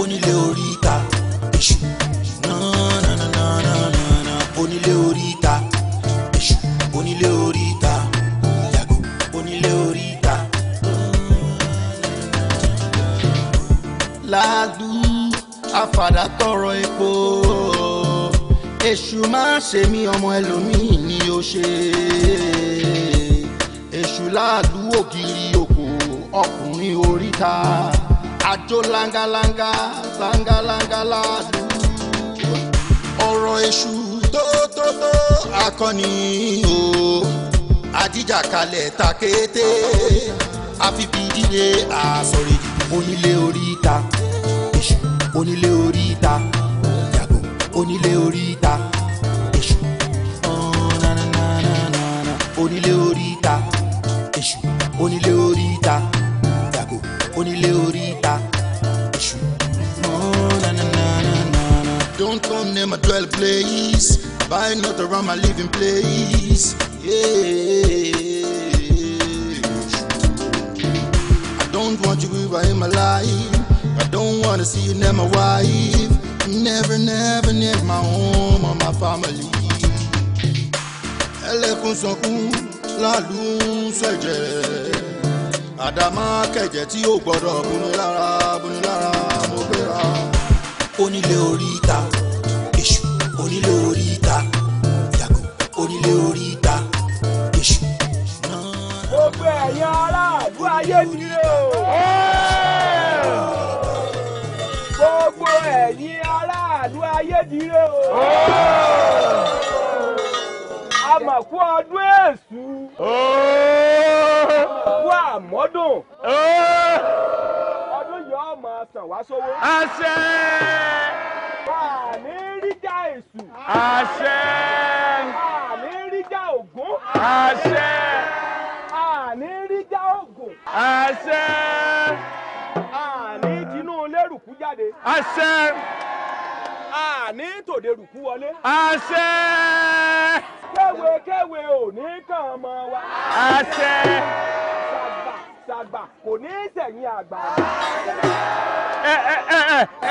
onílé oríta èṣù nananana onílé oríta èṣù onílé oríta yàgò onílé oríta. láàdú àfàdà tọrọ epo èṣù má ṣe mí ọmọ ẹlòmíì ni ó ṣe èṣù láàdú ògiri òkò ọkùnrin oríta. Mm -hmm àjò langalanga langalanga láàlú ọ̀rọ̀ èṣù tótótó akọni o àdìjàkálẹ̀ ta kété àfibidílé àsọ̀rí onílé oríta èṣù onílé oríta yàgò onílé oríta èṣù onílé oríta èṣù onílé oríta yàgò onílé oríta. Don't come near my dwell place. Buy not around my living place. Yeah. I don't want you ever in my life. I don't wanna see you near my wife. Never, never near my home or my family. ẹlẹ́kùn ṣẹ̀jẹ̀ àdàmà kẹ̀jẹ̀ tí lára lára. onílé oríta èṣù onílé oríta yàgò onílé oríta èṣù náà. gbogbo ẹ̀yin aráàlú ayé mi rè o. gbogbo ẹ̀yin aráàlú ayé mi rè o. àmàkù ọdún èṣù. kú àmọ́dún máa sàn wá sówó. àṣẹ. wà á ní ríjà èṣù. àṣẹ. wà á ní ríjà ògún. àṣẹ. wà á ní ríjà ògún. àṣẹ. wà á ní tinú lérùkú jáde. àṣẹ. wà á ní tòde rùkú wọlé. àṣẹ. kéwèkéwè ò ní kàn mọ́ wa. àṣẹ ṣàgbà kò ní í sẹ̀yìn àgbà.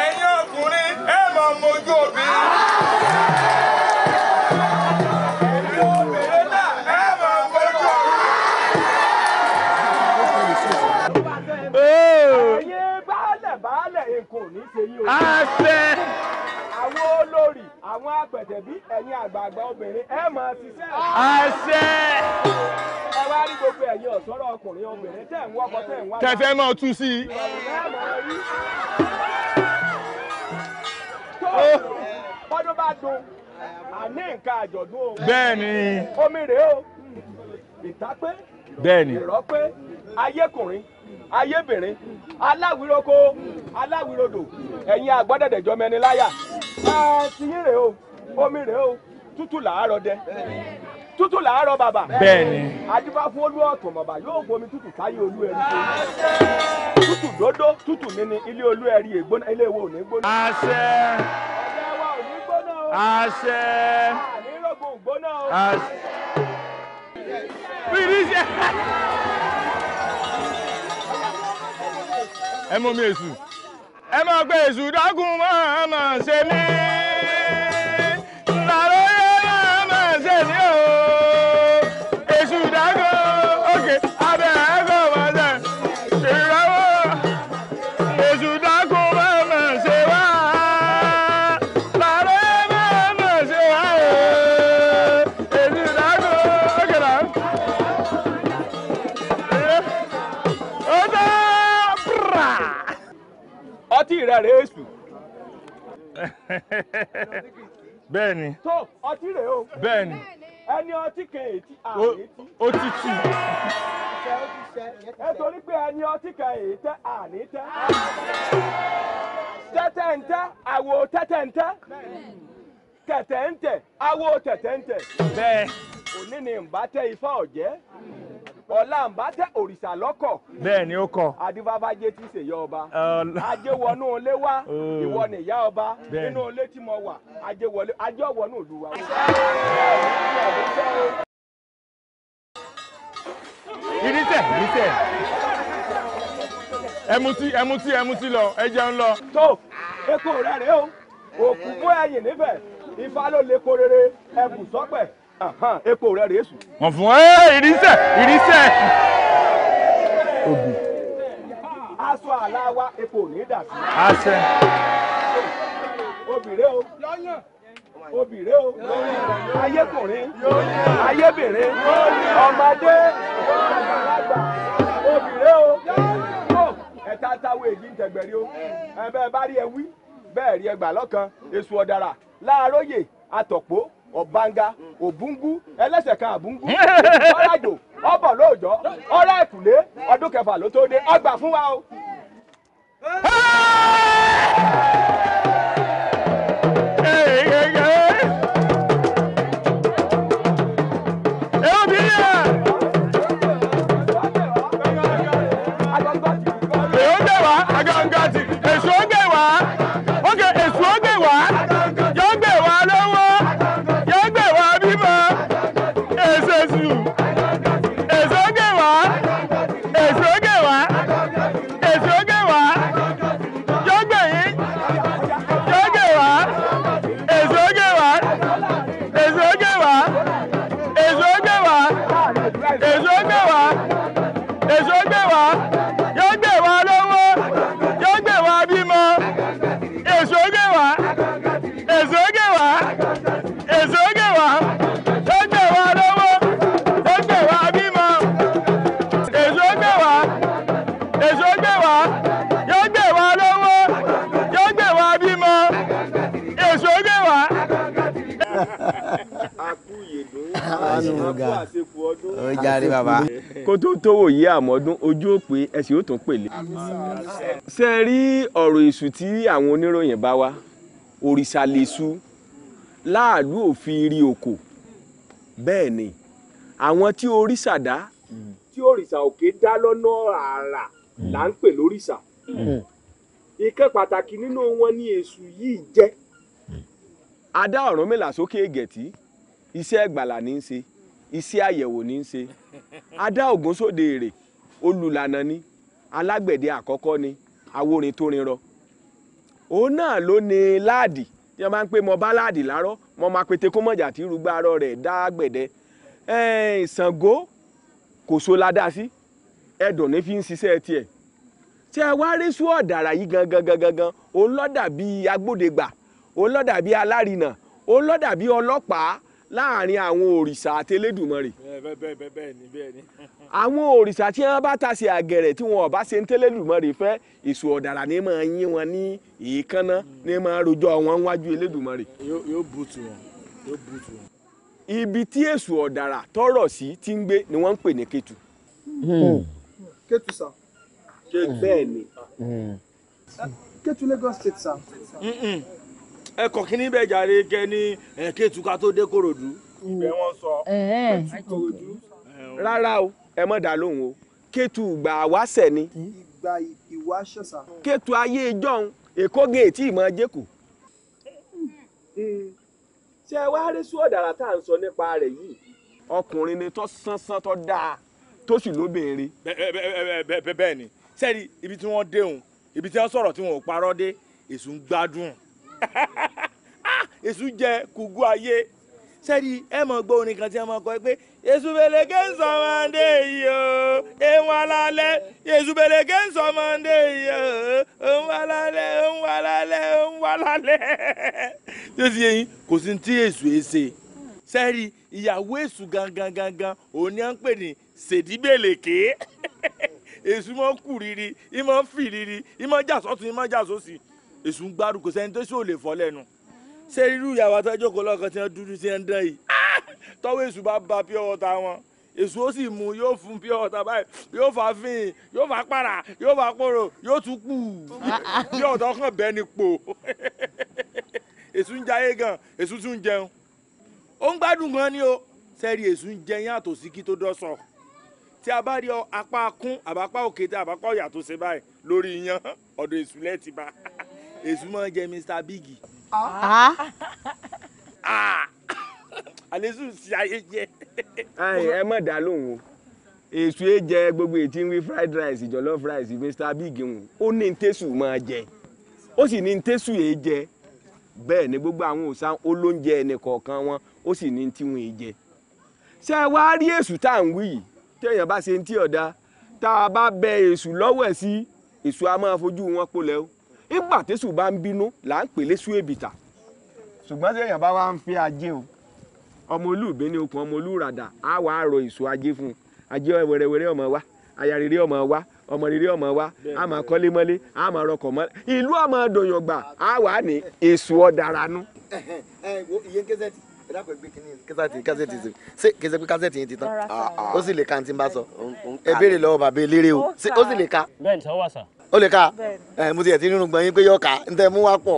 ẹ̀yin ọkùnrin ẹ máa mojú obìnrin. ẹ̀yin baálẹ̀ baálẹ̀ èkó ní ṣe yí o. àṣẹ àwọn apẹ̀tẹ̀ bí ẹ̀yin àgbààgbà obìnrin ẹ máa ṣiṣẹ́. àṣẹ. ẹ wá rí gbogbo ẹ̀yin ọ̀sọ́rọ̀ ọkùnrin obìnrin tẹ̀ ń wọ́kọ tẹ̀ ń wá. tẹ̀fẹ́ máa tú sí i. bọ́dún bá dun àní nǹkan àjọ̀dún o. bẹ́ẹ̀ni. omi rèé o ìtápé. bẹ́ẹ̀ni. ìrọ́pé ayékùnrin ayébìnrin aláwìroko aláwìrodò ẹ̀yin àgbọ́dẹ̀dẹ̀jọ́ mẹni ẹ ti o omi rèé o tútù làárọ̀ dẹ tútù làárọ̀ bàbá. bẹ́ẹ̀ni. adiba fún olú ọ̀tún bàbá yóò fomi tútù táyé olú ẹ̀rí tó yẹ. tútù dódó nínú ilé olú ẹ̀rí ègbóná ilé ìwọ ò gbóná. àṣẹ. àṣẹ. àṣẹ. ẹ mú mi èsù ẹ máa gbé èsù dágùn máa máa ṣe mí. ìpera rẹ̀ èṣù. bẹ́ẹ̀ ni. tó ọtí rèé o. bẹ́ẹ̀ ni. ẹni ọtí kan ètí àlétí. ó ti tì. ẹ torí pé ẹni ọtí kan ètẹ àlétẹ. tẹ́tẹ́ ń tẹ́ àwo tẹ́tẹ́ ń tẹ́ tẹ̀tẹ̀ ń tẹ̀ àwo tẹ̀tẹ̀ ń tẹ̀. bẹ́ẹ̀. òní ni ń bá tẹ ifá ọ̀jẹ́. ọ̀la ǹbátẹ́ òrìṣà lọkọ. bẹ́ẹ̀ ni ó kọ. adífáfájé ti ya ọba. ajé ilé wa ìwọ ni ìyá ọba nínú ilé tí mo wà ajé wọlé ajé irisẹ irisẹ ẹmutí ẹmutí ẹmutí lọ ẹ jẹun lọ. tó epo rẹ o òkú fún ẹyìn níbẹ̀ ifá ló lè korere ẹbùn epo rẹ rèé sùn. wọ́n fún ẹ ìrísẹ̀ ìrísẹ̀. obì. aṣọ àlá wa epo ò ní dà sí. àṣẹ. obìnrin o obìnrin o ayékùnrin ayébìnrin ọmọdé àgbàlagbà obìnrin o ẹ̀ta táwọn èyí ń tẹ̀gbẹ̀rí o ẹ̀ bẹ́ẹ̀ bá rí ẹ wí bẹ́ẹ̀ rí ẹ gbà lọ́kàn èso ọ̀dàrà láàárọ̀ yè àtọ̀pọ̀ ọ̀bánga òbúngú mm. mm. ẹlẹ́sẹ̀ kan àbúngú ọ̀làjò ọ̀bọ̀ lóòjọ́ ọ̀rẹ́ ẹ̀kùlé ọdún kẹfà ló tó dé ọgbà fún wa o. ó járe bàbá. kó tó tówó yí àmọ́dún ojú ò pé ẹsẹ̀ ó tún pèlè. ṣe é rí ọ̀rọ̀ èṣù tí àwọn oníròyìn bá wá òrìṣà lè ṣu láàlú òfin rí oko bẹ́ẹ̀ ni àwọn tí òrìṣà dá tí òrìṣà òkè dá lọ́nà àrà là ń pè lórìṣà ìkẹ́ pàtàkì nínú wọn ni èṣù yìí jẹ́ adá Ọ̀rúnmìlà sókè ègẹ̀tì iṣẹ́ ìgbàlà ní í ṣe iṣẹ́ àyẹ̀wò ní í ṣe adá ògúnṣòde èrè olùlànà ni alágbẹ̀dẹ àkọ́kọ́ ni aworin tó rin rọ òun náà ló ní láàdì tí wọ́n bá ń pè mọ bá láàdì lárọ́ mọ máa pété kó mọ̀jà tí irúgbà arọ rẹ̀ dá gbẹ̀dẹ Ṣàngó kò so ládá sí ẹ̀dùn ní fi ń ṣiṣẹ́ tiẹ̀ tí ẹ wá rí sùn ọ̀dàrà yìí gangan gangan gan òun lọ́dà bíi agbódegbà òun lọ́dà bíi alárinà òun lọ́dà bíi ọlọ́pàá láàrin àwọn òrìṣà àti elédùnmọ̀rì. àwọn òrìṣà tí wọ́n bá ta sí àgẹ̀rẹ̀ tí wọn ò bá ṣe ń tẹ́lẹ̀dùnmọ̀rì fẹ́ èṣù ọ̀dàrà ní máa yín wọn ní èékánná ní máa rojọ́ wọn wájú elédùnmọ̀rì. yóò bùtù wọn yóò bùtù wọn. ibi tí èṣù ọ̀dàrà tọrọ sí ti ń gbé ni wọ́n ń pè ní Kétu. Hmm. Kétu sá. Kétu bẹ́ẹ̀ ni. Hmm. Hmm. Kétu Lagos state sá ẹ kọ̀ kí ní bẹ́ẹ̀ jàre kẹ́ ní kéètùká tó dé kòròdú. ibẹ̀ wọ́n sọ kéètù kòròdú. rárá o ẹ mọ̀ dá lóhùn o kéètù ìgbà àwáṣẹ̀ ni. ìgbà ìwáṣẹ̀sà. kéètù ayé ìjọ́un èkó géètì e ìmọ̀ jẹ́kù. ṣé ẹ wá rí sùn ọ̀dàrà tá à ń sọ nípa rẹ̀ yìí ọkùnrin ni tó sánsán tó dáa tó sì lóbìnrin. bẹ́ẹ̀ ni sẹ́ni ibi tí wọ́n dé òun ibi tí wọ́n sọ̀rọ̀ tí wọ́n ò parọ́ dé èṣù ń gbádùn. Ah, èṣù jẹ kùgú ayé sẹ́ẹ̀dì ẹ mọ̀ gbọ́ orin kan tí wọ́n máa kọ pé èṣù bèlèké ń sọ mọ́ndé yìí o èèwọ̀ alálẹ̀ èṣù bèlèké ń sọ mọ́ndé yìí o òun alálẹ̀ òun alálẹ̀ òun alálẹ̀ tí ó sì yẹ yín kò sí tí èṣù ẹ e ṣe sẹ́ẹ̀dì ìyàwó èṣù gangan gangan òun ni à ń pè ní ṣèdíbèlèké èṣù mọ́ kù rírì ìmọ̀ fì rírì ìmọ̀ jà sọ́tún ìmọ̀ jà sósì èṣù ń gbárùn kò sẹ́ni tó ṣò lè fọ́ lẹ́nu ṣé irú ìyàwó àtọ́jọ́ kò lọ́kàn tí wọ́n dúdú sí ẹ̀ ń dán yìí tọ́wọ́ èṣù bá ba pure water wọn èṣù ó sì mú yóò fún pure water báyìí yóò fà fín yóò fà para yóò fà kóró yóò tún kù pure water kàn bẹ́ẹ̀ ni pò èṣù ń jayé gan èṣù tún ń jẹun ó ń gbádùn gan ni o sẹ́ẹ̀rì èṣù ń jẹyìn àtòsíkí tó dọ́sọ̀ tí a bá rí apá kún àbápá òkété àbápá ọ̀yà tó ṣe báyìí lórí iyán ọ̀dọ̀ èṣù lẹ́ẹ̀tì bá èṣù máa ń Mr Big. Ah. Ah. Ah. àlésù sí ayé jẹ. ẹ mọ̀ dá lóhùn o èṣù yẹn jẹ gbogbo ètí ń wí fried rice jollof rice Mr Big ń ó ní tẹ́sù máa jẹ ó sì ní tẹ́sù yẹn jẹ bẹ́ẹ̀ ni gbogbo àwọn òòsàn olóúnjẹ ẹnì kọ̀ọ̀kan wọn ó sì ní tí wọn jẹ ṣé ẹ wá rí èṣù tá à ń wí yìí téèyàn bá ṣe ń tí ọ̀dà tá a bá bẹ èṣù lọ́wọ́ ẹ̀ sí èṣù a máa fojú wọn polẹ̀ o ìgbà tẹ́sù bá ń bínú là ń pè lésù èbìtà ṣùgbọ́n tí èèyàn bá wá ń fẹ́ ajé o ọmọ olúùgbé ní okùn ọmọ olúradà á wà á rọ èso ajé fún un ajé wẹrẹwẹrẹ ọmọ wa aya rere ọmọ wa ọmọ rere ọmọ wa á máa kọ́lé mọ́lé á máa rọkọ̀ mọ́lé ìlú ọmọ dòyọ̀gbà á wà ní èso ọ̀daranú. ẹ ẹ wo iye kẹsẹtì ẹ dákọ̀ gbé kínní kẹsẹtì kẹsẹtì pé kẹsẹtì yìí ti tán ó sì lè ka ní ti ń bá sọ ẹ béèrè lọ́wọ́ bàbá eléré o ó sì lè ka. bẹ́ẹ̀ni sọ wà sàn ó lè ka ẹ mo ti ẹ̀ ti nínú gbọ̀nyìn pé yọ̀ọ̀ka ń tẹ́ mú wá pọ̀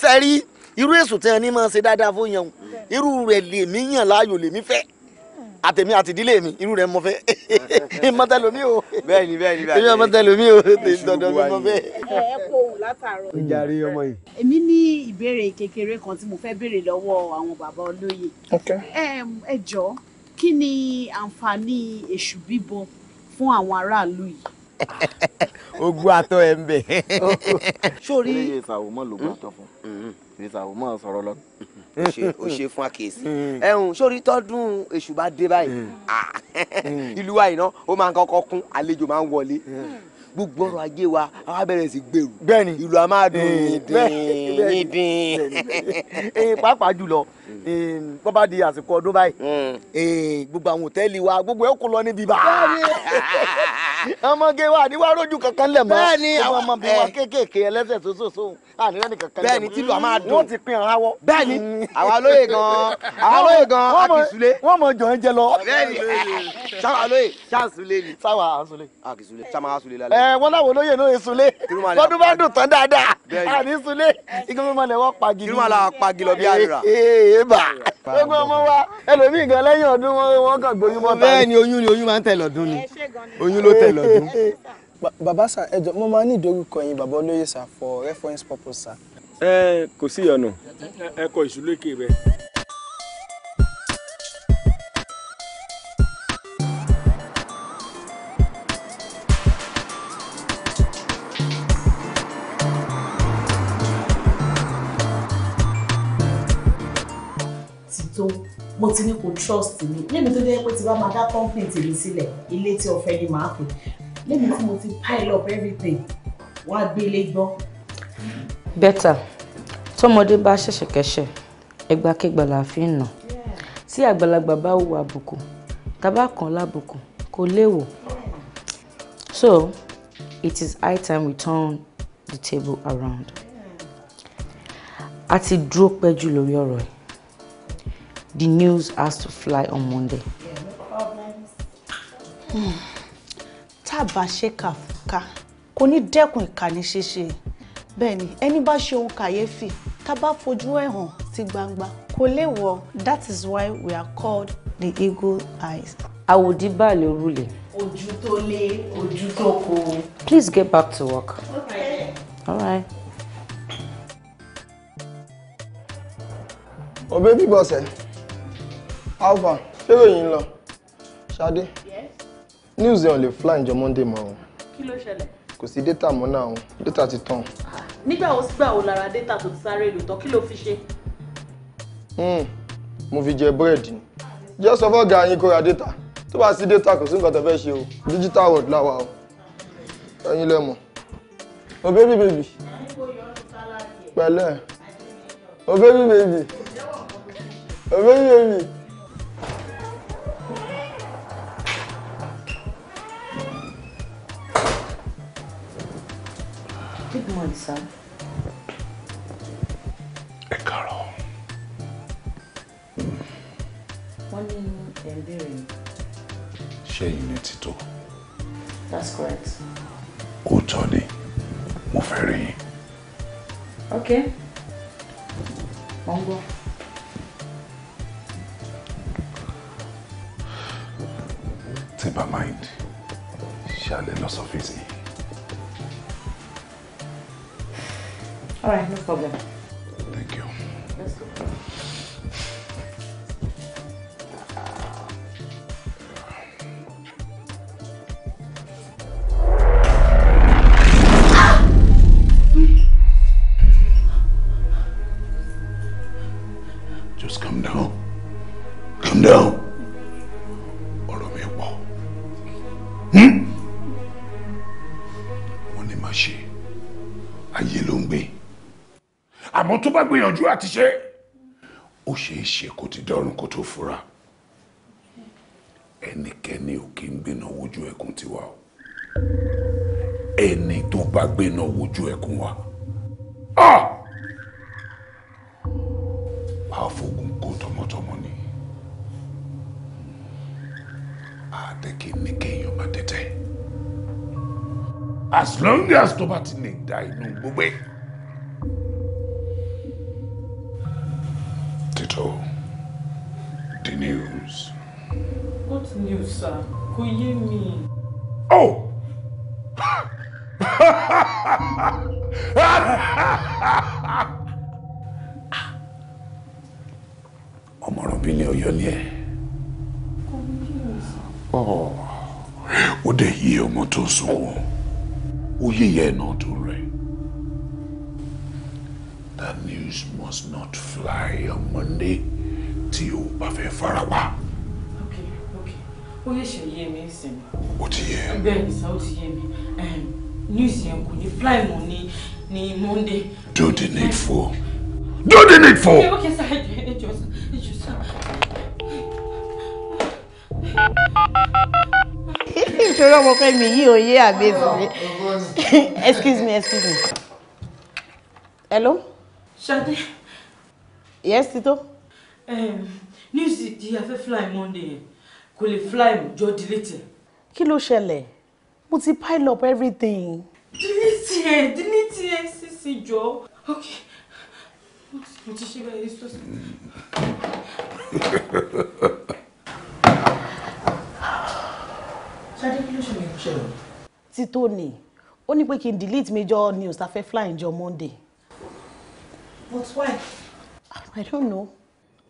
sẹ́rí irú èso tí ẹni máa ń ṣe dáadáa fún yẹn irú rẹ̀ lèmi yàn láàyò lèmi fẹ́ àtẹ̀mí àtìdílé mi irú rẹ̀ mo fẹ́ mọ́tẹ́lómi o bẹ́ẹ̀ni bẹ́ẹ̀ni bẹ́ẹ̀ni èmi mọ́tẹ́lómi o dandan mi mo fẹ́. ẹ kó o látàárọ̀. ó jàre ọmọ yìí. èmi ní ìbéèrè kékeré kan tí mo fẹ́ béèrè lọ́wọ́ àwọn bàbá olóye. ẹ jọ̀ọ́ kí ni àǹfààní èṣù bíbọ fún àwọn aráàlú yìí. ogun atọ ẹ ń bẹ. sórí eré ìsàwòmọ́ ló gbọ́ àtọ̀ fún mm-hmm. ìsàwòmọ́ sọ̀rọ̀ lọ. o ṣe fún àkèésí mm. ẹ̀hún sórí tọ́dún èṣù bá dé báyìí mm. Ah, mm. ìlú wa iná ó máa ń kọ́kọ́ kún àlejò máa ń wọlé gbogbo ọrọ̀ ajé wa àwa bẹ̀rẹ̀ sí gbèrú ìlú a máa dùn dín dín dín. ẹ̀yin pàápàá jùlọ bó bá di àsìkò ọdún báyìí hmm. eh, gbogbo àwọn òtẹ́ẹ̀lì wa gbogbo ẹ̀ kò lọ níbi bá ọmọge wa àdíwá rójú kankan lẹ̀ mọ́ bẹ́ẹ̀ni àwọn ọmọ bí wọn kéékèèké ẹlẹ́sẹ̀ sósòsò àdírẹ́nì kankan lẹ̀ mọ́ bẹ́ẹ̀ni tìlú àmà dùn wọ́n ti pin ara wọ́ bẹ́ẹ̀ni hmm. àwa lóye gan àwa lóye gan àkìsúlé wọ́n mọ jọ̀ ń jẹ lọ bẹ́ẹ̀ni sáwà lóye sáàsúlé ni sáwà àsúlé àkìsúlé sáwà àsúlé lálẹ́. ẹ eh, wọn láwọn olóyè lóye súlé lọdún bá dùn tán dáadáa àní súlé igun mímọ lẹ wọn pagi. kí ló máa la pagi lọ bí àrírà. Eh, èébà gbogbo ọmọ wa ẹlòmíì gan lẹ́yìn ọdún wọn kàn gbóyún mọ́ta. bẹ́ẹ̀ ni oyún ni oyún máa ń tẹ̀ lọ́dún ni oyún ló tẹ̀ lọ́dún. bàbá sà ẹjọ mo máa ní ìdórúkọ yín bàbá olóyè sà for reference purpose sà. ẹ kò sí ìyọnu ẹ kọ ìṣúlẹ̀kẹ̀ rẹ mo ti ní kò trust mi lẹ́mi tó jẹ́ pé ti bá máa dá company tèmi sílẹ̀ ilé tí ọ̀fẹ́ ni màá pè lẹ́mi tí mo ti pile up everything wá gbélé gbọ́. bẹ́tà tọmọdé bá ṣẹ̀ṣẹ̀ kẹ́ṣẹ̀ ẹgbàkẹ́gbà la fi ń nà tí àgbàlagbà bá hùwà àbùkù tàbá kan lábùkù kò léwu so it is high time we turn the table around a ti dúró pẹ́ jù lórí ọ̀rọ̀ yìí the news has to fly on Monday. Yeah, no problems. Hmm. Tá a bá ṣe kàfúkà, kò ní dẹ́kun ìkànnì ṣíṣe. Bẹ́ẹ̀ ẹni bá ṣe ohun kàyéfì, tá a bá fojú ẹ̀ hàn sí gbangba, kò lè wọ̀. That is why we are called the eagle eyes. Àwòdìbàlẹ̀ òrùlé. Ojú tó lé, ojú tó kó. Please get back to work. Okay. All right. Oh, baby boss, eh? alva ṣérò yìí ń lọ ṣadé news is on the fly in your monday morning. Kilo kí Because the data mọ́ náà o data ti tán. nígbà wo sígbà data to ti sáré lò tán kí ló fi Just hmm. mo fi jẹ búrẹ́dì ni jẹ́ data tó bá sí data kò sí nǹkan tó fẹ́ o digital world la wà o ẹ̀yin lẹ Oh o baby baby pẹ̀lẹ́ Oh baby baby Oh baby baby. sá. ẹ kàárọ̀. wọ́n ní ẹ̀ ń béèrè. ṣé that's correct. òótọ́ Tony. mo fẹ́ rí yín. ok mo ń mind. Shall the loss of his All right, no problem. gbìyànjú àti ṣe ó ṣeé ṣe kó ti dọ̀run kó tó fura ẹnikẹ́ni ò kí ń gbéná wojú ẹkùn tiwa o ẹni tó bá gbéná wojú ẹkùn wa a kó tọmọtọmọ ni àdẹ́kẹ́ ní kéèyàn máa tẹ́tẹ́ as long as tó bá ti lè da inú gbogbo ẹ̀. sà kò yé mi. oh ọmọrànbí ni ọyọ ni ẹ oh. ó dẹ̀ yí ọmọ tó sunkún ó yíyẹ náà tó rẹ̀ that news must not fly on Monday tí o bá fẹ́ farapa ó yẹ ṣe yé mi sìn. ó ti yé. bẹ́ẹ̀ ni sá ó ti yé mi news yẹn kò ní fly mọ́ ní ní monday. do the needful. do the needful. ok ok sá ẹ jọ ẹ jọ sá ẹ jọ sá. nítorí ọmọkùnrin mi yìí ò yé àbẹ̀sì mi excuse me excuse me hello. Ṣadé. yes Tito. Um, news di afẹ́fẹ́ fly monday yẹn kò lè fly mu jọ delete ẹ. kí ló ṣẹlẹ̀ mo ti pile up everything. delete ẹ delete ẹ sísì jọ ok mo ti ṣe báyìí sọ́sì. ṣáde kí ló ṣẹlẹ̀ ṣẹlẹ̀. ti tó ni ó ní pé kí n delete major news ta fẹ́ fly njọ monday. but why. i don't know.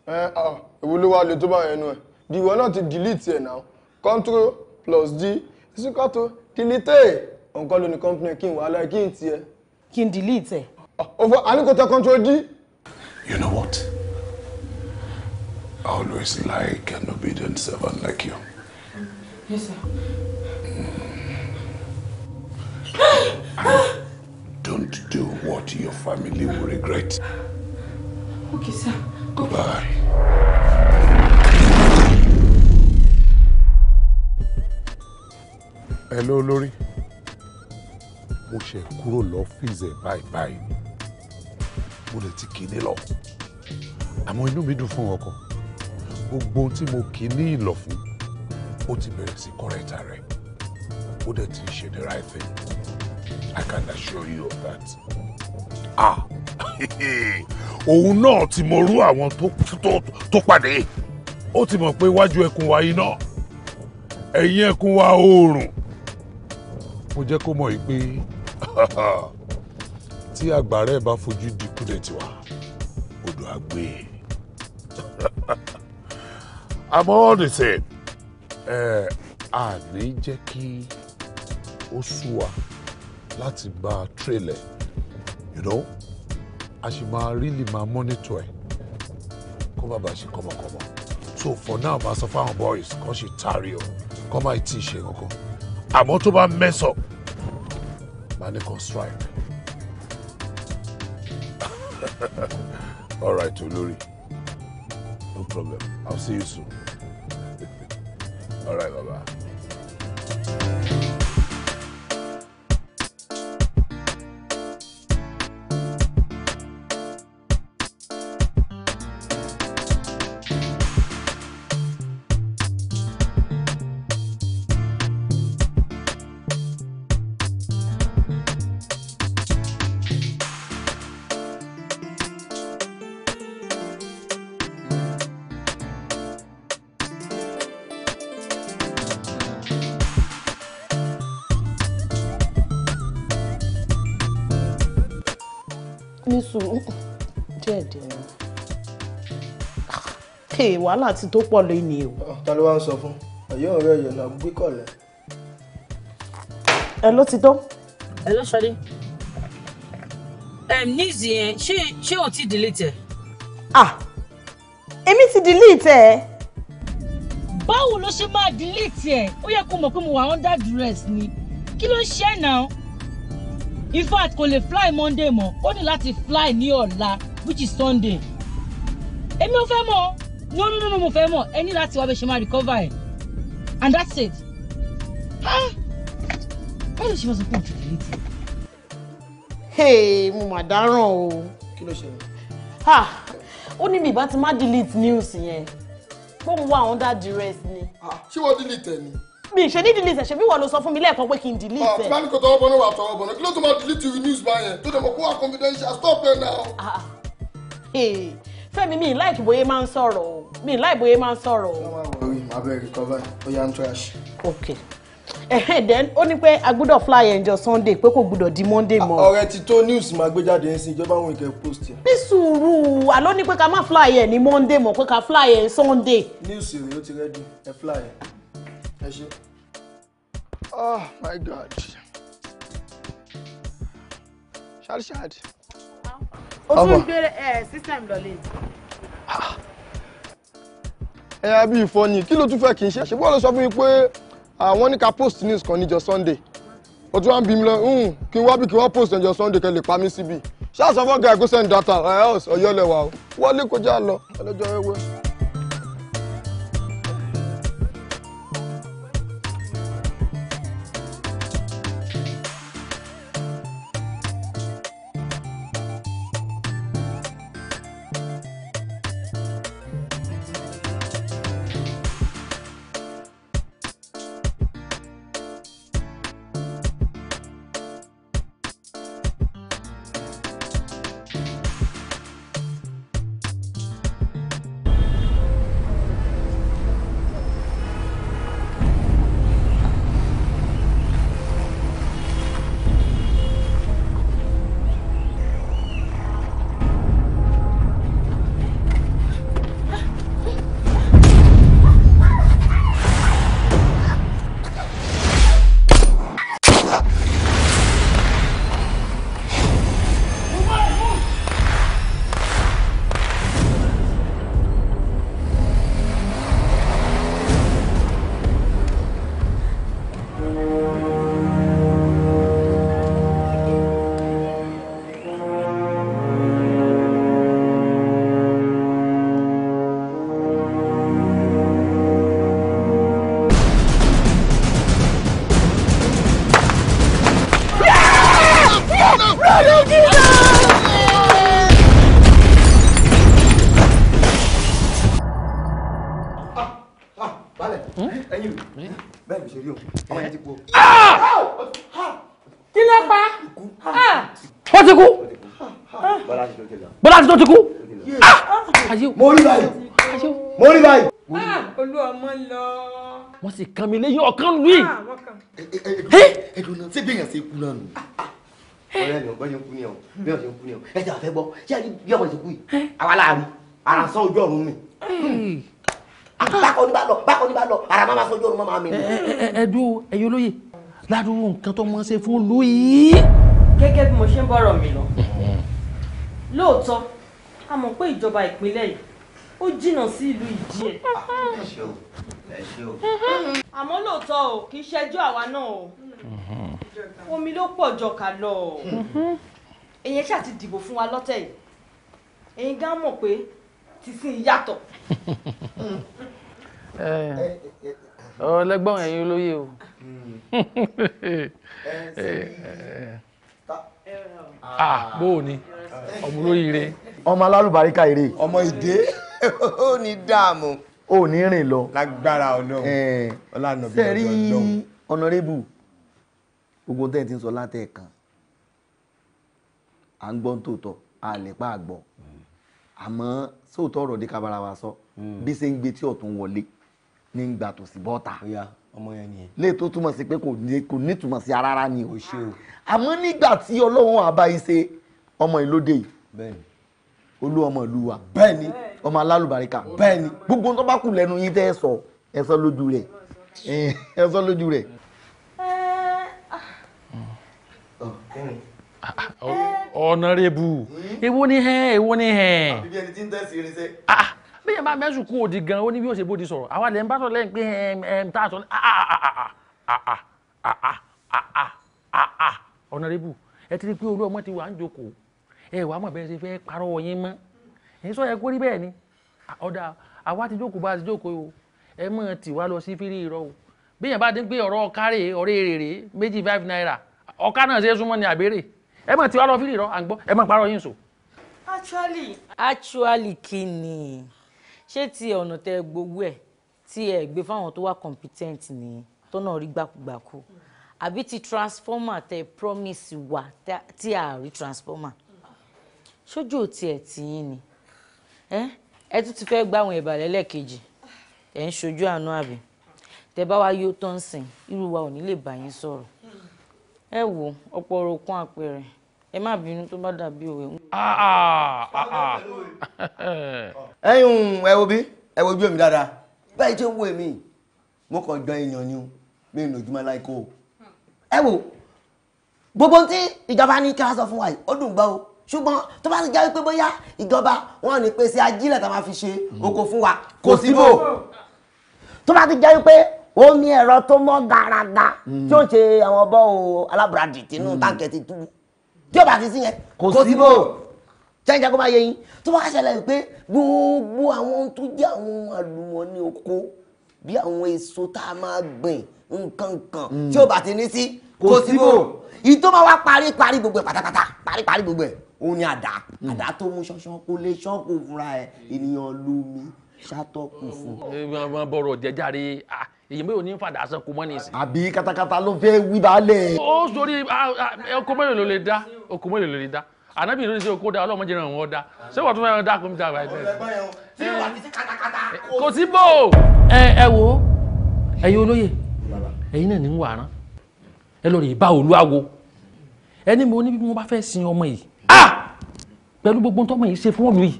ẹ ẹ ìwúlò wa lè tó bá ẹnu ẹ ìwọ náà not delete ẹ̀ náà control plus d is equal to delete ẹ̀ ọ̀nkọ́ ló company kí n wà láì kí n tiẹ̀. kí n delete ẹ̀. ọ̀fọ̀ ah, àníkòtẹ́ control d. you know what I always like an obedient servant like you. yes sir. don't do what your family will regret. okay sir. goodbye. Okay. hello olórí mo ṣe kúrò lọ́fíìsì ẹ̀ báyìí báyìí mo lè ti kì í nílọ àmọ́ inú mi dùn fún ọkọ gbogbo ohun tí mo kì í ní ìlọ fún ó ti bẹ̀rẹ̀ sí kọ́rẹ́tà rẹ̀ ó dẹ̀ ti ṣe the right thing I can assure you of that ah òun náà ti mọ orú àwọn tó pàdé ó ti mọ̀ pé iwájú ẹkùn wa iná ẹ̀yìn ẹkùn wa oòrùn mo jẹ́ kó mọ̀ yìí pé tí àgbàrá ẹ̀ bá fojú di kúlẹ̀ tiwa odò àgbé e. àmọ́ ọ̀nìṣẹ́ ẹ̀ àní jẹ́ kí ó sú wa láti bá a trailer you know a sì máa really máa monitor ẹ̀ kó má bàa ṣe kọ́mọkọ́mọ so for now máa sọ fáwọn boys kan ṣe tari o kọ́ máa ti ṣe kankan àmọ́ tó bá mess up máa ní kan strike. all right olórí no problem i'll see you soon all right baba. wàhálà ti tó pọ̀ lónìí o. ta ló wá ń sọ fún ọ̀yọ́ ọ̀rẹ́ ọ̀yọ́ náà gbé kọ̀lẹ́. ẹ ló ti tó. ẹ ló ṣọdí. news yẹn ṣé ṣé o ti delete ẹ. ah èmi ti delete ẹ. báwo ló ṣe máa delete ẹ ó yẹ kó mọ̀ pé mo wà under duress ni kí ló ń ṣe náà in fact kò lè fly monday mọ́ ó ní láti fly ní ọ̀la which is sunday èmi ò fẹ́ mọ̀ no no no no mo fẹ́ mọ̀ ẹ ní láti wá bẹ ṣe máa recover ẹ̀ and that's it ah wọ́n lè ṣe wọ́n sọ pé òjò lè ti. hey mo mà dáràn o. kí ló ṣẹlẹ̀. ah ó ní mi ìbá ti má delete news yẹn bóun wà under duress ni. Ah, ṣé wọ́n delete ẹ̀ ni mi ṣe ní delete ṣe bí wọn lọ sọ fún mi lẹ́ẹ̀kan pé kí n delete ah, ẹ. ọ̀pẹ́ àníkò tọwọ́ bọ̀nà wà tọwọ́ bọ̀nà kí ló tún máa delete your news bá yẹn tó dẹ̀ kó wà confidential stop ẹ̀ náà. Ah, fẹ́mi mi láìkì bóyá máa ń sọ̀rọ̀ o mi láì bóyá máa ń sọ̀rọ̀ o. máa bẹ̀rẹ̀ recover ó yá ń trash. ok then ó ní pé a gbọ́dọ̀ fly ẹ̀njọ sunday pé kò gbọ́dọ̀ di monday mọ́. Ah, ọ̀rẹ́ ti tó news máa gbé jáde ẹ̀sìn ìjọba àwọn ìkẹ́ post ẹ̀. bí sùúrù àló ní pé ká má fly ẹ̀ ní monday mọ́ pé ká fly ẹ̀ sunday. news rèé ó ti rẹ́dí ẹ fly ẹ̀ ẹ ṣe. oh my god ṣáàṣáàdì. o tún gbé ẹ eh, system lọ ẹ̀yà bíi ìfọ́ni kí ló tún fẹ́ kí n ṣe. àṣẹ bọ́ọ̀lù sọ fún mi pé àwọn ní ká post news kan níjọ sunday ó tún wá ń bí mi lọ hmm, kí wá bí kí wá post ẹ̀jọ̀ sunday kẹ́ lè pa mí síbi ṣáà sọ fún ọ̀gá send data ẹ̀ ẹ̀ ọ̀yọ́ lẹ́wà o wọlé kọjá lọ ọlọ́jọ́ wẹ́wẹ́. kọ̀ọ̀kan lù í. Ah, ẹdùnà ṣé bí èèyàn ṣe kú náà nù. Ah, ọ̀rẹ́ mi ọ̀gbọ́n yẹn kú ni ọ̀ bí ọ̀sẹ̀ kú ni ọ̀ ẹ ti àfẹ́ gbọ́ ṣé àdí bí ọmọ ìṣekú yìí àwa láàrin ara sọ ojú ọ̀run mi. Hmm. Ah, bákan ní bá lọ bákan ní bá lọ ara máa ma sọ ojú ọ̀run máa mi. ẹdùn ẹyọ olóye ládùúgbò nǹkan tó mọ̀ ṣe fún lù í. gẹ́gẹ́ bí mo ṣe ń bọ̀rọ̀ mi lọ hmm. lóòótọ́ a mọ̀ pé ìjọba ìpínlẹ̀ yìí ó jìnnà sí ìlú ìdí ẹ̀. ẹ ṣe o ẹ ṣe o. àmọ́ lóòótọ́ o kì í ṣẹjọ́ àwa náà o omi ló pọ̀ jọ kà lọ èyàn ṣáà ti dìbò fún wa lọ́tẹ̀ yìí èyàn gan mọ̀ pé tìsín yàtọ̀. ọlẹ́gbọ́n ẹ̀yin olóye o. ah bóò ni ọmọ olóyè ọmọ alálùbáríkà rẹ. ọmọ ìdè. ó ní dààmú. ó ní rìn lọ. lágbára ọlọ́run ọlànà bí ọjọ́ ọlọ́run. sẹ́rí ọ̀nàrẹ́bù gbogbo tẹ́ ẹ ti ń sọ látẹ̀ẹ̀kan à ń gbọ́ tòótọ́ a lè pa àgbọ̀ àmọ́ sóòótọ́ ọ̀rọ̀ dé kábàrà wa sọ hmm. bí ṣe ń gbé tí ọ̀tún wọlé ní ń gbà tó sí bọ́ta ọmọ lè tó túmọ̀ sí pé kò ní túmọ̀ sí ara rárá ni o. àmọ́ nígbà tí ọlọ́run àbá ṣe ọmọ ìlóde yìí olú ọmọ ìlú wa bẹ́ẹ̀ ni ọmọ alálùbáríkà bẹ́ẹ̀ ni gbogbo tó bá kù lẹ́nu yín tẹ́ ẹ sọ ẹ sọ lójú rẹ̀ ẹ sọ lójú rẹ̀. ọ̀nàrẹ́bù èwo ni hẹ́ èwo ni hẹ́. àbí bí ẹni tí ń tẹ̀sí irinṣẹ́. bí yẹn bá mẹ́sùn kú òdì gan-an ó ní bí ó ṣe bóde sọ̀rọ̀ àwa lẹ́yìn bá sọ̀rọ̀ lẹ́yìn pé ẹ̀ẹ́m tá a sọ ọ̀nàrẹ́bù ẹ ti rí pé olú ọmọ ti wà ń jókòó ẹ wàá mọ̀ ṣe fẹ́ parọ́ yín mọ́ èyí sọ yẹ kó rí bẹ́ẹ̀ ni ọ̀dà àwa ti jókòó bá ti jókòó o ẹ mọ̀ tì wá lọ sí fírí irọ́ o bíyàn bá dé pé ọ̀rọ̀ ọ̀kárè ọ̀rẹ́ èrèrè méjì five naira ọ̀ká náà ṣe é súnmọ́ ni ẹ mọ̀ tì wá lọ fírí irọ́ à ń gbọ́ ẹ mọ̀ parọ́ yín sọ. actually actually kí ni ṣé ti ọ̀nà tẹ gbogbo ẹ̀ tí ẹ gbé fáwọn tó wà competent ni tọ́nà rí gbàkúgbàkú àbí ti transformer tẹ promise wa tí a rí transformer ṣojú òtí ẹ̀ tì í ni ẹ tún ti fẹ́ gbá àwọn ìbàlẹ̀ lẹ́ẹ̀kejì ẹ̀ ń ṣojú àánú àbí tẹ bá wá yóò tán sìn irú wa ò ní lè bá yín sọ̀rọ̀ ẹ wo ọ̀pọ̀ ọ̀rọ̀ kún àpẹẹrẹ ẹ má bínú tó bá dàbí òwe. ẹ̀yin ẹ wo bí ẹ wojú èmi dáadáa báyìí tí ó wo èmi mo kàn jọ èèyàn ni o mi ò lójúmọ́ láìkó o ẹ wo gbogbo tí ìjọba ní kí wọ́n sọ fún wa yìí ó dùn gbọ́ o ṣùgbọ́n tó bá ti jáwé pé bóyá ìjọba wọn ní pèsè ajílẹ̀ tá a máa fi ṣe oko fún wa kò síbò tó bá ti jáwé pé omi ẹ̀rọ tó mọ́ garaga hmm. tí ó ṣe àwọn bọ́ọ̀ alábùradì tínú hmm. táǹkì ti tú tí ó bá ti sí yẹn kò síbò jẹ́njẹ́ kó máa yẹ yín tó bá ṣẹlẹ̀ pé gbogbo àwọn tó jẹ́ àwọn àlùmọ́ọ́nì oko bí àwọn èso tá a máa gbìn nǹkan kan hmm. tí ó bá ti ní sí kò síbò ìtó máa wá parí parí gbogbo ẹ̀ pátápátá parí parí gbogbo ẹ̀ òun ni àdá hmm. àdá tó mú ṣọṣọ kó lè ṣọ́ọ̀kù fúnra ẹ̀ ènìyàn lómi ṣàtọ́kù fún. máa bọ̀rọ̀ jẹjáre èyí mi ò ní fàdà aṣọ kò mọ́ ní ìsìn. àbí katakata ló fẹ́ wí balẹ̀. ó sori ọkọ mélòó ló lè dá ọkọ mélòó ló lè dá ànábì ló ní sẹ́ okó da ọlọ́mọ jẹ́ ràn wọ́n da ṣé wọ́n tún fẹ́ràn dá kọ́mítà àgbà kò sí bò ẹ ẹ wo ẹ̀yin olóye ẹ̀yin náà ní wàrán ẹ lọ rè bá olú àwo ẹni mo ní bí mo bá fẹ́ sin ọmọ yìí ah pẹ̀lú gbogbo tọ́mọ yìí ṣe fún ọmọ yìí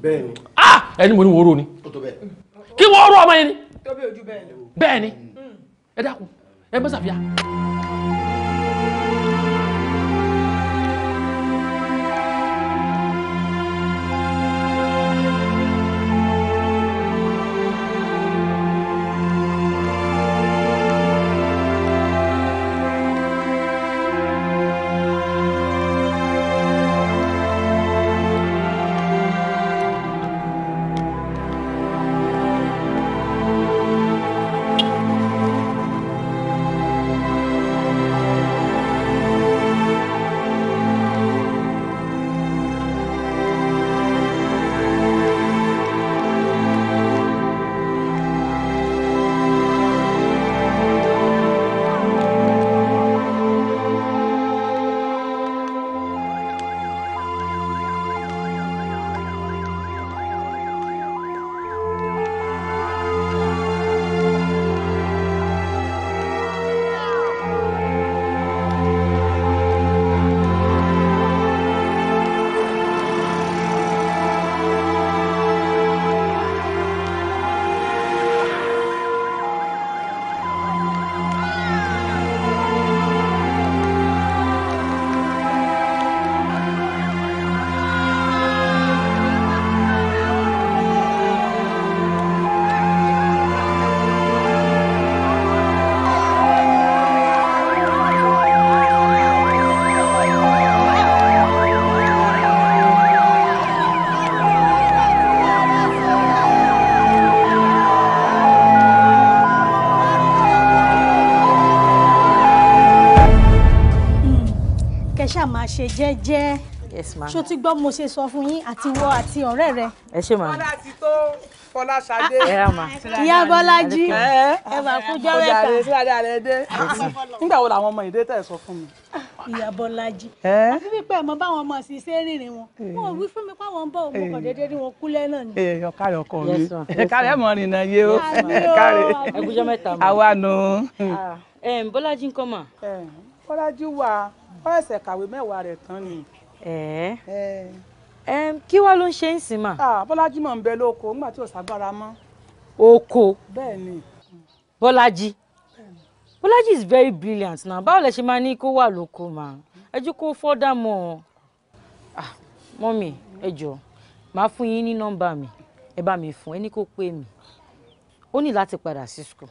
ah ẹni mo ní wọ́ọ́rọ́ ni kí wọ́ọ́rọ́ ọmọ yìí ni bẹ́ẹ̀ ni mm. ẹ dákun ẹ bẹ́sàfíà. ṣe jẹ́jẹ́ yes ma ṣó ti gbọ́ mo ṣe sọ fún yín àti wọ àti ọ̀rẹ́ rẹ. ẹ ṣe máa. bọ́lá ti tó fọláṣadé. ìyá bọ́lájí ẹ bá kú jọ́wọ́ ẹ̀ka. ọjà rẹ sí adá rẹ dé. nígbà wo làwọn ọmọ ìdẹ́tẹ̀ sọ fún mi. ìyá bọ́lájí. àfi wípé ẹ̀ mọ báwọn ọmọ sì ṣe rìnrìn wọn. wọn ò wí fún mi páwọn ń bọ̀ òun kàn déédéé ní wọn kúlẹ̀ náà ni. ẹ ọkà rẹ ọkọ mi ẹ kárẹ mọ rìnnà yé o ẹ kárẹ ẹ kújọ mẹ́ta mọ. àwa nù. Ah, bọ́lájí ń kọ́ mà ó ẹsẹ̀ kàwé mẹ́wàá rẹ̀ tán ni. kí wàá ló ń ṣe ń sìn mà. bọ́lájí mọ̀ ń bẹ lóko nígbà tí ò ságbára mọ́. oko bẹ́ẹ̀ bọ́lájí bọ́lájí is very brilliant na báwo lẹ ṣe máa ní kó wà lóko mà ẹjú kó fọ́dà mọ́ ọ mọ́mì ẹ jọ̀ọ́ màá fún yín ní nọ́mbà mi ẹ bá mi fún ẹ ní kó pè mí ó ní láti padà sí school.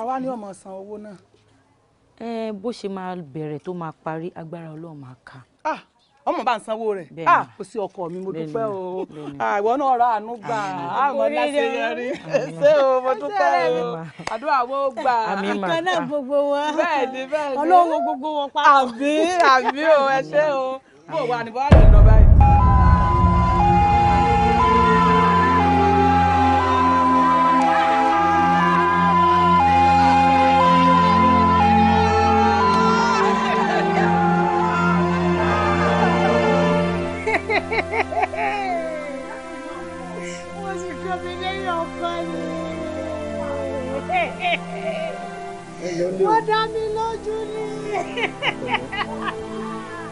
àwa ni ọmọ san owó náà bó ṣe máa bẹ̀rẹ̀ tó máa parí agbára ọlọ́run máa kà. Ah, ọmọ bá ń sanwó rẹ̀ ah, kò sí ọkọ mi mo dúpẹ́ o ah, ìwọ náà ra àánú gbà àmọ́ láti yẹrí ṣé o mo dúpẹ́ o àdúrà wo gbà ìkan náà gbogbo wọn bẹ́ẹ̀ ni bẹ́ẹ̀ ni ọlọ́wọ́ gbogbo wọn pa. àbí àbí o ẹ ṣé o bó wà ní bọ́ọ̀lù lọ báyìí. nílé o. ó dá mi lójú ni.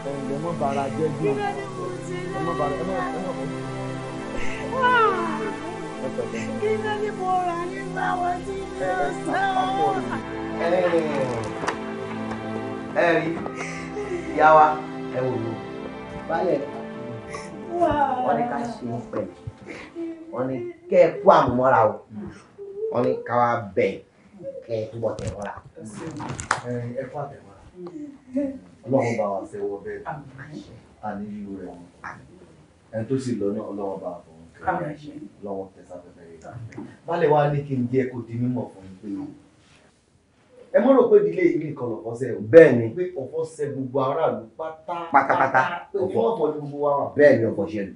ẹ̀ǹdẹ̀ mọ́ bàrà jẹ́ bí o. ẹ mọ́ bàrà ẹ mọ́ ẹ mọ́ bọ́. kí ló ní mo rà nígbà wọn tí mi ò sọ. ẹ rí ìyá wa ẹ wò ló balẹ̀ wọ́n ní ká ṣe ń pẹ̀lú wọ́n ní kẹ́ ẹ kú àmúmọ́ra o wọ́n ní ká wá bẹ̀yìn kẹ́ ẹ túbọ̀ tẹ̀ mọ́ra. ẹ kó àtẹ̀mọ́ra ọlọ́run bá wa fẹ́ wọ bẹ́ẹ̀ àní yíyó rẹ̀ ẹni tó sì lọ ní ọlọ́run bá fún un lọ́wọ́ tẹ̀sáfẹ́fẹ́ yìí. bálẹ̀ wá ní kí n jẹ́ kó di mímọ̀ fún un pé ẹ mọ́ rò pé ìdílé yìí nìkan lọ̀fọ́ sẹ́ o. bẹ́ẹ̀ ni pé ọ̀fọ́ sẹ gbogbo aráàlú pátápátá pé kí wọ́n gbogbo wa wà. bẹ́ẹ̀ ni ọ̀fọ̀ ṣẹlẹ̀.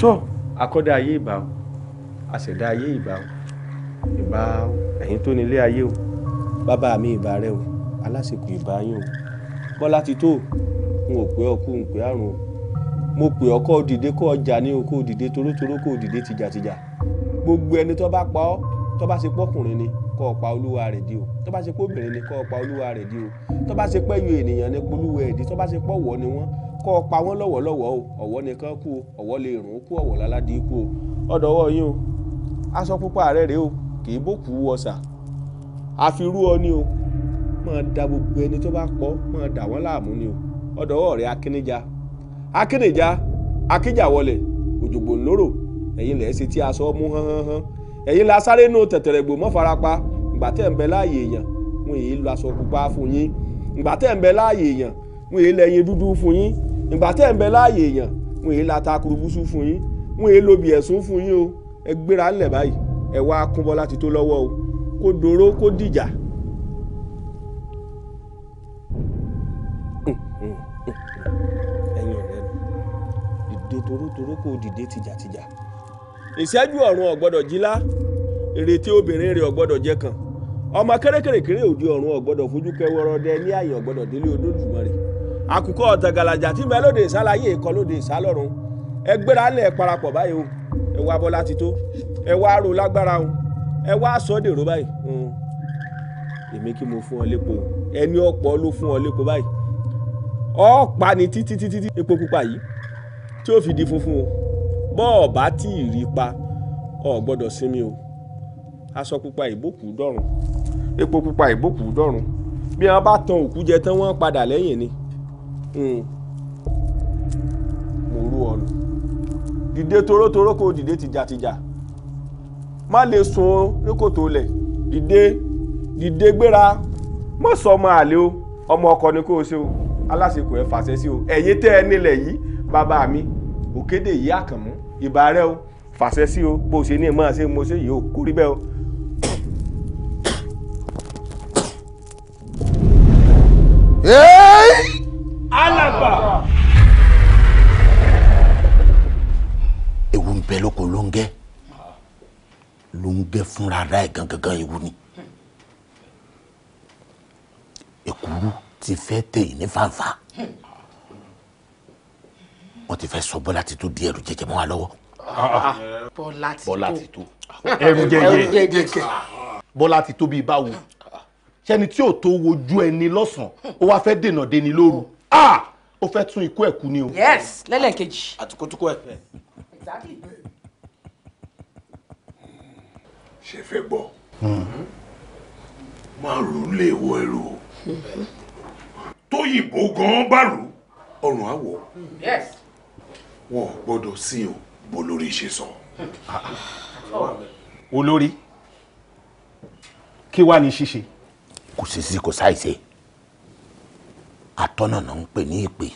tó akọ́dá ayé ìbá o àṣẹ̀dá ayé ìbá o ìbá ẹ̀yin tó nílé ayé o bàbá mi ìbá rẹ o alásìkò ìbá yín o bọ́lá ti tó n ò pé ọkú n pé àrùn o mo pè ọ́ kó dìde kó ọjà ní o kó dìde torótoró kó dìde tìjàtìjà gbogbo ẹni tó bá pa ọ́ tó bá ṣe pọ́kùnrin ni kó o pa olúwa rẹ̀ di o tó bá ṣe pọ́bìnrin ni kó o pa olúwa rẹ̀ di o tó bá ṣe pẹ́yọ ènìyàn ni polúwa tó bá ṣe pọ́wọ́ ni wọ́n kọ́ ọ pa wọ́n lọ́wọ́lọ́wọ́ o ọ̀wọ́ nìkan kú o ọ̀wọ́ lè rùn kú ọ̀wọ́ láládì kú o ọ̀dọ̀wọ́ yín o aṣọ pupa rẹ̀ rèé o kì í bòkú ọ̀sà àfirú ọ ni o máa da gbogbo ẹni tó bá pọ̀ máa dà wọ́n láàmú ni o ọ̀dọ̀wọ́ rẹ̀ akínníjà akínníjà akíjà wọlé òjògbò ńlóró ẹ̀yin lẹ̀ ṣe tí aṣọ mú hánhánhán ẹ̀yin la sáré nù tẹ̀tẹ̀rẹ̀gbò mọ́ farapa ìgbà tẹ̀ ń bẹ láàyè èèyàn wọn èyí lọ aṣọ pupa fún yín ìgbà tẹ̀ ń bẹ láàyè èèyàn wọn èyí lẹ́yìn dúdú fún yín ìgbà tẹ́ ń bẹ láàyè èèyàn wọn èyí lata kurubúsú fún yín wọn èyí lobi ẹ̀sùn fún yín o ẹ gbéra ńlẹ̀ báyìí ẹ wá kúnbọ́ láti tó lọ́wọ́ o kó dòró kó dìjà. ẹ̀yin ọ̀rẹ́ mi dìde torótoró kó dìde tìjàtìjà ìṣẹ́jú ọ̀run ọ̀gbọ́dọ̀ jílá ìrètí obìnrin rẹ̀ ọ̀gbọ́dọ̀ jẹ́ kan ọmọ kẹ́rẹ́kẹ́rẹ́kẹ́rẹ́ òdi ọ̀run ọ̀gbọ́dọ̀ fojú kẹwọ́rọ́ dẹ ní àyè ọ̀gbọ́dọ̀ délé Olódùmarè àkùkọ ọ̀tàgàlàjà tí ń bẹ lóde ìsálayé ìkọ lóde ìsálọ́run ẹ gbéra lẹ̀ parapọ̀ báyìí o ẹ wá bọ́lá ti tó ẹ wá ro lágbára o ẹ wá sọ dèrò báyìí hmm. èmi kí mo fún ọ lépo ẹni ọ̀pọ̀ ló fún ọ lépo báyìí ọ̀pá ni títí títí tí epo pupa yìí tí ó fi di funfun o bọ́ọ̀ bá tí ì rí pa ọ̀ gbọ́dọ̀ sinmi o aṣọ pupa ìbòkù dọ̀run epo pupa ìbòkù dọ̀run bí wọn bá tan òkú jẹ tán wọn padà lẹ́yìn ni Hmm. mo rú ọ̀nà dìde torótoró kò dìde tìjàtìjà má lè sùn o rékòtò lẹ̀ dìde dìde gbéra mọ̀ sọ ọmọ àlè o ọmọ ọkọ ni kò ṣe o alásìkò ẹ̀ fàṣẹ sí o ẹ̀yin tẹ́ ẹ nílẹ̀ yìí bàbá mi òkéde yìí àkànmú ìbà rẹ o fàṣẹ sí o bó o ṣe ní ìmọ̀ àṣẹ mo ṣe yìí o kó rí bẹ́ẹ̀ o. Hey! Alaba, ewu ń bẹ lóko ló ń gẹ ló ń gẹ fúnra ara ẹ gangan ewu ni èkúrú ti fẹ́ tèyí ní fàǹfà wọ́n ti fẹ́ sọ bọ́lá ti tó di ẹrù jẹjẹ mọ́ wa lọ́wọ́. bọ́lá ti tó ẹrù jẹjẹ bọ́lá ti tó bíi báwo ṣẹni tí ò tó wojú ẹni lọ́sàn-án ó wá fẹ́ dènà deni lóru ah o fẹ́ tún ikú ẹ̀ kú ni o. yes lẹ́lẹ́kejì. àtúkótúkó ẹ̀ fẹ́. ṣe fẹ́ gbọ́ hmm. máa rù lè wọ ẹrù o tóyìnbó gan-an bá rù ọrùn á yes wọn ò gbọ́dọ̀ sí o bó lórí ṣe sọ. olórí kí wàá ní ṣíṣe. kò sì sí kò sáì ṣe atọ́nà náà ń pè ní ìpè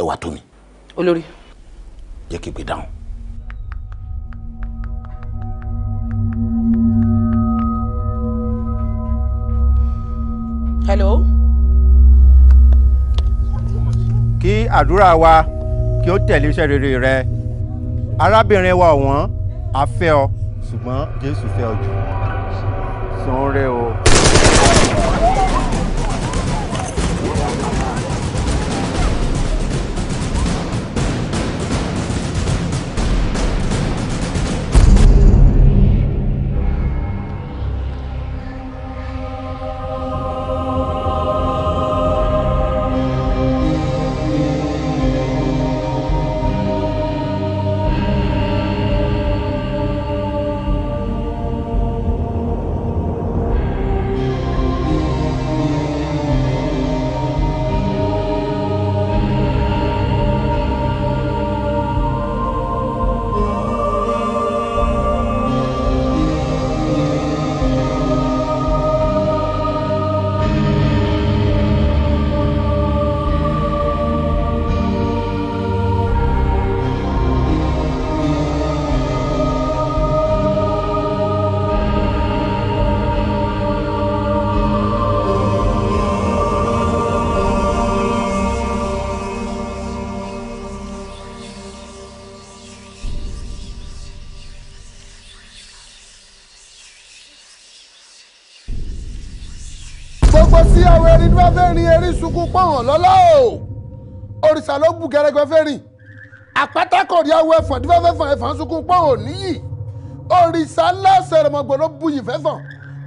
ẹ wá tó olórí. jẹ́ kí n pè dáhùn. hello. kí àdúrà wa kí ó tẹ̀lé iṣẹ́ rere rẹ arábìnrin wa ọ̀wọ́n a fẹ́ ọ ṣùgbọ́n Jésù fẹ́ ọ jù sùn rẹ o. fẹ́rin erin sunkún pọ̀hàn lọ́lá o òrìṣà ló bù gẹ́rẹ́gbẹ́ fẹ́rin àpáta kò rí awọ ẹ̀fọ̀n tí fẹ́fẹ́ fọ̀n ẹ̀fọ̀n sunkún pọ̀hàn níyì òrìṣà ńlá sẹ̀rẹ̀mọ̀gbọ̀n ló buyì fẹ́fọ̀n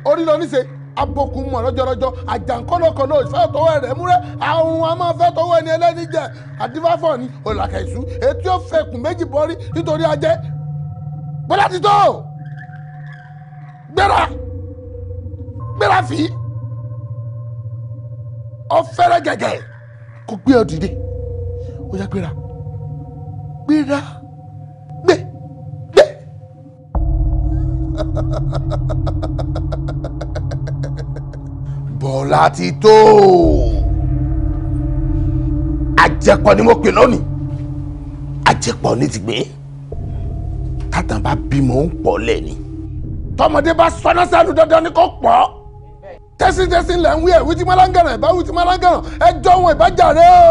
orí lọ níṣe abokun mọ̀ lọ́jọ́rọ́jọ́ àjàǹkọ́lọ́kọ́lọ́ ìfẹ́ tọwọ́ rẹ̀ múrẹ́ àrùn a máa fẹ́ tọwọ́ ẹni ẹlẹ́ni jẹ àdífáfọ̀ ni òlàkà ìṣú etí ó fẹkùn méjì bọ́rí nítorí ajẹ́ bọ́lá ti tó gbéra gbéra fìí ọ fẹ́rẹ́ gẹ̀gẹ̀ kó gbé ọ dìde ó yá gbéra gbéra gbé gbé. bọ́lá ti tó àjẹpọ̀ ni mo pè lónìí àjẹpọ̀ ní ti gbé tátàn bá bímọ ń pọ̀ lẹ́ni tọmọdé bá sọ náà sẹ́nu dandan ni kò pọ̀ tẹ́sìn tẹ́sìn lẹ́ ń wí ẹ̀ wí tí málángànà ìbá wí tí málángànà ẹjọ́ wọn ìbájàre o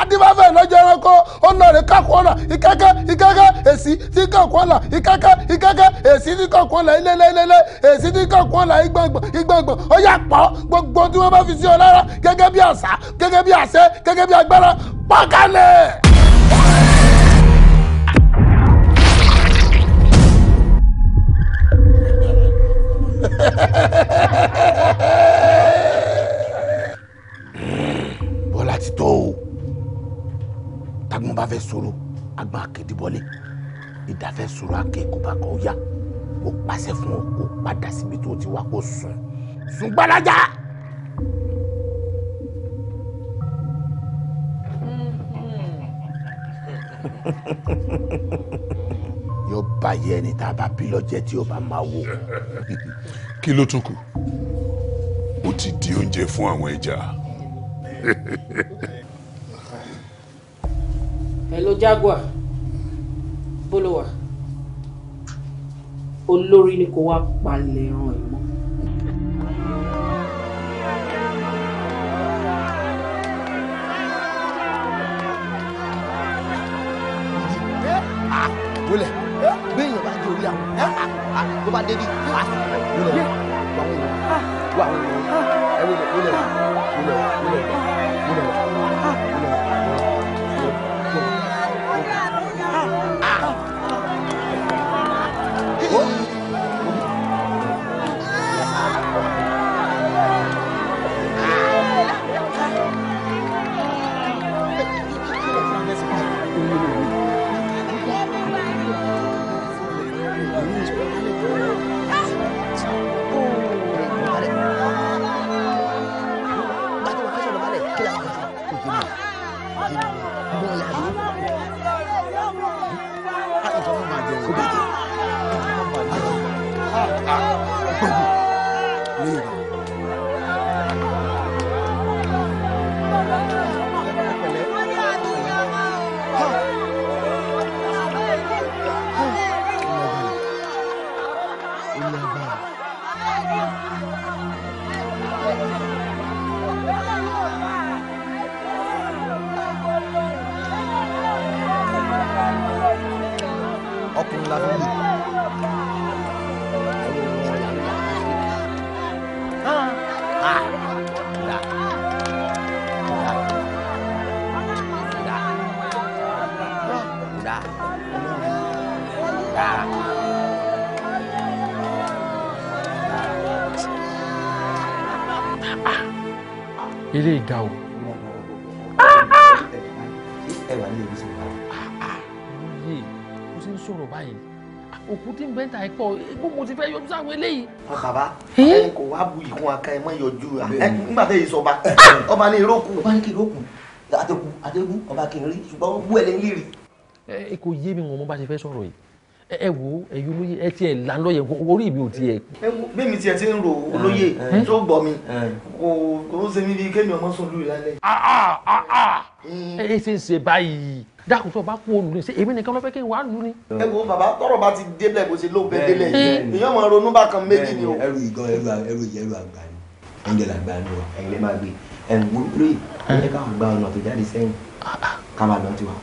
adébáfẹ́ lọ́jọ́ ẹranko ọ̀nà rẹ̀ kákó ọ̀nà ìkẹ́kẹ́ ìkẹ́kẹ́ èsì tí kọ̀ọ̀kọ́ ọ̀nà ìkẹ́kẹ́ ìkẹ́kẹ́ èsì tí kọ̀ọ̀kọ́ ọ̀nà ilélélélé èsì tí kọ̀ọ̀kọ́ ọ̀nà ìgbọ̀ngbọ̀n ìgbọ̀ngbọ̀n ó yà pọ̀ gbogbo tí wọ́n bá fi sí ọ lára gẹ́gẹ́ bí àṣà gẹ́gẹ́ bí àṣẹ gẹ́gẹ́ bí agbára pọ́kálẹ̀. fẹ́ sọ̀rọ̀ agbá akéde bọ́lẹ̀ ìdá fẹ́ sọ̀rọ̀ akẹ́kọ̀ọ́ bá kọ́ ya ó pàṣẹ fún ọ kó padà síbi tó ti wá kó sùn sùn gbalaja. yóò báyé ẹni tá a bá bí lọ́jẹ́ tí ó bá máa wò. kí ló tún kù. ó ti di oúnjẹ fún àwọn ẹja. hello jaguar bólúwà olórí ni kò wá palẹ̀ ẹran ẹ̀ mọ́. wọlé béèyàn bá jẹ orí àwọn tó bá débi wọlé wà wọlé wà wọlé ẹ wọlé wọlé wọlé wọlé wọlé. eré ìdá o. ẹ ah, ah. ń sọ̀rọ̀ báyìí òkú tí ń bẹ́ẹ̀ ta ẹ̀pọ̀ gbogbo ti fẹ́ yọjú sáwọn eléyìí. Ah, bàbá ẹ kò bu ìkún aka ẹ mọ yọjú nígbà tẹ sọba ọba ní ìrókù. ọba ní kí ìrókù àtẹkù àtẹkù ọba kì rí ṣùgbọ́n wú ẹ lè ń rí. ẹ kò yé mi wọn mo bá ṣe fẹ́ sọ̀rọ̀ yìí ẹ wo ẹyọ olóyè ẹ tiẹ̀ là ń lọ́yẹ̀ orí mi ò tiẹ̀. ẹ wo bí mi tiẹ̀ ti ń ro olóyè tó gbọ́ mi kò kò ń ṣe mí bíi kémi ọmọ sùn lùlù lálẹ́. Ah, ah, ah, mm. ẹ ṣe ń ṣe báyìí dákun tó bá kú olù ní ṣe èmi nìkan ló fẹ́ kí n wà lù ní. ẹ wo bàbá tọrọ bá ti débẹ̀ bó ṣe ló bẹ délẹ̀ yìí èèyàn máa ronú bákan méjì ni o. ẹrù ìgan ẹrù ìjẹ ẹrù àgbà ni ẹ̀yin lè àgbà ni o ẹ̀yin lè máa gbé ẹ̀yin wo lóye ẹ káwọn gba ọ̀nà tó jáde sẹ́yìn ká máa lọ tiwa.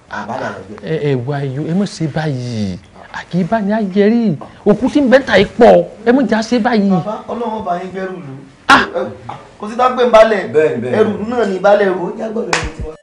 ẹ ẹ wá iyọ ẹ mọ̀ ṣe báyìí àkì bá ní ajẹrí òkú tí ń bẹ́ńtà yìí pọ̀ ẹ mú ìjà ṣe báyìí. bàbá ọlọ́run bá yín gbẹ́rù lù. Ah! kò sí dágbé ń balẹ̀ ẹrù náà ní balẹ̀ ẹrù ó jágbọ́dọ̀ tiwa.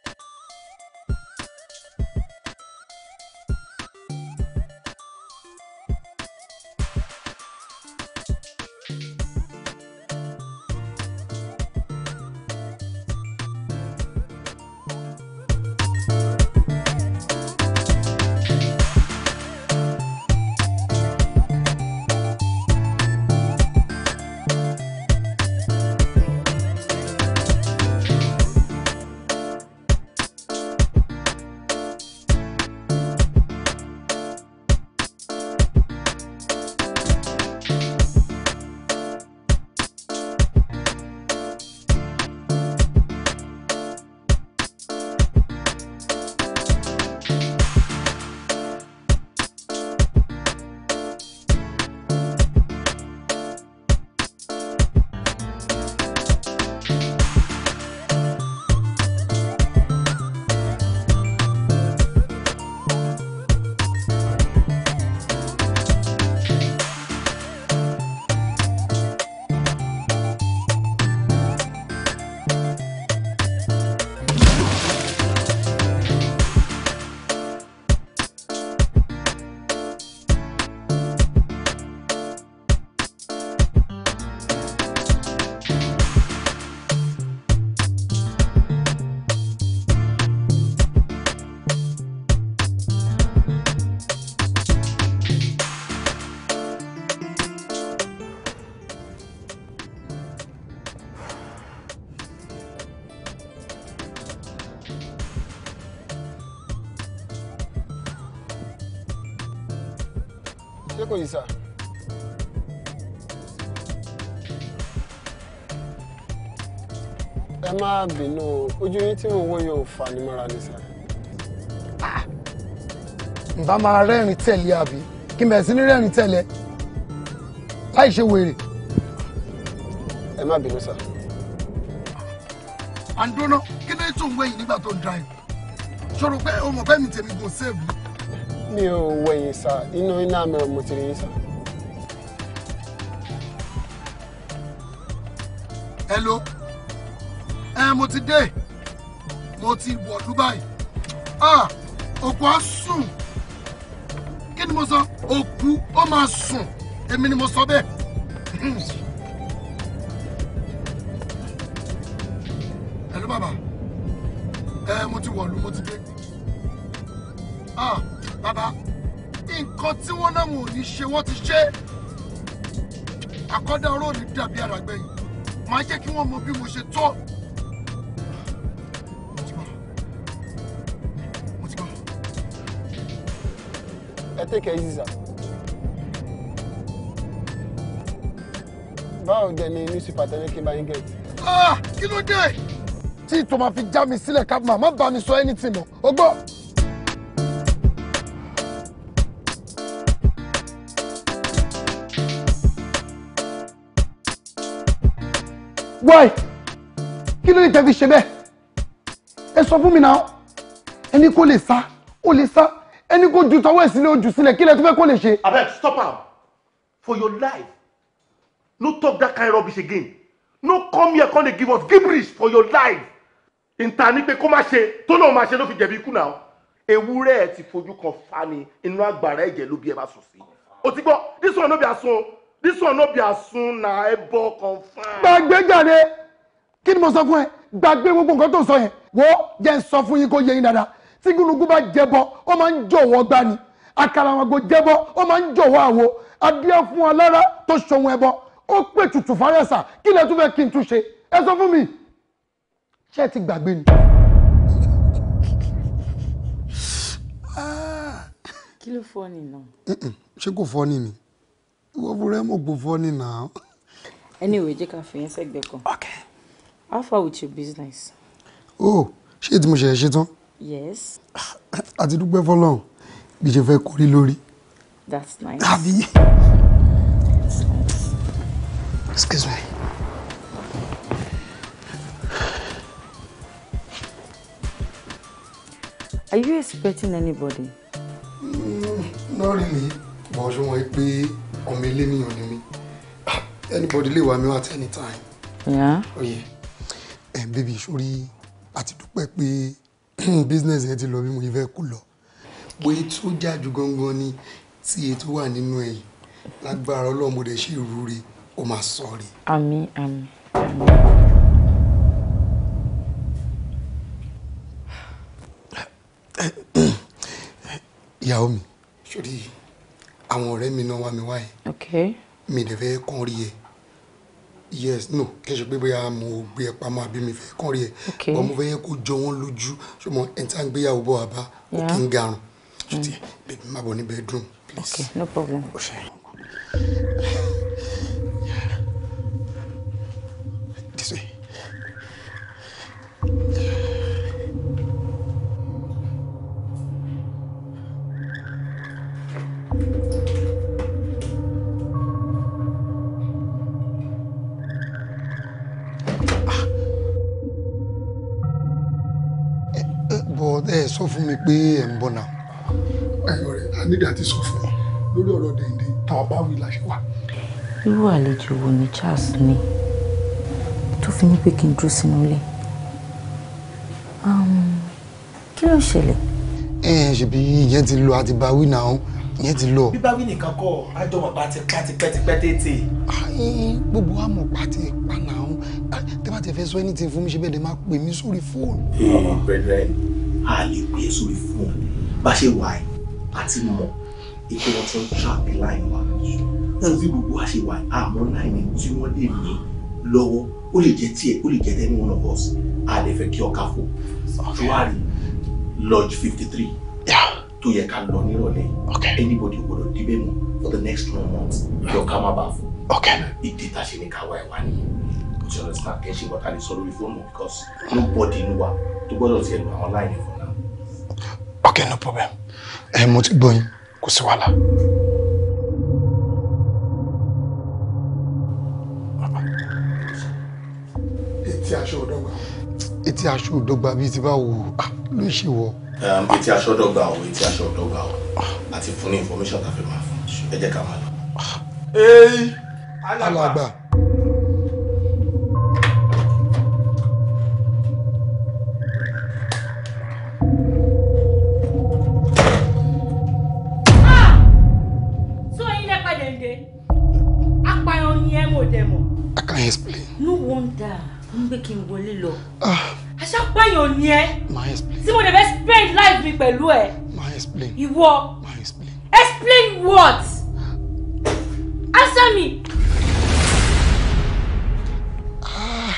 má bínú ojú yín tí mo wọ yóò fà ní mọ́ra ní sá. Ah. ǹbá máa rẹ́rìn tẹ̀lé àbí kí n bẹ̀rẹ̀ sí ní rẹ́rìn tẹ̀lé láì ṣe wèrè. ẹ má bínú sá. àǹdóná kí ló tún wẹ̀yìn nígbà tó ń dra ẹ̀ ṣòro pé o mọ̀ pé mi tèmi kò sèbù. mi ò wẹ̀yìn sá inú iná mi ò mo ti rí yín sá. hello. ti wọ̀lú báyìí òkú á sùn kí ni mo sọ òkú ó máa sùn èmi ni mo sọ bẹ́ẹ̀. ẹ̀lú bàbá ẹ mo ti wọ̀lú mo ti dé bàbá nǹkan tí wọ́n náà wò ní ṣe wọ́n ti ṣe àkọ́dá ọ̀rọ̀ ní dàbí àràgbẹ̀yìn máa jẹ́ kí wọ́n mọ bí mo ṣe tọ́. take it easy báwo dẹ ni newspaper tẹ́lẹ̀ kí n bá yín get. Ah, kí ló dé. tí ìtò máa fi já mi sílẹ̀ ká màmá bá mi sọ anything mọ́ o gbọ́. why kí ló lè tẹ́ fi ṣe bẹ́ẹ̀ ẹ sọ fún mi náà ẹni kó lè sá ó lè sá ẹni kò ju tọwọ́ ẹ̀ ojú sílẹ̀ kí lẹ tó fẹ́ kó lè ṣe. abeg stop am for your life no talk that kind rubbish again no come here come dey give us gibberish for your life ìta ni pé kó má ṣe tó lóun máa ṣe ló fi jẹ̀bi ikú náà ewúrẹ́ ẹ̀ ti fojú kan fani inú agbára ẹ̀jẹ̀ ló bí ẹ bá sùn sí o ti gbọ́ this one no be asun this one no be asun na ẹbọ confam. gbàgbé jàre kí ni mo sọ fún ẹ gbàgbé gbogbo nǹkan tó sọ yẹn wo jẹ́ n sọ fún yín kó yé yín dáadáa tí gúnugún bá jẹbọ ó máa ń jọ̀wọ́ gbani àkàràmàgò jẹbọ ó máa ń jọ̀wọ́ àwo adìẹ fún alára tó ṣohun ẹbọ ó pè tùtù fárẹsà kí lẹ tún fẹ́ kí n tún ṣe ẹ sọ fún mi ṣé ẹ ti gbàgbé ni. kí ló fọ́ ni náà. ṣé kò fọ́ ni ni ìwọ fúnra ẹ mọ̀ kò fọ́ ni náà. anyway jẹ́ ká fi yẹn sẹ́gbẹ̀ẹ́ kan. okay. how far with your business. oh ṣé ètò mo ṣẹ̀ṣẹ̀ ṣe tán. Yes. Àti dúpẹ́ fọlọ́run bí ṣe fẹ́ kórí lórí. That's nice. Àbí. Excuse me. Are you expecting anybody? Mm, not really. Bọ̀ ṣe wọ́n pé ọmọ ilé mi ò ní mi. Anybody lè wá mi at any time. Yeah. Oh yeah. Um, baby, sori, àti dúpẹ́ pé. business yẹn ti lọ bí mo fẹ́ kú lọ pé tó jájú gangan ni tí ètò wà nínú ẹ̀yìn lágbára ọlọ́run mo dẹ̀ ṣe ìrúre máa sọ rè. àmín àmín àmín. ìyàwó mi sórí àwọn ọ̀rẹ́ mi náà wá mi wáyé mi dẹ̀ fẹ́ kàn rí ẹ yes no kí n ṣe pé bóyá mo gbé ẹ pamọ́ àbí mi fẹ́ kàn rí ẹ bọ́ mo fẹ́ yẹ kó jọ wọ́n lójú ṣùgbọ́n ẹ̀ ń tá ń gbéyàwó bọ̀ wá bá ó kì í garun ṣùtì mm. bèbí má bọ̀ ní bedroom please. okay no problem. Okay. ẹ sọ fún mi pé ẹ ń bọ̀ náà. ẹ̀yọ́ rẹ̀ a nídà ti sọ fún ọ lórí ọ̀rọ̀ dèndé tá a bá wí la ṣe wà. irú àlejò wo ni Charles ní tó fi ní pé kí n dúró sínú ilé um, kí ló ṣẹlẹ̀. ẹ ṣèbí ìyẹn ti lọ àti bá wí náà ìyẹn ti lọ. bíbá wí nìkan kọ àjọmọ̀ pa ti pa ti pẹ́ ti pẹ́ tètè. gbogbo àmọ̀ pa ti pa náà tẹ́ bá ti fẹ́ sọ anything fún mi ṣe bẹ́ẹ̀ dẹ̀ máa pè mí sórí fóònù. bẹ́ẹ̀ a lè pè é sórí fóònù bá ṣe wà ẹ́ àti mọ̀ ètò wọn tó ń trap line wa náà bí gbogbo wa ṣe wà àmọ́ line tí wọ́n lè ní lọ́wọ́ ó lè jẹ́ tiẹ̀ ó lè jẹ́ tẹ́ni one of us a lè fẹ́ kí ọkà fò ṣùwárí lodge fifty three tó yẹ ká lọ nírọ̀lẹ́ anybody gbọ́dọ̀ débẹ̀ mọ́ for the next one month kí ọkà má bàa fò ìdí tá a ṣe ní ká wá ẹ̀ wá nìyẹn kò tí ọ̀rẹ́ sáà wọ́n ká lè sọ lórí fóònù because nobody ní wa tó gbọ́dọ̀ tiẹ̀ lu àwọn line fún ok no problem ẹ eh, mo ti gbọ́ yín kò sí wàhálà. etí aṣọ òdọ́gba. etí aṣọ òdọ́gba bíi ti báwo ah, ló ṣe o etí aṣọ òdọ́gba o àti fún ní information tá a fi máa fún ẹ jẹ́ ká máa lọ. Ah. alàgbà. pé kí n wọlé lọ. aṣápáyọ̀ ah. ni ẹ. explain. tí mo dẹ̀ spend life mi pẹ̀lú ẹ. máa explain. ìwọ. explain. explain what? answer me. Ah.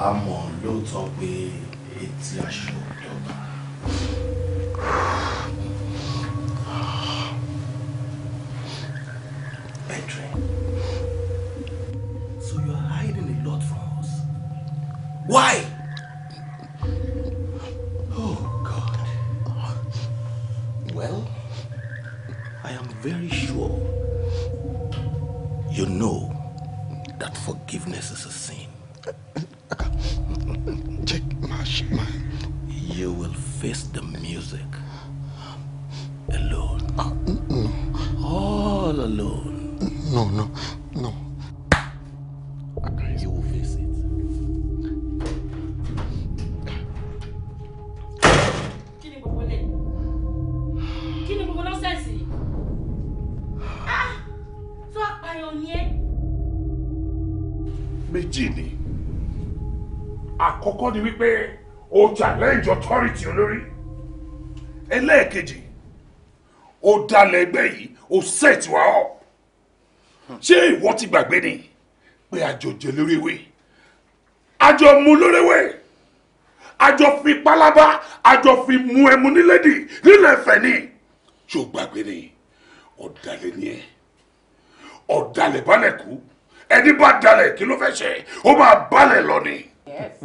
a mọ̀ lóòótọ́ pé etí aṣọ Bedroom. So you hiding a lot from us. Why? o challenge authority olórí ẹlẹ́ẹ̀kejì o dalẹ̀ ẹgbẹ́ yìí o set wa up ṣé ìwọ ti gbàgbé ni pé àjọ jẹ lórí ewé àjọ mu lórí ewé àjọ fi pálábá àjọ fi mu ẹmu nílẹ̀dì nílẹ̀ ẹ̀fẹ̀ ni ṣó gbàgbé ni ọ̀dàlẹ̀ ni ẹ ọ̀dàlẹ̀ balẹ̀ kú ẹni bá dalẹ̀ kí ló fẹ́ ṣe ó máa balẹ̀ lọ ni. Yes.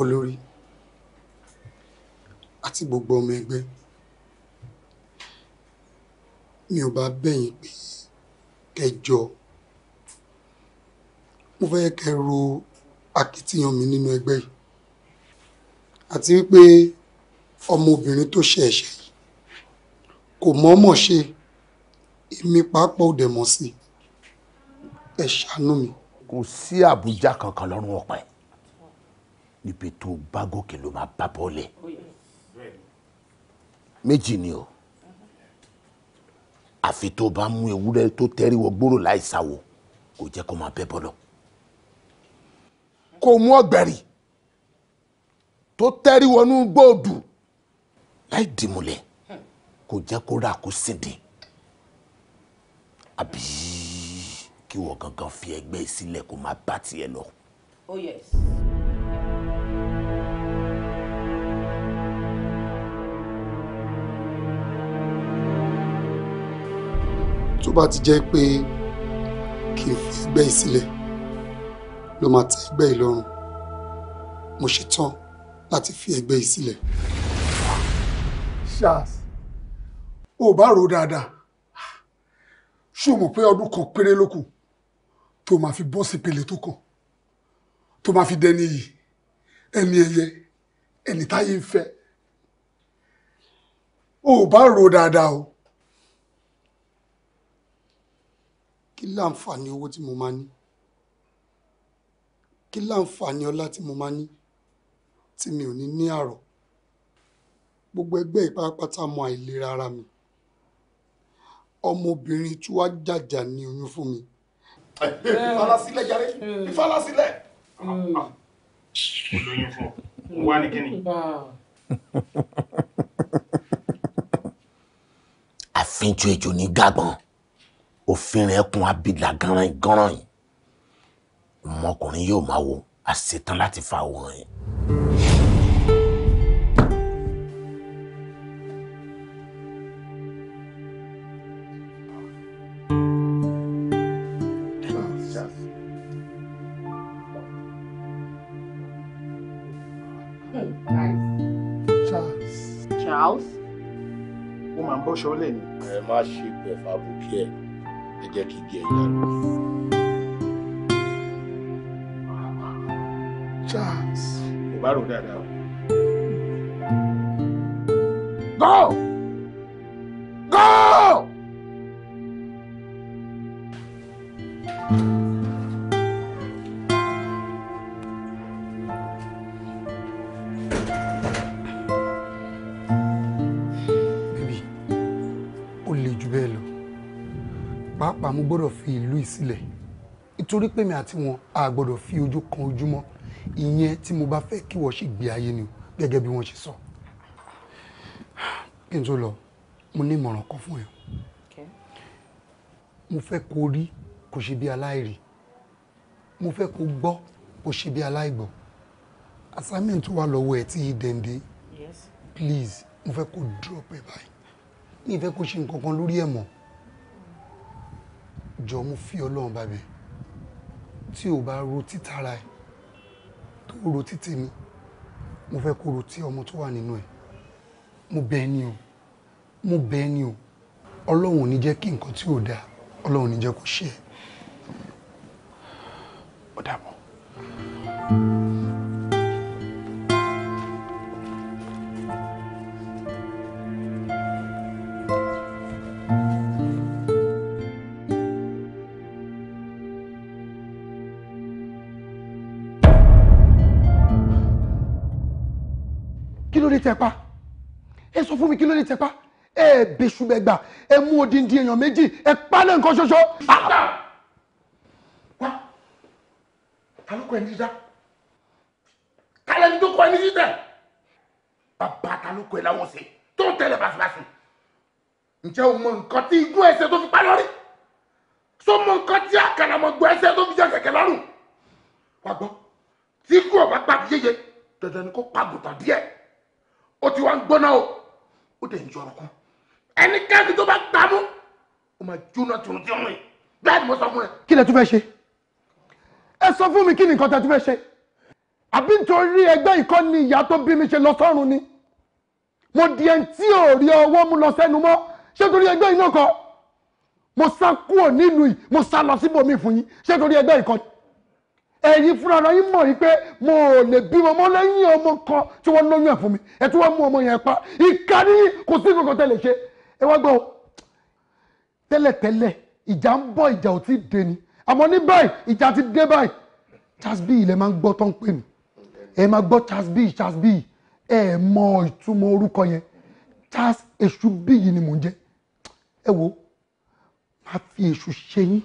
olórí àti gbogbo ọmọ ẹgbẹ́ mi ò bá bẹ̀yìn pé kẹjọ mo fẹ́ kẹ ro akitiyan mi nínú ẹgbẹ́ yìí àti wípé ọmọbìnrin tó ṣe kò mọ̀ọ́mọ̀ ṣe èmi pàápàá ò sí ẹ mi. kò sí àbújá kankan lọ́rùn ọ̀pá níbi tó bá gòkè ló máa bá bọ́ọ̀lẹ̀ oh, méjì ni o àfi tó bá mú ewúrẹ́ tó tẹ́rí wọ gbòòrò láì sáwọ kò jẹ́ kó máa bẹ́ bọ́lọ̀ kó mú ọ̀gbẹ̀rì tó tẹ́rí wọnú gbòòdù láì dìmúlẹ̀ kò jẹ́ kó rà kó sìndì àbí kí wọ́n gangan fi ẹgbẹ́ sílẹ̀ kó máa bá tiẹ̀ lọ. Oh yes. tó bá ti jẹ́ pé kí n fi ẹgbẹ́ yìí sílẹ̀ ló máa tẹ́ ẹgbẹ́ yìí lọ́rùn mo ṣetán láti fi ẹgbẹ́ yìí sílẹ̀. Charles ò bá rò dáadáa ṣó mọ̀ pé ọdún kan péré ló kù tó máa fi bọ́ sí ìpele tó kàn tó máa fi dẹni yìí ẹni ẹyẹ ẹni táyé ń fẹ́ ò bá rò dáadáa o. kí láǹfààní owó tí mo máa ní kí láǹfààní ọlá tí mo máa ní tí mi ò ní ní àrọ̀ gbogbo ẹgbẹ́ ìpápátá mọ àìlera ara mi ọmọbìnrin tí wàá jàjà ní oyún fún mi. ìfalasílẹ̀ jàre ìfalasílẹ̀. olóyún fún ejò ní gàgbọ́n òfin rẹ̀ kun abìlà gánran gánran yìí ọmọkùnrin yóò máa wo àṣetán láti fa àwòrán yẹn. Charles. Charles. Ó máa ń bọ́ ṣọ́lẹ̀ ni. Ẹ má ṣe pẹ̀ fàbùkì ẹ̀ jẹ́ kí igi ẹ̀yà rẹ̀. Charles. Kò dáadáa. Go! òun gbọ́dọ̀ fi ìlú yìí sílẹ̀ nítorí pé mi àti wọn a gbọ́dọ̀ fi ojú kan ojú mọ́ ìyẹn tí mo bá fẹ́ kí wọ́n ṣe gbé ayé ni o gẹ́gẹ́ bí wọ́n ṣe sọ. kí n tó lọ mo ní ìmọ̀ràn kan fún ẹ. mo fẹ́ kó rí kó ṣe bí aláìrí mo fẹ́ kó gbọ́ kó ṣe bí aláìgbọ́ assignment tó wà lọ́wọ́ ẹ tí dẹ̀ǹdẹ̀ please mo fẹ́ kó drop ẹ báyìí mi ì fẹ́ kó ṣe nǹkan kan lórí ẹ̀ mọ́ jọ mo fi ọlọ́run bàbẹ̀ tí o bá ro títara ẹ tó ro títì mi mo fẹ́ kó ro tí ọmọ tó wà nínú ẹ mo bẹ ẹ ní o mo bẹ ẹ ní o ọlọ́run ò ní jẹ́ kí nǹkan tí ò dáa ọlọ́run ò ní jẹ́ kó ṣe ẹ ó dàbọ̀. tẹpa ẹ sọ fún mi kí ló lè tẹpa ẹ bẹsùbẹgbà ẹ mú odindi èèyàn méjì ẹ pa náà nǹkan ṣoṣo. Ah! wá ta ló kọ ẹni dídá kálẹ̀ ní tó kọ ẹni dídá bàbá ta ló kọ ẹ láwọn ṣe tó tẹ̀lé bàṣubàṣu ǹjẹ́ o mọ nǹkan tí igun ẹsẹ̀ tó fi pa lórí so mọ nǹkan tí àkàlàmọ̀gbọ̀ ẹsẹ̀ tó fi jẹ́ kẹ̀kẹ́ lọ́rùn wá gbọ́ tí ikú ọ̀bá pàdé yéye dandan ni kó pàgùtà díẹ̀ ó ti wá ń gbóná o ó dẹ̀ ń jọ ọ̀rọ̀ kan ẹnikẹ́ni tó bá gbà mú ó máa jóná tòun tí ọ̀run yìí bẹ́ẹ̀ ni mo sọ fún ẹ. kí lẹ tún fẹ́ ṣe ẹ sọ fún mi kí ni nǹkan tẹ tún fẹ́ ṣe àbí nítorí ẹgbẹ́ ìkọ́ni ìyá tó bí mi ṣe lọ sọ́run ni mo di ẹni tí ò rí ọwọ́ mu lọ sẹ́nu mọ́ ṣé torí ẹgbẹ́ iná kan mo sá kúrò nílùú yìí mo sá lọ síbòmí fún yín ṣé torí ẹgbẹ́ ìkọ́ni ẹ̀yin fúnra ara yín mọ̀ yìí pé mo ò lè bímọ mọ́ lẹ́yìn ọmọ kan tí wọ́n lóyún ẹ̀ fún mi ẹ̀ tí wọ́n mú ọmọ yẹn pa ìka ní kò sí kankan tẹ́lẹ̀ ṣe ẹ wá gbọ́ o ìjà ń bọ̀ ìjà ò tí dé ni àmọ́ ní báyìí ìjà ti dé báyìí Charles B ilẹ̀ máa ń gbọ́ tán pè mí ẹ máa gbọ́ Charles B Charles B ẹ mọ ìtumọ̀ orúkọ yẹn Charles èṣù bí yìí ni mò ń jẹ́ ẹ wo máa fi èṣù ṣe yín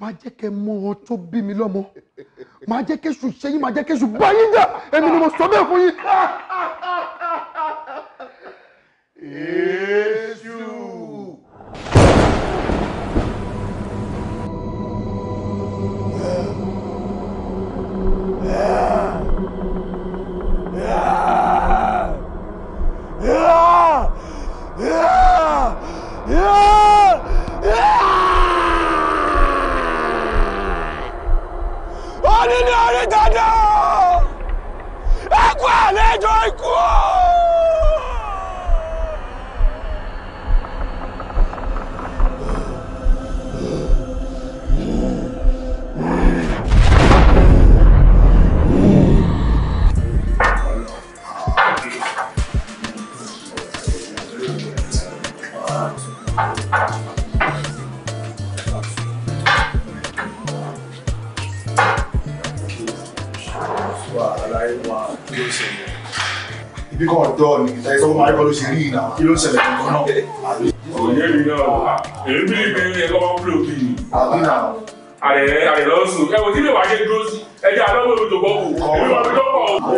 máa jẹ́ kẹ́ mọ ọ tó bí mi lọ́mọ máa jẹ́ kẹ́sù ṣẹ́yìn máa jẹ́ kẹ́sù bá yín dà èmi ni mo sọ bẹ́ẹ̀ fún yín. ibi kan ọ̀dọ́ ni ìtàgé sọ́kọ́ máa rí kọ́ ló ṣe rí ìnà kí ló ń ṣẹlẹ̀ kankan náà. òye mi náà èmi bí ibi ẹ̀kọ́ máa ń pè òkè yìí. àbí náà. àrẹ àrẹ lọ sùn ẹ wò tí lè wá dúró sí ẹ jẹ àlọ́ tó gbọ́kù èmi máa fi tó pọ̀ o.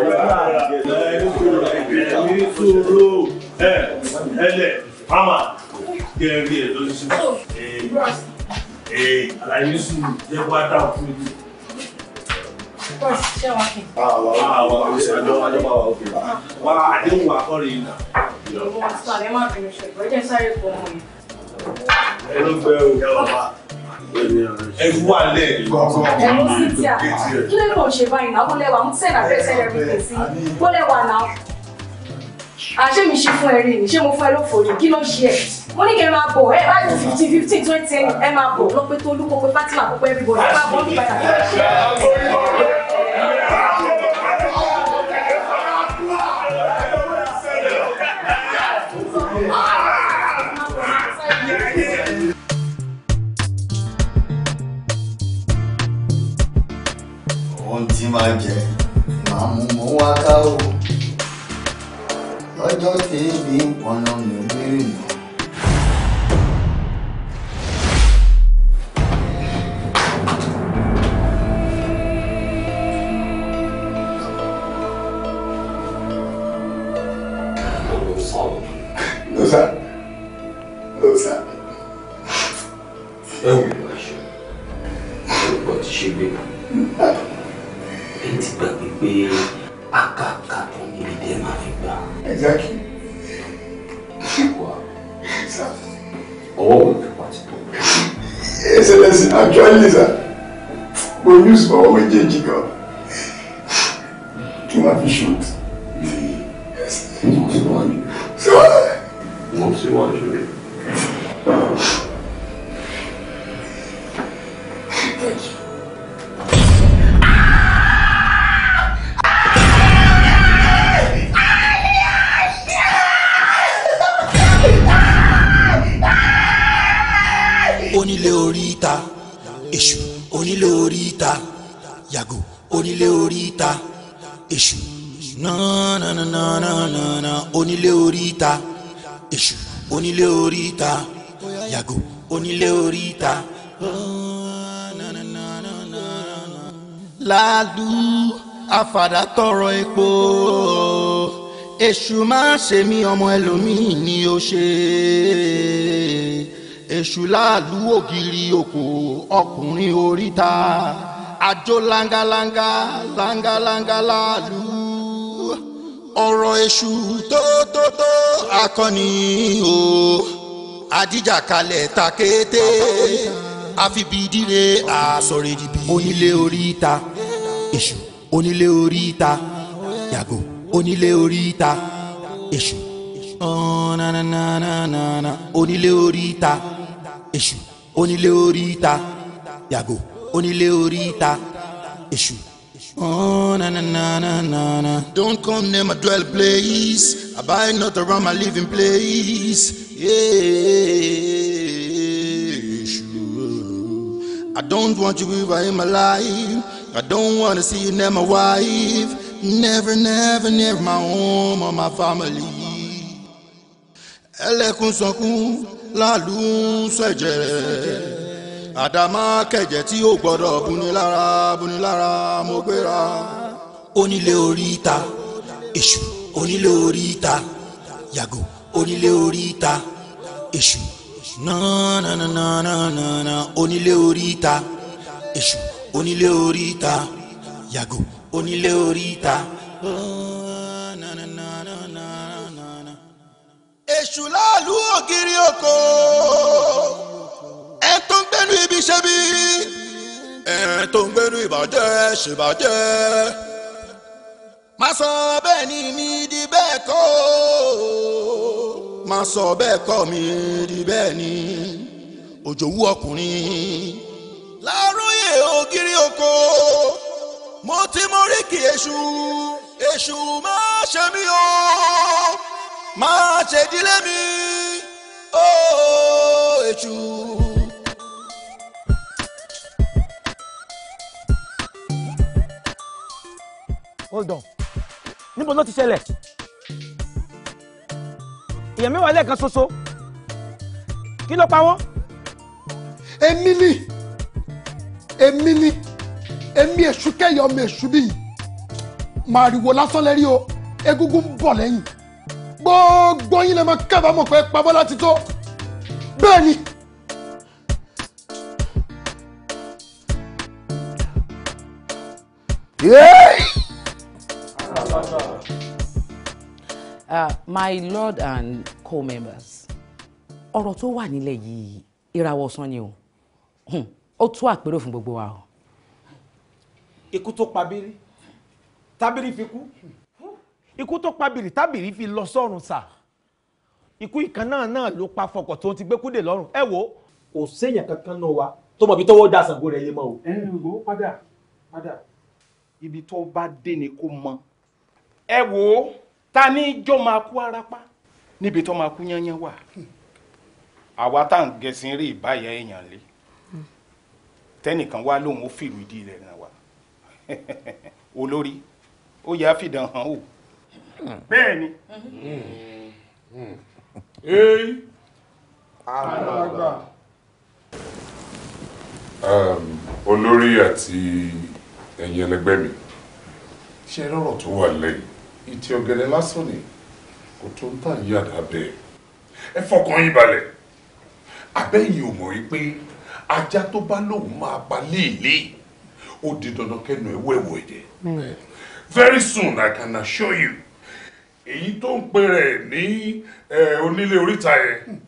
ẹni sòrò ẹ ẹlẹ mama gẹ̀ẹ́rì ẹ̀ lọ́sùn ẹ̀ ẹ̀ àlàyé sùn jẹ́ pátá mi ṣé àṣé mi ṣe fún ẹrí ni ṣé mo fún ẹ lófòrí kí ló ṣe ẹ mo ní kí ẹ máa bọ̀ ẹ bá ju fifty twenty ẹ máa bọ̀ lọ pé Tolú kó pé Fatima kó pé everybody ẹ máa bọ̀ nípa ìyàtọ̀ ṣe é. ohun tí jẹ máa mú mọ wá ká o lọ́jọ́ tí pọnà mi ò béèrè mọ́. É o meu, acho. Eu posso te ver ẹ ti gbàgbé pé àkàkà kan níbi tẹ́ máa fi gbà. ẹ jẹ́ kí wà all the party tó. excellence actually sir mo use for ọmọ méjèèjì gan kí wọ́n fi shoot. yes. mo sì wá ní. mo sì wá ní. èṣù nánánánánánánà onílé oríta èṣù onílé oríta yàgò onílé oríta. láàlú àfàdà tọrọ epo èṣù máa ṣe mí ọmọ ẹlòmíì ni ó ṣe èṣù láàlú ògiri òkò ọkùnrin oríta àjò langalanga langalangala lu ọ̀rọ̀ èṣù tótótó akọni o àdìjàkálẹ̀ takété àfibidire àsọ̀rẹ̀dìbí onílé orí ìta èṣù onílé orí ìta yàgò onílé orí ìta èṣù onílé orí ìta èṣù onílé orí ìta yàgò onílé orí ta èṣù. Oh, na na na na na na. Don't come near my dwell place. I buy not around my living place. Yeah, sure. I don't want you ever in my life. I don't wanna see you near my wife. Never, never near my home or my family. Ẹlẹ́kùn sọkún, láàlú sẹ̀jẹ̀ àdàmà kẹ̀jẹ̀ tí ó gbọ́dọ̀ bunilára bunilára mo gbéra. onílé orí ta èṣù onílé orí ta yàgò onílé orí ta èṣù nananananana onílé orí ta èṣù onílé orí ta yàgò onílé orí ta. èṣù láàlú ògiri oko ẹ tó ń gbẹ́nu ibi ṣe bí ẹ tó ń gbẹ́nu ìbàjẹ́ ṣèbàjẹ́ má sọ bẹ́ẹ̀ ni mi di bẹ́ẹ̀ kọ́ má sọ bẹ́ẹ̀ kọ́ mi di bẹ́ẹ̀ ni òjòwú ọkùnrin láròyè ògiri oko mo ti móríkì èṣù èṣù má ṣe mí o má ṣe ìdílé mi o èṣù. hold on níbo ló ti ṣẹlẹ̀ èèyàn mẹ́wàá lẹ́ẹ̀kan ṣoṣo kí ló pa wọ́n. èmi ni èmi ni èmi èṣù kẹyọ ọmọ èṣù bíi màrìwò lásán lẹ́rí o egungun ń bọ̀ lẹ́yìn gbogbo yín lè máa kábàámọ̀ pé pamọ́ láti tó bẹ́ẹ̀ ni. Yeah! Uh, my lord and co-members ọ̀rọ̀ tó wà nílẹ̀ yìí ìràwọ̀ ọ̀sán ni o hmm, ó tó àpérò fún gbogbo wa o. ikú tó pa bírí tábìrì fi kú ikú tó pa bírí tábìrì fi lọ sọ́run sà ikú ìkan náà náà ló pa fọkọ̀ tó ti gbé kúdè lọ́rùn ẹ wò. kò séèyàn kankan náà wa tó mọ̀ bí tọ́wọ́ da Ṣàngó rẹ̀ yé mọ́ o. ẹ ẹ wò ó padà padà ibi tó bá dé ni kò mọ̀ ẹ wò ó ta ní ijó máa kú arapa níbi tó máa kú yányán wà àwa tá à ń gẹ̀sìn rí ìbáyà èèyàn lé tẹnìkan wá lóun ó fìlú ìdí rẹ̀ náà wá olórí ó yà á hàn ó bẹ́ẹ̀ ni. èyí àgbàlagbà. Um, olórí àti ẹ̀yin ẹlẹgbẹ́ mi ṣe lọ́rọ̀ tó wà lẹ́yìn ìtì ọ̀gẹ̀dẹ̀ lásán ni kò tó ń tà yí àdá bẹ́ẹ̀ ẹ fọkàn yín balẹ̀ àbẹ́yìn ò mọ̀ wípé ajá tó bá lóun máa pa léèlé ó di dandan kẹnu ẹ̀ wẹ̀wọ̀ ẹ̀jẹ̀ very soon I can assure you èyí tó ń pè rẹ̀ ní onílé oríta yẹn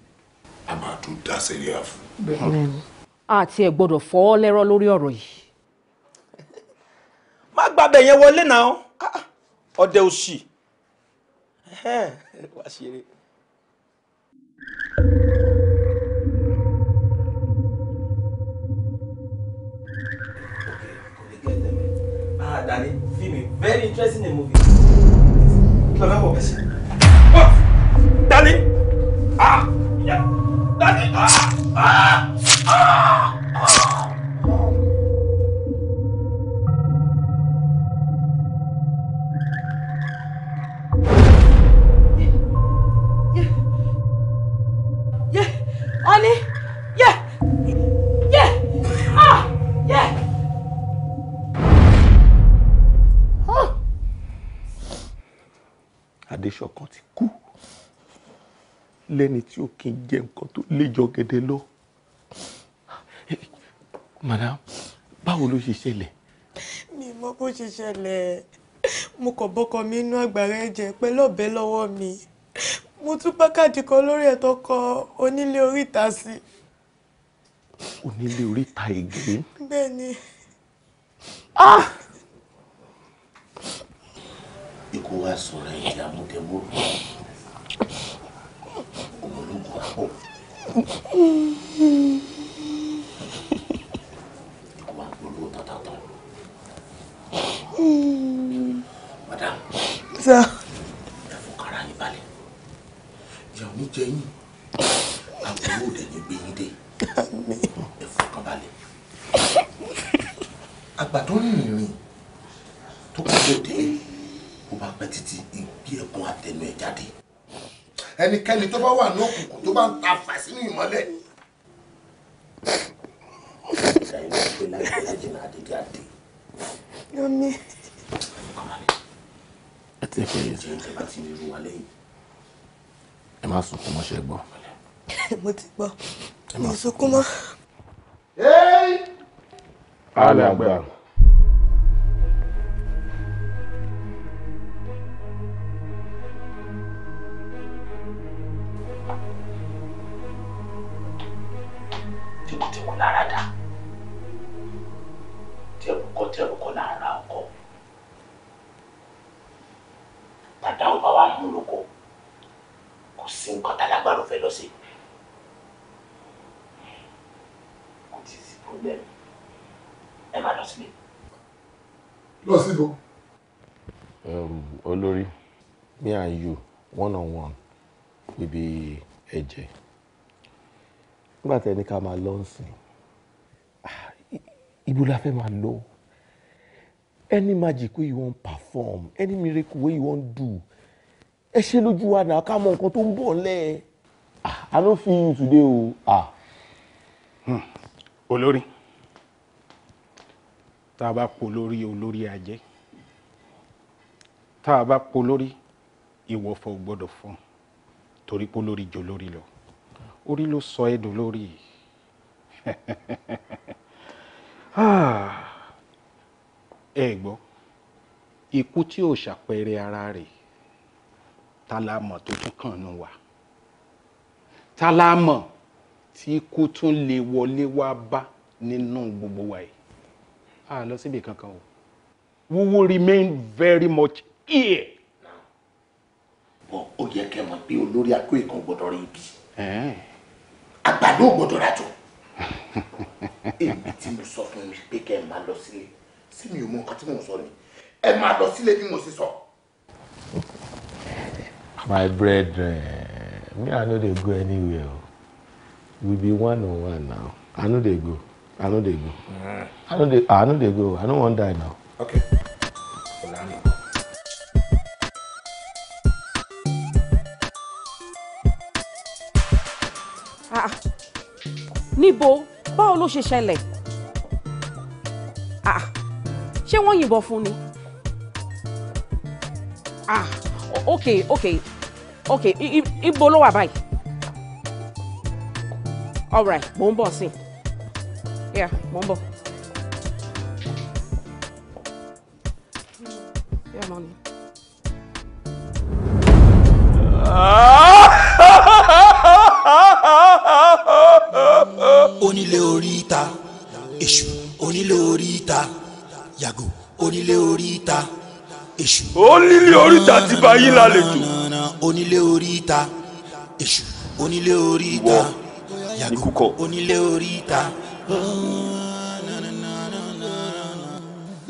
a máa tún dá sẹ́ríà fún. àti ẹ̀ gbọ́dọ̀ fọ́ lẹ́rọ̀ lórí ọ̀rọ̀ yìí. má gbàbẹ̀ yẹn wọlé náà ọdẹ òsì wá sí eré. Ah, Danny, film very interesting movie. Clara, what is it? What? Danny! Ah! Yeah! Danny! Ah! Ah! ah! ah! Honey, yeah, yeah, ah, yeah. Ah. Adéṣọ̀kan ti kú lẹ́ni tí ó kì í jẹ nǹkan tó léjọ gẹ́dẹ́ lọ. Madam, báwo ló ṣe ṣẹlẹ̀? Mi mọ bó ṣe ṣẹlẹ̀. Mo kàn bọ́kọ mi inú àgbàrá ẹ̀jẹ̀ pẹ̀lú ọ̀bẹ lọ́wọ́ mi mo tún pákàdì kan lórí ẹ̀ tó kọ onílé oríta sí. onílé oríta ègé. bẹ́ẹ̀ni. Ah! ikú wa sọ̀rọ̀ ẹ̀yìn amúdẹ̀mú ológun àpò. ikú wa polówó tọ̀tọ̀tọ̀. madam. sir ìyà ò ní jẹ yín àbúrò rẹ̀ ní gbé yín dé ẹ fọkàn balẹ̀ àgbàdo rìnrìn tó kọ́ lóde ó bá pẹ́ títí ìgbé ẹ̀kún àtẹnu ẹ̀ jáde ẹnikẹ́ni tó bá wà ní òkùnkùn tó bá ń ta fà sínú ìmọ́lẹ̀. Àti ẹ̀fọ́ yẹn ẹ má sunkún mọ́ ṣe gbọ́. mo ti gbọ́ mi ò sunkún mọ́. Allahu Akbar. tẹ ní ká máa lọ sìn ah, ibo la fẹ́ máa lọ any magic wey you wan perform any miracle wey you wan do ẹ ṣe lójú wa náà ká mọ nǹkan tó ń bọ̀ lẹ́ ah, I no feel you today o. Ah. Hmm. olórí tá a bá polórí olórí ajé tá a bá polórí ìwọ̀fọ̀ gbọ́dọ̀ fún torí polórí jò lórí lọ orí ló sọ ẹ̀dùn lórí ah, ẹ gbọ́ ikú tí ò ṣàpẹẹrẹ ara rẹ̀ ta la mọ̀ tó tún kàn nù wá ta la mọ̀ tí ikú tún lè wọlé wá bá nínú gbogbo wa yìí a lọ síbi kankan o we will remain very much here. bọ́n ó yẹ kẹ́ mọ̀ pé olórí akó ìkan gbọ́dọ̀ rí ibi àgbàdo ò gbọdọ̀ èmi tí mo sọ fún mi pé kẹ́ ẹ máa lọ sílé sí mi ò mọ nǹkan tí mò sọ ni ẹ máa lọ sílé bí mo ṣe sọ. my brethren me i no dey go anywhere we be one on one now i no dey go i no dey go mm. i no dey go i no wan die now. Okay. níbo báwo ló ṣe ṣẹlẹ̀ ṣé wọ́n yìnbọn fún ni ok ok ok ibo ló wà báyìí alright mò ń bọ̀ sí i yeah mò ń bọ̀. Yeah, money. Ah! onílé oríta èṣù onílé oríta yàgò onílé oríta èṣù. onílé oríta ti bá yín lálejò. onílé oríta èṣù onílé oríta yàgò onílé oríta.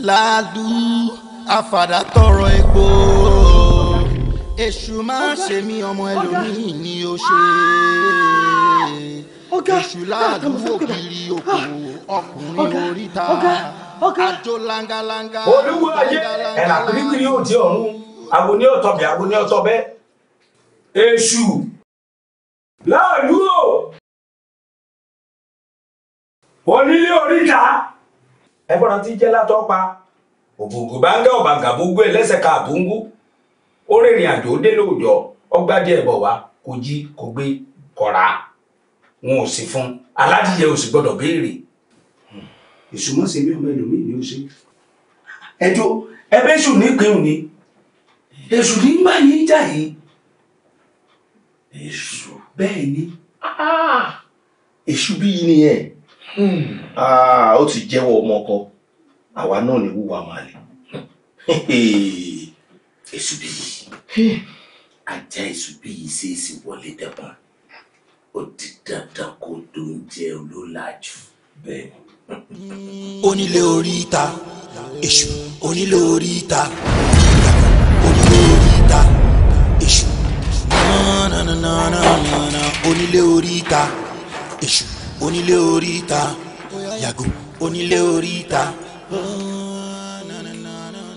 láàdú àfàdà tọrọ epo èṣù máa ṣe mí ọmọ ẹlòmíì ni ó ṣe é oṣù láàdúgbò kiri òkú ọkùnrin oríta àjò langalanga. olúwo ayé ẹ̀là kirikiri yóò di ọ̀run àwo ní ọ̀tọ̀ bí àwo ní ọ̀tọ̀ bẹ́ẹ̀. èṣù láàlú o onílé oríta ẹgbọ́n ti jẹ́ látọ́ pa ògùngùn bá ń gẹ́ ọ̀bàǹgà gbogbo ẹ̀ lẹ́sẹ̀ ká àbúngú ó rìnrìn àjò ó dé lóòjọ́ ọgbà díẹ̀ bọ̀ wá kò jí kò gbé kọ̀ra wọn ò sì fún aládìyẹ ò sì gbọdọ̀ béèrè. ìsúmọ́sí mi ọmọ ẹlòmíì ni ó ṣe ẹjọ́ ẹbẹ́ èṣù nípìn òní èṣù ní bá yín jà yìí èṣù bẹ́ẹ̀ ni ah! èṣù bíi nìyẹn hmm. ah, ó ti jẹ́wọ́ ọmọ ọkọ àwa náà ní wúwa máa lè èṣù bíi hmm. ajá èṣù bíi ṣeéṣe wọlé dẹ́kun ó di dandan kó tó ń jẹ olólàjú bẹ́ẹ̀. onílé oríta èṣù onílé oríta onílé oríta èṣù onílé oríta èṣù onílé oríta yàgò onílé oríta.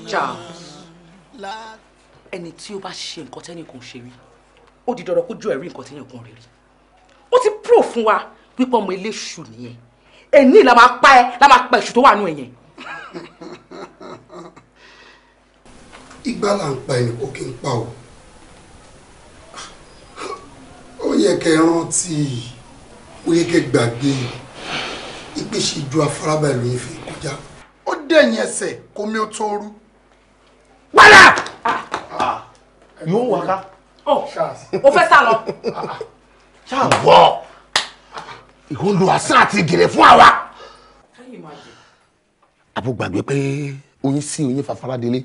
Charles ẹni tí ó bá ṣe nǹkan tẹ́nìkan ṣe rí ó di dandan kó jọ ẹ̀rí nǹkan tẹ́nìkan rí rí ó ti pro fún wa wípé ọmọ eléṣù nìyẹn ẹni la máa pa ẹ la máa pa èṣù tó wà nù ẹ yẹn. igbá là ń pa ẹnì kò kí n pa o ó yẹ kẹ rántí ó yẹ kẹ gbàgbé ìgbésí ju afárabà ìlú yìí fi kọjá ó dẹ̀yìn ẹsẹ̀ kó ó tó rú. wàhálà. Ah, ah. yóò wá ká. ó oh, fẹ́ sá lọ. Ah, ṣàwọ̀ ìhòòlù àṣà àti gèrè fún àwa. àbò gbàgbé pé oyin sí oyin fàfàrà délé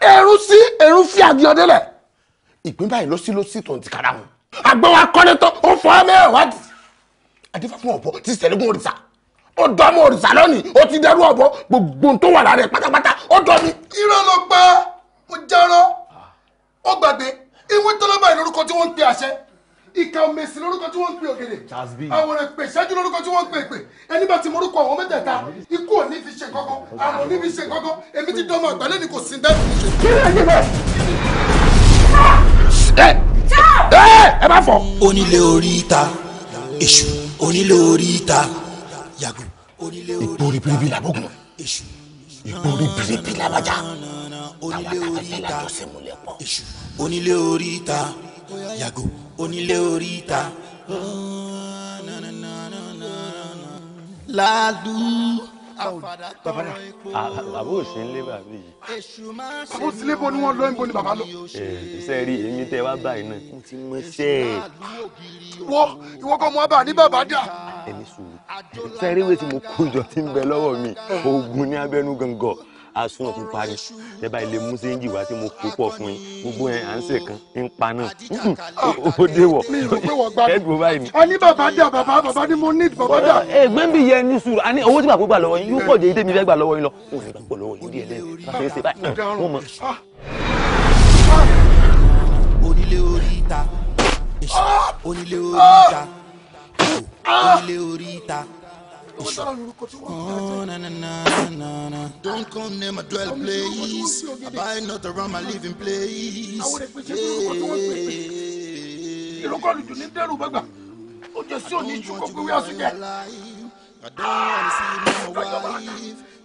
ẹrú sí ẹrú fi àdìọ délẹ̀ ìpín báyìí ló sí ló sí tòun ti kára wọn àgbẹ̀ wa kọ́lé tán ó fọ́ mẹ́wàádìí adífá fún ọ̀bọ tí sẹ́lẹ̀gùn òrìṣà ó dọ́ ọmọ òrìṣà lónìí ó ti dẹrú ọ̀bọ gbogbo tó wà lára ẹ̀ pátápátá ó dọ́ mi. irọ́ ló gbà mo jẹ́rọ ó gbàgbé ìwé tọ́lọ́bà yìí lórúkọ tí wọ́n ń pe àṣẹ ìka mèsì lórúkọ tí wọ́n ń pe ògèdè àwọn èpè ṣáájú lórúkọ tí wọ́n ń pe èpè ẹni bá ti morúkọ àwọn mẹ́tẹ̀ẹ̀ta ikú ò fi ṣe kọ́kọ́ àrùn ò fi ṣe kọ́kọ́ èmi ti dánmọ̀ àgbálẹ́ ni kò sí bẹ́ẹ̀ mi ṣe. kí ni ẹ yín ẹ bá fọ. onílé orí ìta èṣù onílé orí ìta yàgò. ìgbórí biribi làbọ̀gùn èṣù ìgbórí làbàjá onílé oríta èṣù onílé oríta yàgò onílé oríta. láàlú ah, bàbá ò ṣe ń lé bàbá yìí. bàbá ò sí lébò ni lọ ń bo bàbá lọ. iṣẹ́ eh, rí èmi tẹ́ wá báyìí náà mo ti mọ iṣẹ́ ẹ̀. ìwọ ìwọ kọ́ mọ abà ní bàbá dà. ẹni sùúrù sẹ́ríwé tí mo kó jọ ti ń bẹ lọ́wọ́ mi oògùn ní abẹ́nú asun ti parí ẹ bá ilé musa ń jìwá tí mo kó pọ̀ fún yín gbogbo yẹn à ń sè kan ń pa náà ó dé wọ̀ ẹ dùn báyìí ni. a ní bàbá dà bàbá bàbá ni mo ní bàbá dà. ẹ gbẹ́ bí yẹn ní sùúrù a ní owó tí bàbá gbà lọ́wọ́ yín yóò pọ̀ jẹ́ ìdẹ́mi fẹ́ gbà lọ́wọ́ yín lọ òun ìgbà Oh, na, na, na, na, na. Don't come near my dwell place. I buy not around my living place. Ìlúkọ̀lù jù ní dẹ́rù bàgbà. Ó jẹ́ sí òní ìṣúkọ̀ pé wíwá sùn jẹ́. I don't want to see my wife. Ah!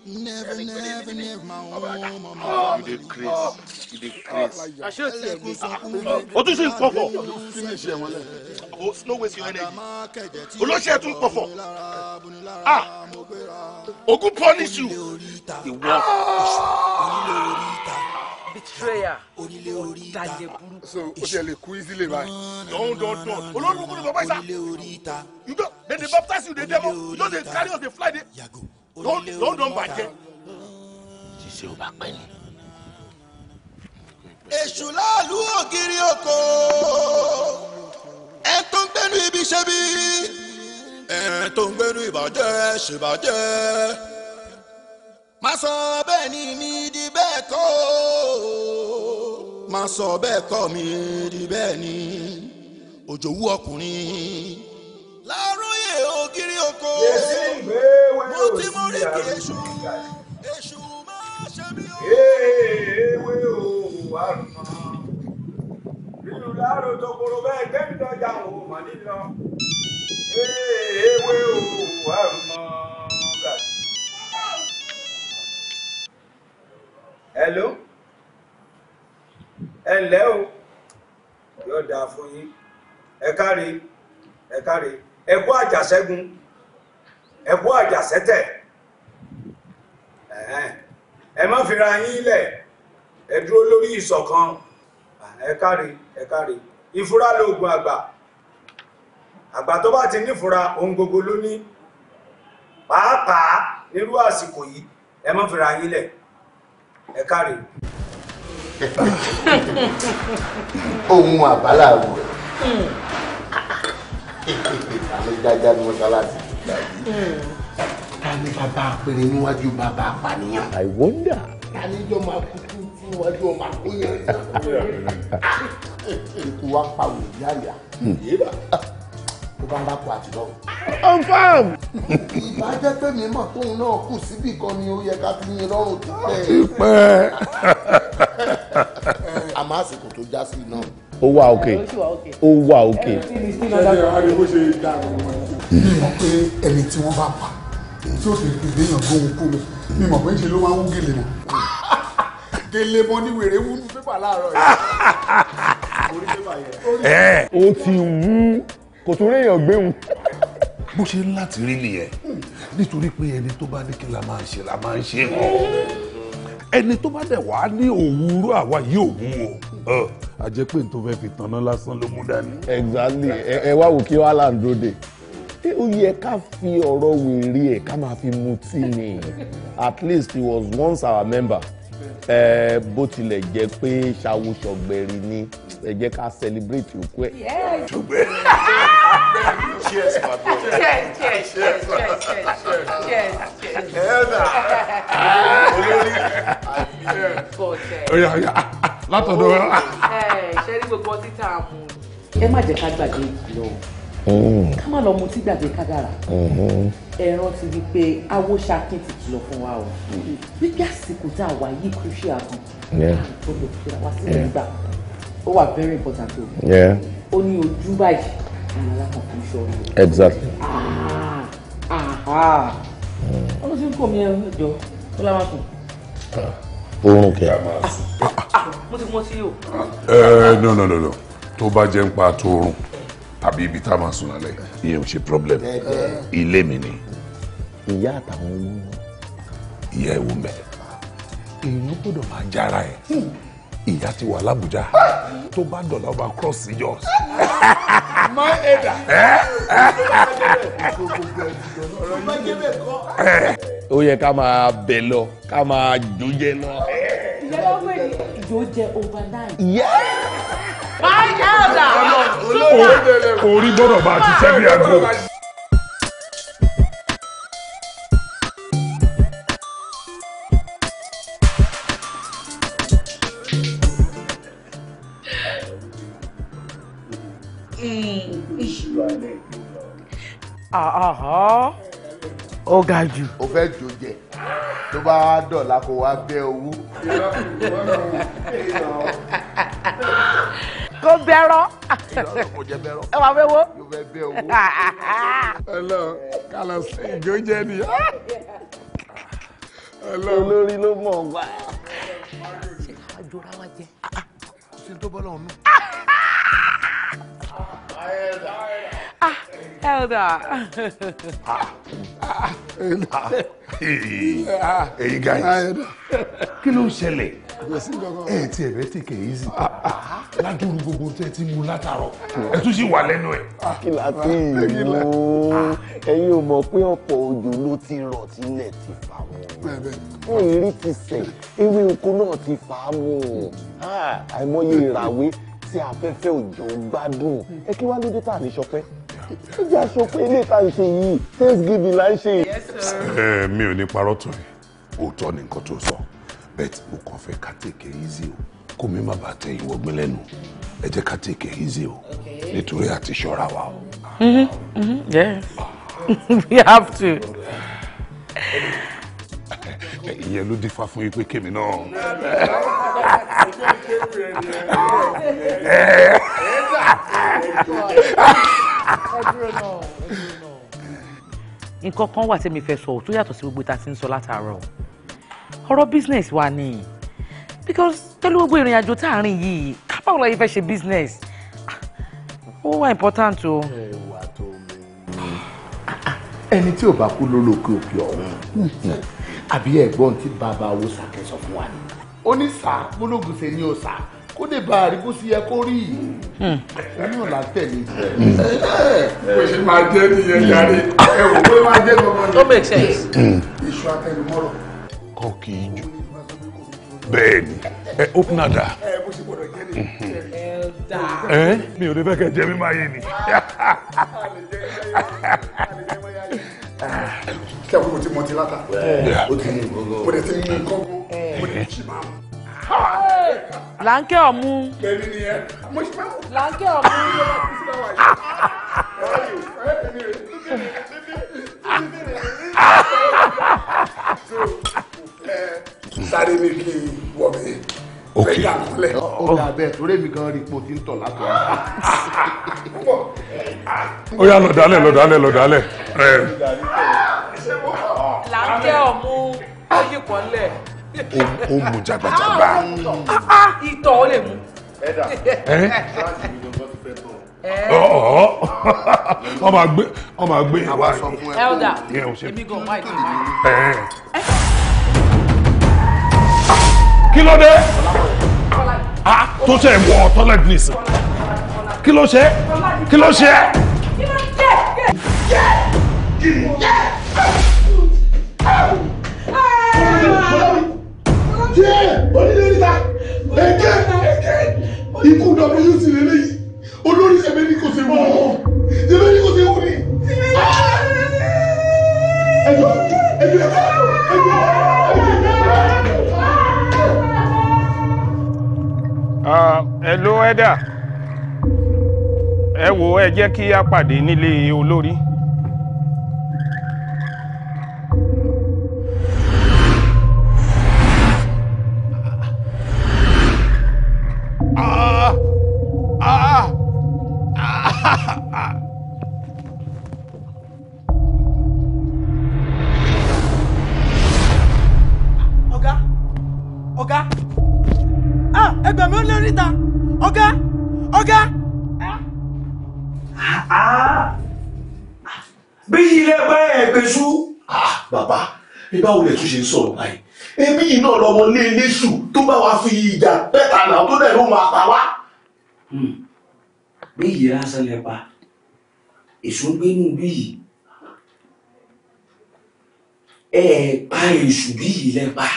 Never, never, never, my own, my mom. You dey craze. You dey craze. Àṣé ò tiẹ̀ gbé. O ah! tún ṣe ń kọ̀kọ̀. Finish ẹ̀ wọlé wo no waste your energy olóṣèlú tún pọ̀fọ̀ ah ogun punish you ìwọ. betrayer ọ̀dàlẹ̀ burúkú. so o ṣe lè kú easily báyìí. don don don olórí burúkú ni bàbá ìsà you don they dey baptize you dey demo you don dey carry us dey fly dey don don don bàjẹ́. ṣíṣe ò bá pẹ́ ni èṣù láàlú ògiri oko ẹ tó ń gbẹ́nu ibi ṣe bí ẹ tó ń gbẹ́nu ìbàjẹ́ ṣèbàjẹ́ má sọ bẹ́ẹ̀ ni mi di bẹ́ẹ̀ kọ́ má sọ bẹ́ẹ̀ kọ́ mi di bẹ́ẹ̀ ni òjòwú ọkùnrin láròyè ògiri oko mo ti mú rí kí èṣù èṣù má ṣe mí o. ewé o àrùn náà. láàrò tó koro hello o yóò dáa fún yín ẹ káre ẹ káre ẹ kú àjàṣẹ́gun ẹ kú àjàṣẹ́tẹ̀ ẹ má fira yín lẹ̀ ẹ dúró lórí ìṣọ̀kan. ẹ̀kárí ẹ̀kárí ìfura lóògùn àgbà àgbà tó bá ti nífura ohun gbogbo ló ní pàápàá nírú àsìkò yìí ẹ má fira yín lẹ̀ ẹ̀kárí. ohun àbáláwo rẹ̀ àmì jájá ni mọ́ṣáláṣí ti ta ni bàbá apẹ̀rẹ̀ níwájú bàbá apànìyàn. I wonder. ta ni jọ máa kú níwájú ọmọ àkóyán ikú wa pa hmm. mọ̀ tóun náà kù síbì kan ni ó yẹ ká ti yin lọ́rùn tó pẹ́. ti pẹ́. àmọ́ àsìkò tó já sí náà. ó wà òkè ó wà òkè. Hmm. ẹni tí wọ́n bá pa tí ó sì fi gbéyàn gbóhùn kúrò mímọ̀ pé ń ṣe ló máa ń gèlè náà gèlè mọ ní wèrè wú pépà láàárọ̀ yìí. ó ti wú kò tún réèyàn gbé wọn. bó ṣe ń láti rí nìyẹn nítorí pé ẹni tó bá ní kí la máa ṣe la máa ń ṣe ẹni tó bá dẹ̀ wá ní òwúrọ̀ àwa yóò mú o a jẹ́ pé n fẹ́ fi tanná lásán ló mú dání. exactly ẹ wá wò kí wàá là ń dóde ṣé ó yẹ ká fi ọ̀rọ̀ wèrè ẹ̀ ká máa fi mutí ni at least he was once our member ẹ bó tilẹ̀ jẹ́ pé ṣàwù ṣọ̀gbẹ̀rì ni ẹ jẹ́ ká celebrate òkú ẹ̀. látọ̀dọ̀ wa. ṣe ní gbogbo ọtí mú. ẹ má jẹ́ ká gbàgbé ìlọ mm-hmm. ká má lọ mutí gbàgbé kádàrá ẹran ti di pé awóṣakin ti kìlọ̀ fún wa o wípé àsìkò tá a wà yìí crucial gan gbọ́dọ̀ fi àwa sílẹ̀ nígbà ó wà very important o ó ní ojú báyìí àwọn alákọ̀ọ́kọ́ ṣọ́ọ̀rọ̀ exactly ọlọ́sìn kò mí ẹ jọ ó láwọn sùn oorun ah, kẹ. mo ti mọ sí o. ẹ no no no no tó bá jẹ́ ń pa àtòorun tàbí ibi tá a máa sùn lálẹ́ ìyẹn ò ṣe problem ilé mi ni ìyá àtàwọn ọmọ wọn. ìyá ẹ wo mẹ èèyàn gbọ́dọ̀ máa jára ẹ hmm. ìyá ti wà lábújá tó bá dọ̀là ọba cross yours. má ẹ̀dà ó yẹ ká máa bẹ̀ lọ ká máa jójẹ lọ. ìyá ló wẹ̀ ní ìjójẹ overnight. má ẹ̀dà. orí gbọ́dọ̀ máa ti ṣẹ́bi àgbo. Ah, uh-huh. ó ga jù. o fẹ́ jò jẹ tó bá dọ̀la kó wá bẹ́ owó. kó bẹ́rọ̀. kó jẹ bẹ́rọ̀. ẹ wà wéwo. yóò fẹ́ bẹ́ owó. hello kálọ̀ sí ìjó jẹ ni. olórí ló mọ̀ ọ́ gbà. ṣé ká jọra wa jẹ. ṣé tó bọ́ lọ́wọ́ nù. Ah, Elder. Ah, ah, Elder. Hey guys, kí ló ń ṣẹlẹ̀? Ẹ ti ẹ̀rẹ́ tèkè yìí sí. Ládùúrú gbogbo tẹ́ ti mu látàárọ̀. Ẹ tún ṣì wà lẹ́nu ẹ̀. Ah, kí la ti ìlú? Ah, ah. Ẹ̀yin ò mọ̀ pé ọ̀pọ̀ òjò ló ti rọ̀ tilẹ̀ ti fà wọ́n. Fún ìrí ti sẹ̀, ewé oko náà ti fà á mú. Àìmọye ìràwé tí afẹ́fẹ́ òjò gbádùn hmm. ẹ kí wá ló tá à ní sọpẹ́ ẹ jẹ́ àṣọpẹ́ ilé tá à ń ṣe yìí thanksgiving là ń ṣe mi ò ní parọ́ tó yìí òótọ́ ni nǹkan tó sọ bẹ́ẹ̀ tí mo kàn fẹ́ ká tèké easy o kó mi má bàa tẹ ìwọ gbin lẹ́nu ẹ jẹ́ ká tèké easy o nítorí àti ṣọ́ra wa o. Mm-hmm. Mm-hmm. we have to ìyẹn ló dífá fún yín pé kémi náà. nǹkan kan wà tẹ́mi fẹ́ sọ tó yàtọ̀ sí gbogbo ta ti ń sọ látàárọ̀ ọ̀rọ̀ business wa ni because pẹ̀lú gbogbo ìrìn àjò tá à ń rìn yìí kábàáwò láyé fẹ́ ṣe business ah, ó wà important o. ẹ wà tó mi. ẹni tí ò bá kú ló lókè òkè ọ̀hún àbí ẹ̀gbọ́n tí bàbá wo sàkẹ́ fún wa ni. ó ní sà gbólógùn ṣe ni ó kó lè bá àríkó sí ẹ kó rí i. òun náà là ń tẹ̀lé. kò sì máa jẹ́ nìyẹn yàrá ẹ wò ó máa jẹ́ lọ́mọ ni. no make sense. iṣu atẹnumọ́rọ̀. kọ́ kì í jù bẹ́ẹ̀ ni ẹ open ada. ẹ bó ṣe gbọdọ̀ jẹ́ nìyẹn mi ò lè fẹ́ kẹ́ jẹ́ mi máa yé ni kẹ́kọ̀ọ́ mo ti mọtí láta o ti mú gbogbo o ti mú gbogbo o ti jì máa mú. Láńkẹ́ ọ̀mú. Bẹ́ẹ̀ni ni ẹ. Mo ṣe máa wò. Láńkẹ́ ọ̀mú. Sáré ní kí n wọ̀ mí. Ok. Bẹ́ẹ̀ni Ó dà bẹ́ẹ̀ torí èmi gan rí ipò tí ń tọ̀ látọ̀. Ó yà lọ dálẹ̀ lọ dálẹ̀ lọ dálẹ̀. ó mú jàgbàjàgbà. Ah, ah, ìtọ̀ ó lè mú. ọ máa gbé ọ máa gbé ìwà yìí. elder èmi gan wá ìtọ̀ máa. kí ló dé ah, tó ṣe wọ toilet nisin kí ló ṣe kí ló ṣe. kí ló ṣe. díẹ̀ onílé níta ẹ̀kẹ́ ẹ̀kẹ́ ikú wc lélẹ́yìí olórí sẹ́mi ní kò ṣe wọ́n sẹ́mi ní kò ṣe wọ́n ni ẹjọ́ ẹjọ́ ẹjọ́ ẹjọ́. Ah, hello ẹ̀dà ẹ wo ẹ jẹ́ kí a pàdé nílé olórí. ẹgbẹ̀mí ó lé níta ọ̀gá ọ̀gá. bí ilé bá ẹ̀ gbèsú. bàbá báwo lè tún ṣe ń sọ̀rọ̀ báyìí ẹbí yìí náà lọmọ lé lẹ́sù tó bá wa fi ìjà bẹ́ta náà tó dẹ̀ ló máa pa wá. Hmm. bí yìí lásán lè pa èso ń gbénú bí yìí ẹ ẹ pa èṣù bí yìí lè pa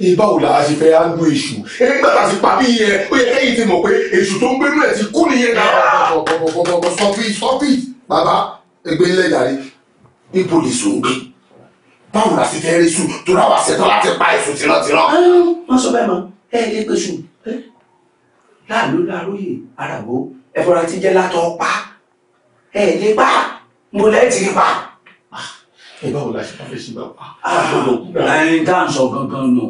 ee eh, báwo la ṣe fẹ́ á ń lo èṣù ẹni gbàgbà ti pa bí yẹn ó yẹ kẹ́yìn ti mọ̀ pé èṣù tó ń gbénú ẹ̀ ti kú nìyẹn náà. bọ̀bọ̀bọ̀bọ̀ sọfí sọfí bàbá ẹgbẹ́ ilẹ̀ yàrá ibo lè sùn gbé báwo la ṣe fẹ́ rí sùn tó dáwà ṣetán láti pa èṣù tìrantìran. wọ́n ah, sọ bẹ́ẹ̀ mọ ẹ ẹ lè pe sùn láàlú láàrúyè àràbò ẹ̀fọ́ra ti jẹ́ látọ̀ pa ẹ ẹ pa mo lẹ́ẹ̀ ẹ báwo la ṣe fẹ́ ṣe bá gbọ́dọ̀ ah náà. ẹyin tá à ń sọ gangan nù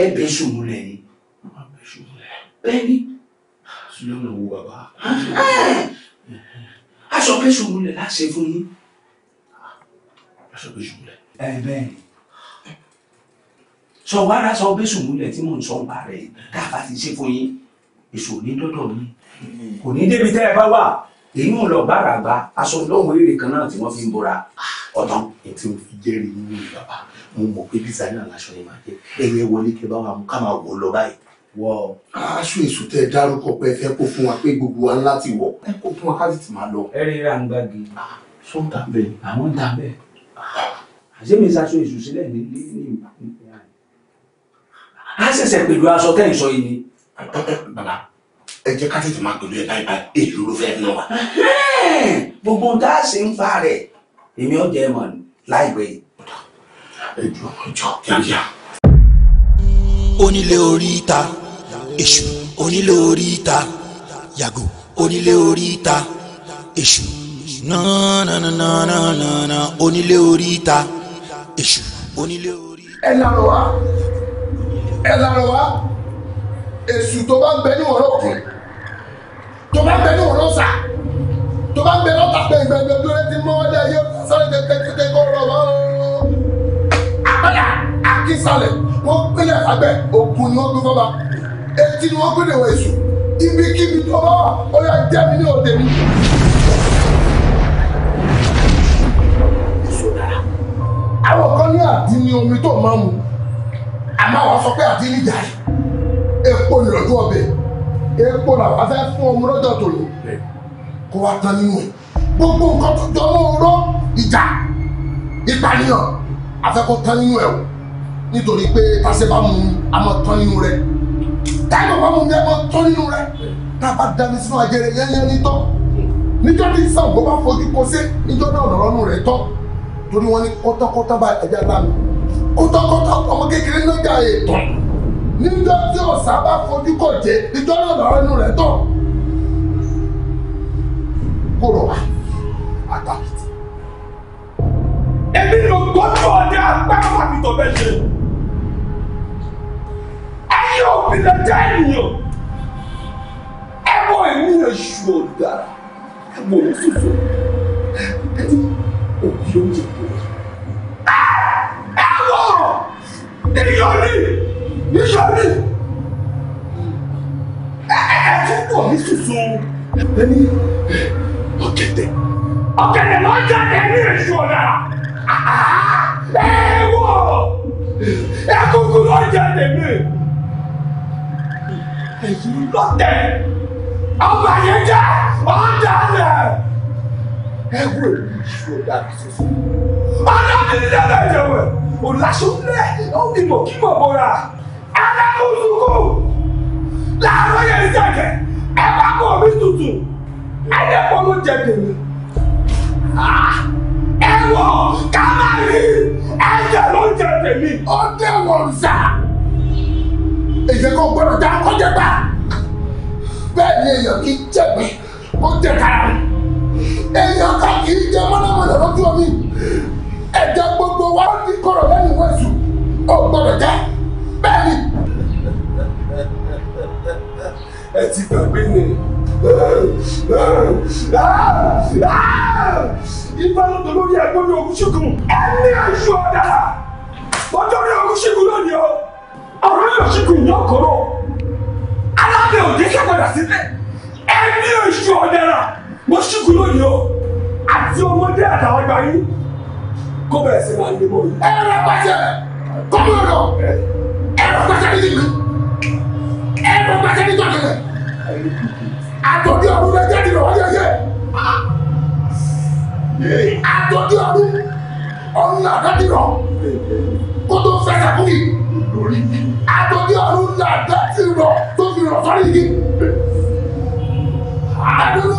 ẹ bẹ sùnmù lẹ ni. bẹ́ẹ̀ ni. sùnmù wo bàbá. Ah, aṣọ bẹ sùnmù lẹ láṣẹ fún yín. aṣọ bẹ sùnmù lẹ. ẹ bẹ́ẹ̀ ni sọ wá ra sọ bẹ sùnmù lẹ tí mò ń sọ ń bá rẹ káfá ti ṣe fún yín èso ò ní dọ́dọ̀ mi kò ní débi tẹ́ ẹ bá wà èyí ń lọ báraba aṣọ lọ́wọ́ èrè kan náà tí wọ́n fi ń bora ọ̀tán. ẹ ti fi jẹ́rìí nínú bàbá mo mọ̀ pé bí zaina láṣọ ni màá jẹ ẹyẹ wọlé kẹ bá wa mú ká máa wọ lọ báyìí. wọ aṣọ èso tẹ dárúkọ pé ẹ fẹ́ kó fún wa pé gbogbo wa ńlá ti wọ ẹ kó fún wa ká sì ti máa lọ. ẹ rí ra ń gbági. sọ ta bẹ́ẹ̀ àwọn ta bẹ́ẹ̀. àṣemi ṣaṣọ èso sílẹ̀ ní ní ìgbà. a ṣẹ̀ṣẹ̀ pẹ̀lú aṣọ tẹ̀ ń sọ yìí ni. bàbá ẹ jẹ́ ká tètè máa pẹ̀lú ẹ̀ láì báyìí èlò ló fẹ́ náà wá. gbogbo tá a ṣe ń fa rẹ̀ èmi ò jẹ́ mọ̀ láìpẹ́ yìí. ẹ jọ ẹ jọ kíákíá. onílé orí ìta èṣù onílé orí ìta yàgò onílé orí ìta èṣù nananananana onílé orí ìta èṣù onílé orí. ẹ lárọ wá ẹ lárọ wá èṣù tó bá ń bẹ níwọ̀n lọ́kùnrin tó bá ń bẹ ní òun lọ́sà tó bá ń bẹ lọ́ta pé ìgbẹ́gbẹ́ lórí ti mọ́ ọdẹ ayé sáré tẹ́tẹ́tẹ́ kó rọ̀ mọ́. àpẹẹrẹ àkísàlẹ̀ wọ́n gbélé abẹ́ òkun ni wọ́n gbé fọ́ba etí ni wọ́n gbélé wọ èso ibikíbi tó bá wà ó yà jẹ́ mi ní òde mi. àwọn kan ní àdí ní omi tó máa mu àmọ́ àwọn sọ pé àdí ní ìjà yìí èpo ìrọ̀jú ọbẹ̀ yìí epo làwọn afẹ́ fún ọmọ lọ́jọ́ tó lè kó wa tán nínú ẹ̀ gbogbo nǹkan tó jọ mọ́ ọ̀rọ̀ ìjà ìpànìyàn afẹ́kọ́ tán nínú ẹ̀ o nítorí pé tàṣẹ mú a tán nínú rẹ̀ táyọ̀ bá mú mi a máa tán nínú rẹ̀ tá a bá dami sínú àjẹrẹ yẹ́nyẹ́ nítọ́ níjọ́ tí Ṣàngó bá fojú kó sí níjọ́ náà lọ́rọ́nù rẹ̀ tọ́ torí wọ́n ní kọ́tọ́kọ́tọ́ bá ẹ̀jẹ̀ láàmú kọ́tọ́kọ́tọ́ ọmọ kékeré náà jà ètò níjọ́ tí ọ̀sà bá fojú kò jẹ́ ìjọ́ náà lọ́rọ́ inú rẹ̀ tán kúrò wá àtàkìtì. èmi ló gbọ́dọ̀ ọdẹ agbára wà nítorí bẹ́ẹ̀ ṣe. ẹ̀yin òbí lè jẹ́ ènìyàn ẹ wọ èmi èṣù ọ̀dàrà ẹ wọ òtútù ẹ ti òbí oúnjẹ kúrò. ẹ ẹ wọ ènìyàn ni yíyọrí ẹ̀ẹ́dúgbò mi sísun ẹni ọ̀gẹ̀dẹ̀ ọ̀gẹ̀dẹ̀ ah, ah, eh, eh, ló ń jáde ní èso ọ̀dà ẹ̀ẹ́wọ̀ ẹ̀kúkú ló ń jáde mí èyí ló tẹ̀ ọba yẹn jẹ́ ọ̀dà rẹ̀ ẹ̀wọ̀ èso ọ̀dà sísun ọ̀dà mi nílẹ̀ ẹ̀jẹ̀ wẹ̀ ọ̀làṣọ́ nílẹ̀ ọ̀dìmọ̀ kí mọ̀ bọ̀ra ẹlẹ́mùsùkù láàárọ̀ yẹn jẹ̀kẹ̀ ẹ bá bọ̀ mí tutù ẹ̀dẹ̀kọ̀ ló jẹ tèmi. Ah! ẹ̀wọ̀ ká máa rí ẹ̀jẹ̀ ló jẹ tèmi ọ̀dẹ̀ wọ̀n sá. èyí kò gbọdọ̀ dá ọjọ́ gbà bẹ́ẹ̀ ni èèyàn kì í jẹ̀bi ó jẹ kára èèyàn kan kì í jẹ mọ́nàmọ́nà lójú omi ẹ̀jẹ̀ gbogbo wa ó ti kọ̀rọ̀ lẹ́yìn wẹ̀sùn ó gbọdọ̀ jẹ́ bẹ́ẹ̀ ni. ẹ ti gbàgbé ni. Ifá ló tó lórí ẹgbẹ́ ní Ògúnṣìkùn. Ẹ ní àìsù ọ̀dàrà. Ọjọ́ ní Ògúnṣìkùn lónìí o. Ọ̀rọ̀ ní Ògúnṣìkùn ní ọ̀kọ́rọ̀. Alábẹ̀ òde kẹ́kọ̀ọ́dà sílẹ̀. Ẹ ní àìsù ọ̀dàrà. Ògúnṣìkùn lónìí o. Àti ọmọdé àtàwọn àgbà yín. Kó bẹ̀rẹ̀ sí máa ń lémọ̀ yìí. Ẹ rẹ̀ pàṣẹ. Kọ́mọ̀rọ̀. Ẹ rẹ̀ pàṣẹ àtọ̀dí ọdún lẹ jáde lọ wáyé yẹ àtọ̀dí ọdún ọdún là dájú lọ kó tó fẹ́ sàkúrì àtọ̀dí ọdún là dájú lọ tó fi lọ sọ́rí yìí àdúró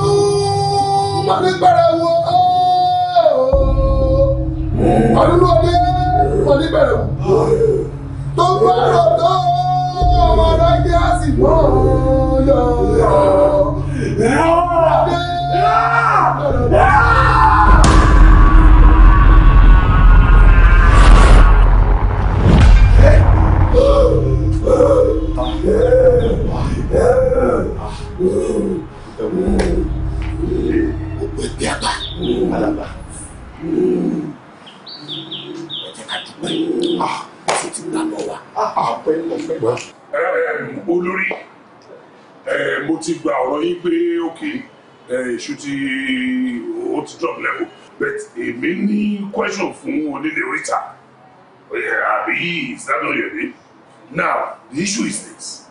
mọ̀lẹ́gbẹ̀rẹ̀ wo ọdún lọ́dẹ mọ̀lẹ́gbẹ̀rẹ̀ wo tó gbọ́dọ̀ tó ọmọ ọlọ́jẹ́ àsìkò yọ. Ẹ ọ̀rọ̀ dé. Alaba. Ẹ jẹ́ ká dúpẹ́. Ah, ó sì ti gbà lọ wa. Ah, ọpẹ́ ọpẹ́ olórí mo ti gba ọ̀rọ̀ yín pé okay èṣù ti ó ti drop level but èmi ní question fún onílé oríta àbí ìsádùn yẹ̀dẹ̀ now the issue is this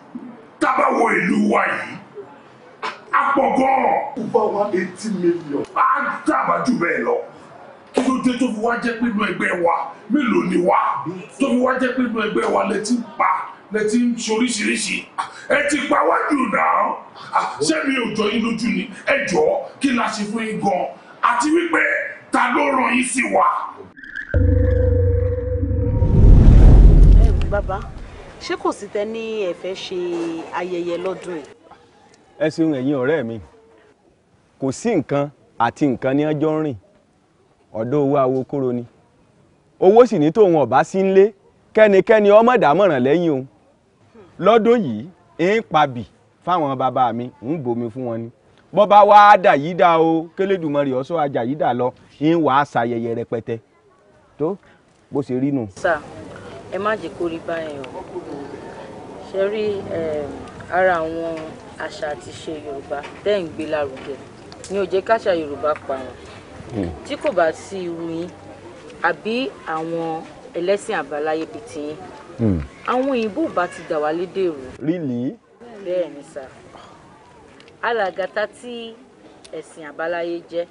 tábà wo ìlú wa yìí a pọ̀ gan-an. ó bá wa eighty million. a dábàá jù bẹ́ẹ̀ lọ kí ló dé tó fi wá jẹ́ pé inú ẹgbẹ́ wa mélòó ni wa tó fi wá jẹ́ pé ẹgbẹ́ wa lè pa lẹ ti ń soríṣiríṣi ẹ ti pa wájú náà sẹ́mi ò jọ yín lójú ni ẹ jọ kí la ṣe fún yín gan àti wípé ta ló ràn yín sí wa. ẹ bàbá ṣé kò sí tẹ ní ẹ fẹ́ ṣe ayẹyẹ lọ́dún yìí. ẹ ṣeun ẹ̀yin ọ̀rẹ́ mi kò sí nǹkan àti nǹkan ní ọjọ́ ń rìn ọ̀dọ̀ owó awo kóró ni owó sì ní tòun ọ̀bá sí ń lé kẹ́nikẹ́ni ọmọ ìdámọ̀ràn òun lọ́dún yìí ń pabì fáwọn bàbá mi ń bomi fún wọn ni bọ́ bá wá dà yí dà o kélédùmarè ọ̀ṣọ́ ajá yí dà lọ ń wà á ṣayẹyẹ rẹpẹtẹ tó bó ṣe rí nù. sà ẹ má jẹ́ kó rí báyẹn o ṣe rí ara àwọn àṣà àti ṣe yorùbá tẹ́ ń gbé lárugẹ ni ò káṣà yorùbá parun hmm. tí kò bá sí irú yín àbí àwọn ẹlẹ́sìn àbáláyé bíi àwọn òyìnbó bá ti dà wá lédè rú. rílì. bẹ́ẹ̀ ni sà alàgàtà tí ẹ̀sìn àbáláyé jẹ́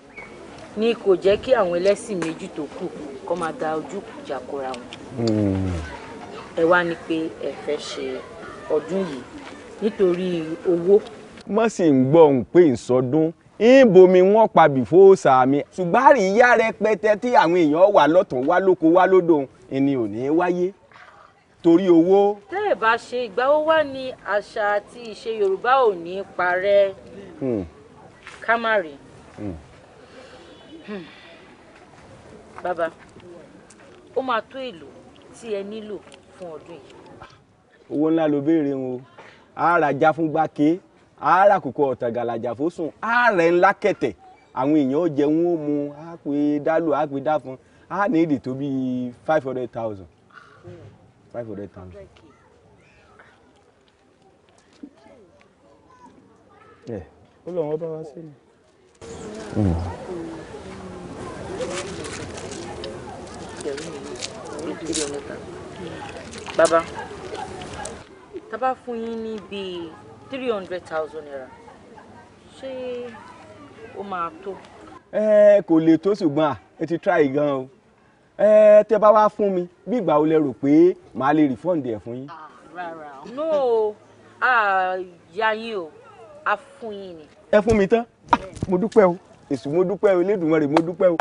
ni kò jẹ́ kí àwọn ẹlẹ́sìn méjì tó kù kó máa da ojú ìjà kóra wọn. Hmm. ẹ wá ní pé ẹ fẹ́ ṣe ọdún yìí nítorí owó. wọ́n sì ń gbọ́ òun pé ìsọdún ìbomi wọn pa bìfó sàmì ṣùgbọ́n àríyá rẹpẹtẹ tí àwọn èèyàn wà lọ́tọ̀ wá lóko wá lódò ẹni ò ní wáyé torí owó. tẹ́ ẹ bá ṣe ìgbà ó wá ní àṣà àti ìṣe yorùbá ò ní parẹ́ hmm. kámárì. Hmm. Hmm. bàbá ó máa tó èlò tí ẹ nílò fún ọdún yìí. owó ńlá ló béèrè wọn o àárà já fún gbáke àárà kòkó ọ̀tàgàlàjà fósùn àárẹ̀ ńlá kẹ̀tẹ̀ àwọn èèyàn jẹun ó mu àpè dálò àpè dáfun á ní èdè tó bíi five hundred thousand five hundred times. ẹ ó lọ wọn bá wá sí ni. bàbá tá bá fún yín ní bíi three hundred thousand naira ṣé ó máa tó. ẹ eh, kò lè tó ṣùgbọ́n ẹ ti try gan o ẹ tẹ bá wá fún mi bí ìgbà wo lẹ rò pé màá lè rìfọ́ǹdì ẹ̀ fún yín. Ah, rárá no ya yín o a fún yín ni. ẹ fún mi tán mo dúpẹ́ o èṣù mo dúpẹ́ o Elédùmarè mo dúpẹ́ o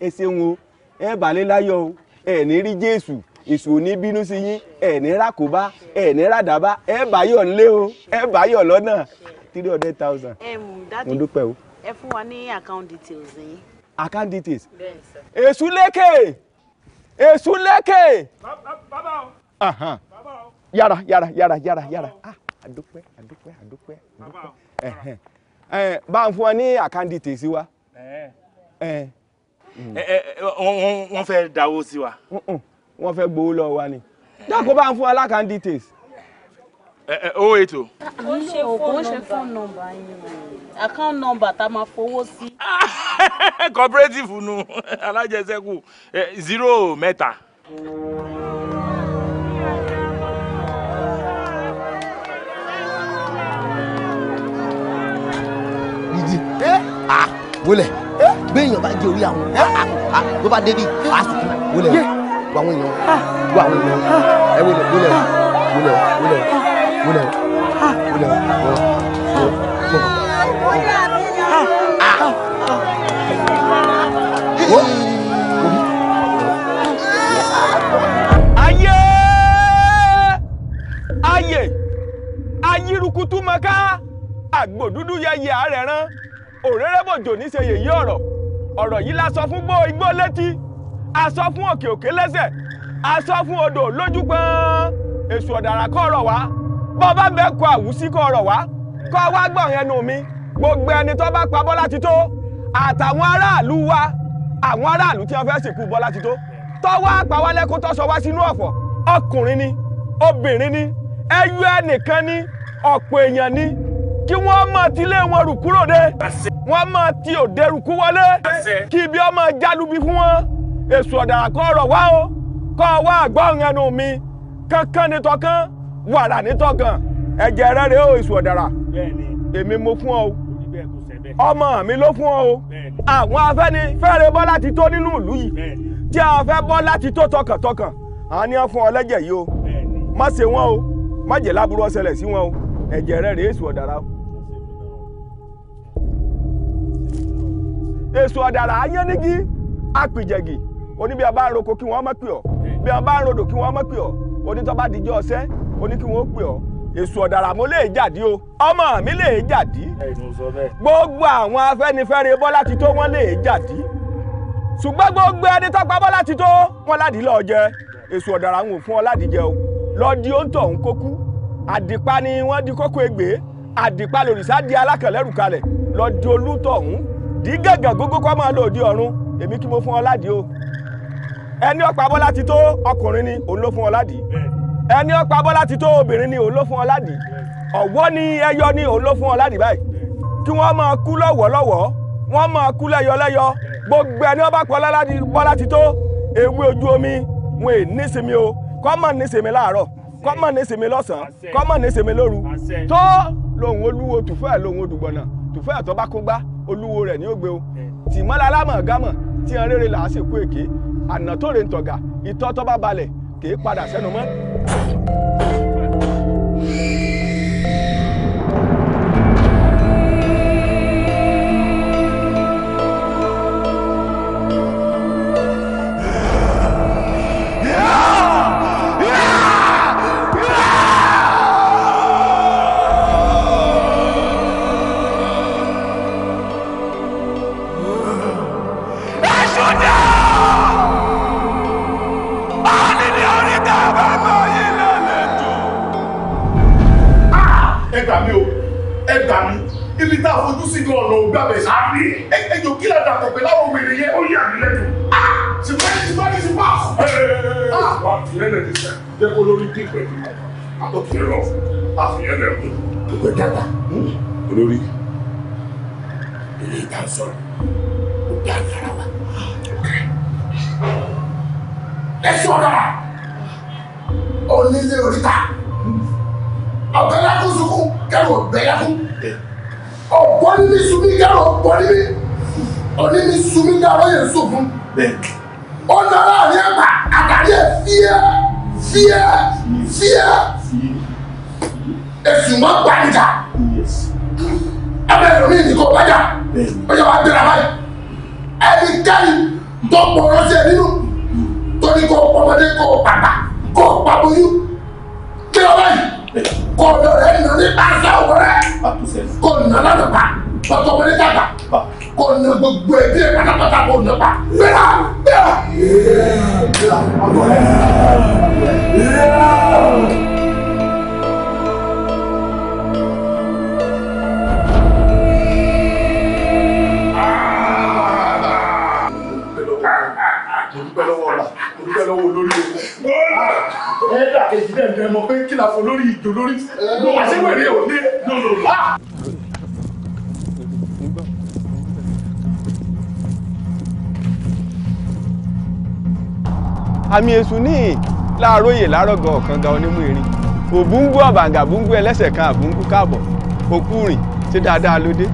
ẹ ṣeun o ẹ bàálẹ̀ láyọ̀ o ẹ ní rí Jésù èṣù ò ní bínú sí yín ẹ ní rákòbá ẹ ní ràdàbá ẹ báyọ̀ ńlé o ẹ báyọ̀ lọ́nà three hundred thousand mo dúpẹ́ o. ẹ fún wa ní account details yín. account details. èṣù lékè èṣù lẹ́kẹ̀. bàbá o. yára yára yára yára yára àdúpẹ́ ah, àdúpẹ́ àdúpẹ́ àdúpẹ́ bá ń fún ọ ní àkáǹdì tèsí wa. wọ́n fẹ́ dáwó sí wa. wọ́n fẹ́ gbowó lọ́wọ́ wa ni dákó bá ń fún ọ lákàndí tèsí o ètò. kò ń ṣe kò ṣe phone number yín account number tá a máa fowó sí. cooperative nu alájẹsẹ́kù eh, zero mẹ́ta. ìdí eh, ah, wọlé eh, béèyàn bá jẹ orí àwọn ah, ah, tó bá débi àsìkò wọlé wọ àwọn èèyàn wọ àwọn èèyàn ẹ wọlé wọlé wọlé wọlé wúlẹ̀ o wúlẹ̀ o ayé ayé ayirukutu maka àgbò dúdú yẹyẹ ààrẹ rán òrérébòjò níṣe yèyí ọ̀rọ̀ ọ̀rọ̀ yìí la sọ fún gbó igbó létí a sọ fún òkè òkè lẹ́sẹ̀ a sọ fún odò lójú pọ́n èṣù ọ̀dàrà kọ́ ọ̀rọ̀ wá bọ́ọ̀bá bẹ́ẹ̀ kọ àwùsí kọ ọ̀rọ̀ wá kọ́ wá gbọ̀n yẹn nù mi gbogbo ẹni tó bá pa Bọ́lá Tító àtàwọn aráàlú wa àwọn aráàlú tí wọ́n fẹ́ sìnkú Bọ́lá Tító tó wá pa wá lẹ́kún tó sọ wá sínú ọ̀fọ̀ ọkùnrin ni obìnrin ni ẹyú ẹnìkan ni ọ̀pọ̀ èèyàn ni kí wọ́n mọ̀ tilé wọn rù kúrò dé wọ́n mọ̀ ti òde rù kú wọlé kí ibi ọmọ jálubi fún wọn èso ọ̀dàrà kọ́ ọ̀rọ̀ wá o kọ́ wá àgbọ̀n ẹnu mi kankan ni tọkàn wàrà nítọ̀gàn ẹ̀jẹ̀ rẹ̀ rẹ̀ ó èso ọ̀dàrà èmi mo fún ọ o ọmọ mi ló fún ọ o àwọn afẹ́nifẹ́re bọ́ láti tó nínú ìlú yìí tí a fẹ́ bọ́ láti tó tọkàntọkàn àwọn ni wọ́n fún ọ lẹ́jẹ̀ yìí o má ṣe wọn o má jẹ́ láburú ó ṣẹlẹ̀ sí wọn o ẹ̀jẹ̀ rẹ̀ rẹ̀ èso ọ̀dàrà o. èso ọ̀dàrà ayénígi apìjẹ̀gì oní bí a bá roko kí wọ́n má pè ọ́ bí a bá rodò kí wọ́n má pè ọ́ onítọ́ba díjọ́ ọsẹ́ oní kí wọ́n pè ọ́ èso ọ̀dàrà mo lè jàdí o ọmọ mi lè jàdí gbogbo àwọn afẹ́nifẹ́re bọ́lá ti tó wọ́n lè jàdí ṣùgbọ́n gbogbo ẹni tọ́pa bọ́lá ti tó wọ́n ládìí lọ́ọ́ jẹ èso ọ̀dàrà wò fún ọ jẹ o lọ́ọ́ di oúnjẹ òun kó kú àdìpá ni wọ́n di kókó egbè àdìpá lòrìṣà di alákẹ̀lẹ́rù kalẹ̀ lọ́ọ́ di olútọ̀ ọ̀hún dí gàgà gógó kọ́ máa lòdì ọ̀run èmi kí mo fún ọ o ẹni ọ̀pá bọ́lá ti tó ọkùnrin ni òun ló fún ọ ládìí ẹni ọ̀pá bọ́lá ti tó obìnrin ni òun ló fún ọ ládìí ọ̀wọ́ ni ẹyọ ni òun ló fún ọ ládìí báyìí kí wọ́n máa kú lọ́wọ́lọ́wọ́ wọ́n máa kú lẹ́yọ lẹ́yọ gbogbo ẹni ọba pọ̀ bọ́lá ti tó ewé ojú omi wọn è nísinmi o kọ́mọ̀ nísinmi láàárọ̀ kọ́mọ̀ nísinmi lọ́sàn-án kọ́mọ̀ nísinmi lóru tó lòun olúwo tùfẹ́ lòun odùgbọ̀nà tùfẹ́ tó bá kún olúwo rẹ̀ ní ògbé o tìmọ́lá lámọ̀ gámọ̀ tí ẹ̀rẹ́rẹ́ àná tó rè ń tọ̀gà ìtọ́ tó bá balẹ̀ kì í padà sẹ́nu mọ́. yàtọ̀ pé láwọn wèrè yẹn ó yà mí lẹ́nu. ṣùgbọ́n ah! ah! ní ṣùgbọ́n ní ṣùgbọ́n. wà á fi ẹlẹ́dẹ̀ sẹ́ jẹ́ kó lórí dín pẹ̀lú àtọ̀kì lọ àfi ẹlẹ́dẹ̀. gbogbo dada hmm? olórí ilé ìta sọ̀rọ̀ ó dá yàrá wa. ẹ ṣọ́ra onílé oríta ọ̀gbẹ́lákùn sunkún kẹ́rù ọ̀gbẹ́lákùn ọ̀gbọ́n níbi sunbí kẹ́rù ọ̀gbọ́n níbi òní e mi sunmi ní aráyè sùn fún. ó nà láàrin ẹ̀pà àtàrí ẹ̀ fíẹ́ fíẹ́ fíẹ́ èsì wọn gbà níjà ẹbẹ ìròmí ìdíkọ bájà ọjọ́ wa gbéra báyìí ẹnikẹ́ni tó pọ̀rọ̀ sí ẹ nínú tó ní kó ọmọdé kó pàpà kó pàbóyún kí lọ báyìí kó ọ̀dọ̀ rẹ̀ nà ní pàṣẹ òwúrẹ́ kó nà lánàá pa pàtó ọmọdé dàgbà kò nà gbogbo ẹbí ẹ pátápátá kò nà pa gbéra gbéra. Ẹ̀ẹ́dà kejì náà ẹ̀ mọ̀ pé kí la fọ lórí ìjò lórí. Mo wá sí wẹ̀rẹ̀ òní. àmì èṣù níhì láàróyè lárọ̀gàn ọ̀kànga onímú irin òbúngú ọ̀bàǹgà búngú ẹlẹ́sẹ̀ kan àbúngú káàbọ̀ òkú rìn ṣe dáadáa ló dé.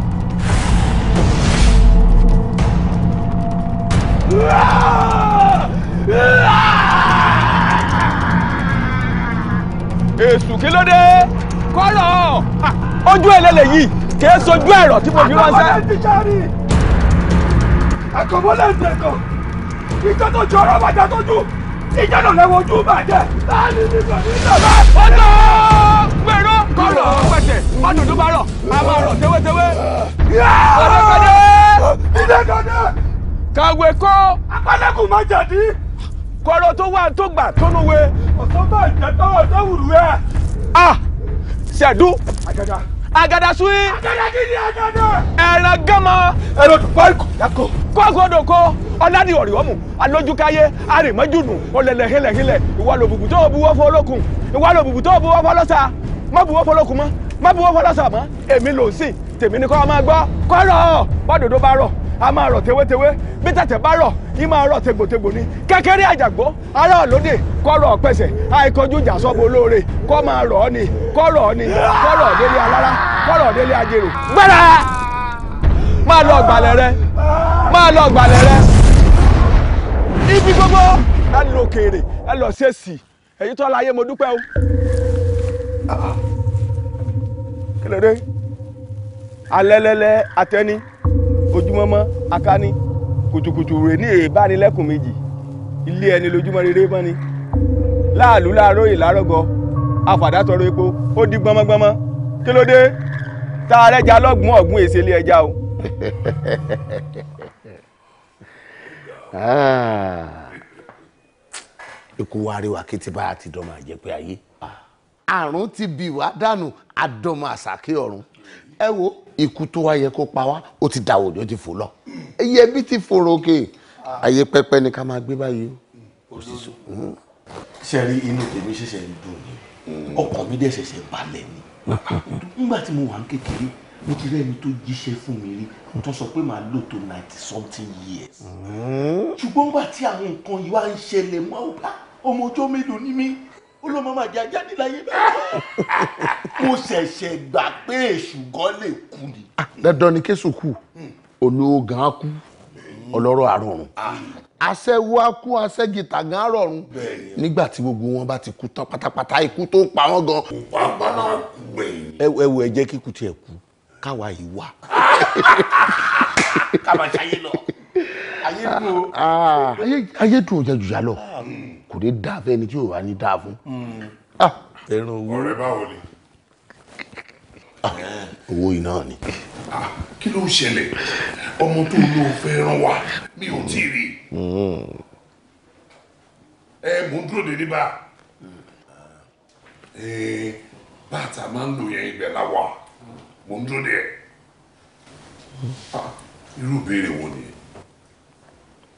èṣù kí ló dé kọ́rọ̀ ojú ẹlẹ́lẹ̀ yìí kìí sojú ẹ̀rọ tí mo fi ránṣẹ́. àkọ́bọ́lẹ̀ ti járe àkọ́bọ́lẹ̀ ti ẹ̀kọ́ ìtọ́jú ọ̀rọ̀ wájà tó dùn ìjà náà lẹ́wọ̀ ojú bàjẹ́ láàrin nígbà nígbà. ọjọ́ gbèrò kọ̀rọ̀ pẹ̀tẹ̀ bọ́dún tó bá rọ̀ a máa rọ̀ tẹ́wẹ́tẹ́wẹ́. ọ̀dẹ́kọ̀dẹ́ ìdẹ́kọ̀dẹ́. kàwé kó. apánákùn máa jàdí. kọ̀rọ̀ tó wà tó gbà tó nu we. ọ̀sán bá ìjẹ́ tọ́wọ́ tó wùrù ẹ̀. a ah! ṣẹ̀dú. àjàjà agada sui. agada kí ni agada. ẹran gánmọ. ẹran dubai kò yàgò. kọ́gọ́dọ̀kọ́ ọ̀làdì ọ̀rìọ́mù alójúkáyé arìmọ́jùnù ọ̀lẹ̀lẹ̀ hílẹ̀hílẹ̀ ìwà lòbùbù tó buwọ́ fọlọ́kùn ìwà lòbùbù tó buwọ́ fọlọ́sà má buwọ́ fọlọ́kùn mọ́ má buwọ́ fọlọ́sà mọ́ èmi lò sí tèmi ni kọ́ ọ máa gbọ́ kọ́rọ̀ bọ́dọ̀dọ̀ bá rọ̀ a máa rọ̀ tewetewe bí tẹ̀tẹ̀ bá rọ̀ yín máa rọ̀ ni kékeré àjàgbó ará òlódè kọ́rọ̀ ọ̀pẹ̀sẹ̀ àìkọjú ìjà sọ́bù olóore kọ́ máa rọ̀ ọ́ ni kọ́rọ̀ ọ́ ni kọ́rọ̀ ọ̀dẹ́lé alára kọ́rọ̀ ọ̀dẹ́lé ajérò. máa lọ gbalere. ibi gbogbo ẹ lọ ẹ lọ ojúmọ́mọ́ akáni kùtùkùtù rè ní èébánilẹ́kùn méjì ilé ẹni lójúmọ́ rere mọ́ ni láàlú láàárọ̀ yìí lárọ́gọ afàdá tọrọ epo ó di gbọmọgbọmọ kí ló dé tá a rẹ́jà lọ́gbùn ọ̀gbùn èsè ilé ẹja o. Ah. ikú wa rí wa kété bá a ti dọ́mọ àjẹpẹ́ ayé ah. àrùn ti bì wá dànù àdọ́mọ àsàké ọ̀run ẹ wo ikú tó wá yẹ kó pa wá ó ti dà òjò ti fò lọ èyí ẹbí ti fòrò òkè ayé pẹpẹ ni ká máa gbé báyìí o kò sí so. ṣe rí inú tèmi ṣẹ̀ṣẹ̀ ń dùn ni ọkàn mi dẹ̀ ṣẹ̀ṣẹ̀ balẹ̀ ni nígbà tí mo wà ń kékeré mo ti rẹ́ni tó jíṣẹ́ fún mi rí tó sọ pé màá lò tó ninety something years. Hmm. ṣùgbọ́n nígbà tí àwọn nǹkan yìí wá ń ṣẹlẹ̀ mọ́ ọ̀gá ọmọ ọjọ́ mélòó ni mí olóòmọ máa jẹ ajá níláyé báyìí mo ṣẹ̀ṣẹ̀ gbà pé èṣù gan lè kú ni. Ah, dandan ni kéṣù kù olóògàn á kú ọlọ́rọ̀ àrọ̀rùn ah. aṣẹ́wó á kú aṣẹ́gìtà gan rọ̀rùn nígbà tí gbogbo wọn bá ti kú tán pátápátá ikú tó ń pa wọ́n gan. ẹ wo ẹ jẹ́ kíkú tiẹ̀ kú káwa yìí wà. kábàṣayé lọ ayé dùn ó. Ah, ayé dùn ó jẹ́ jùjà lọ kò dé dáa fẹ́ni tí ò bá ní dáa fún. Hmm. Ah, ẹran owó ọ̀rẹ́ báwo ni. Ah, owó iná ni. Ah, kí ló ń ṣẹlẹ̀ ọmọ tó ló fẹ́ ràn wá mi ò tí ì rí ẹ hmm. eh, mò ń dúró dé ní bá bàtà máa ń lò yẹn ibẹ̀ láwà mò ń dúró dé irú ìbéèrè wo nìyẹn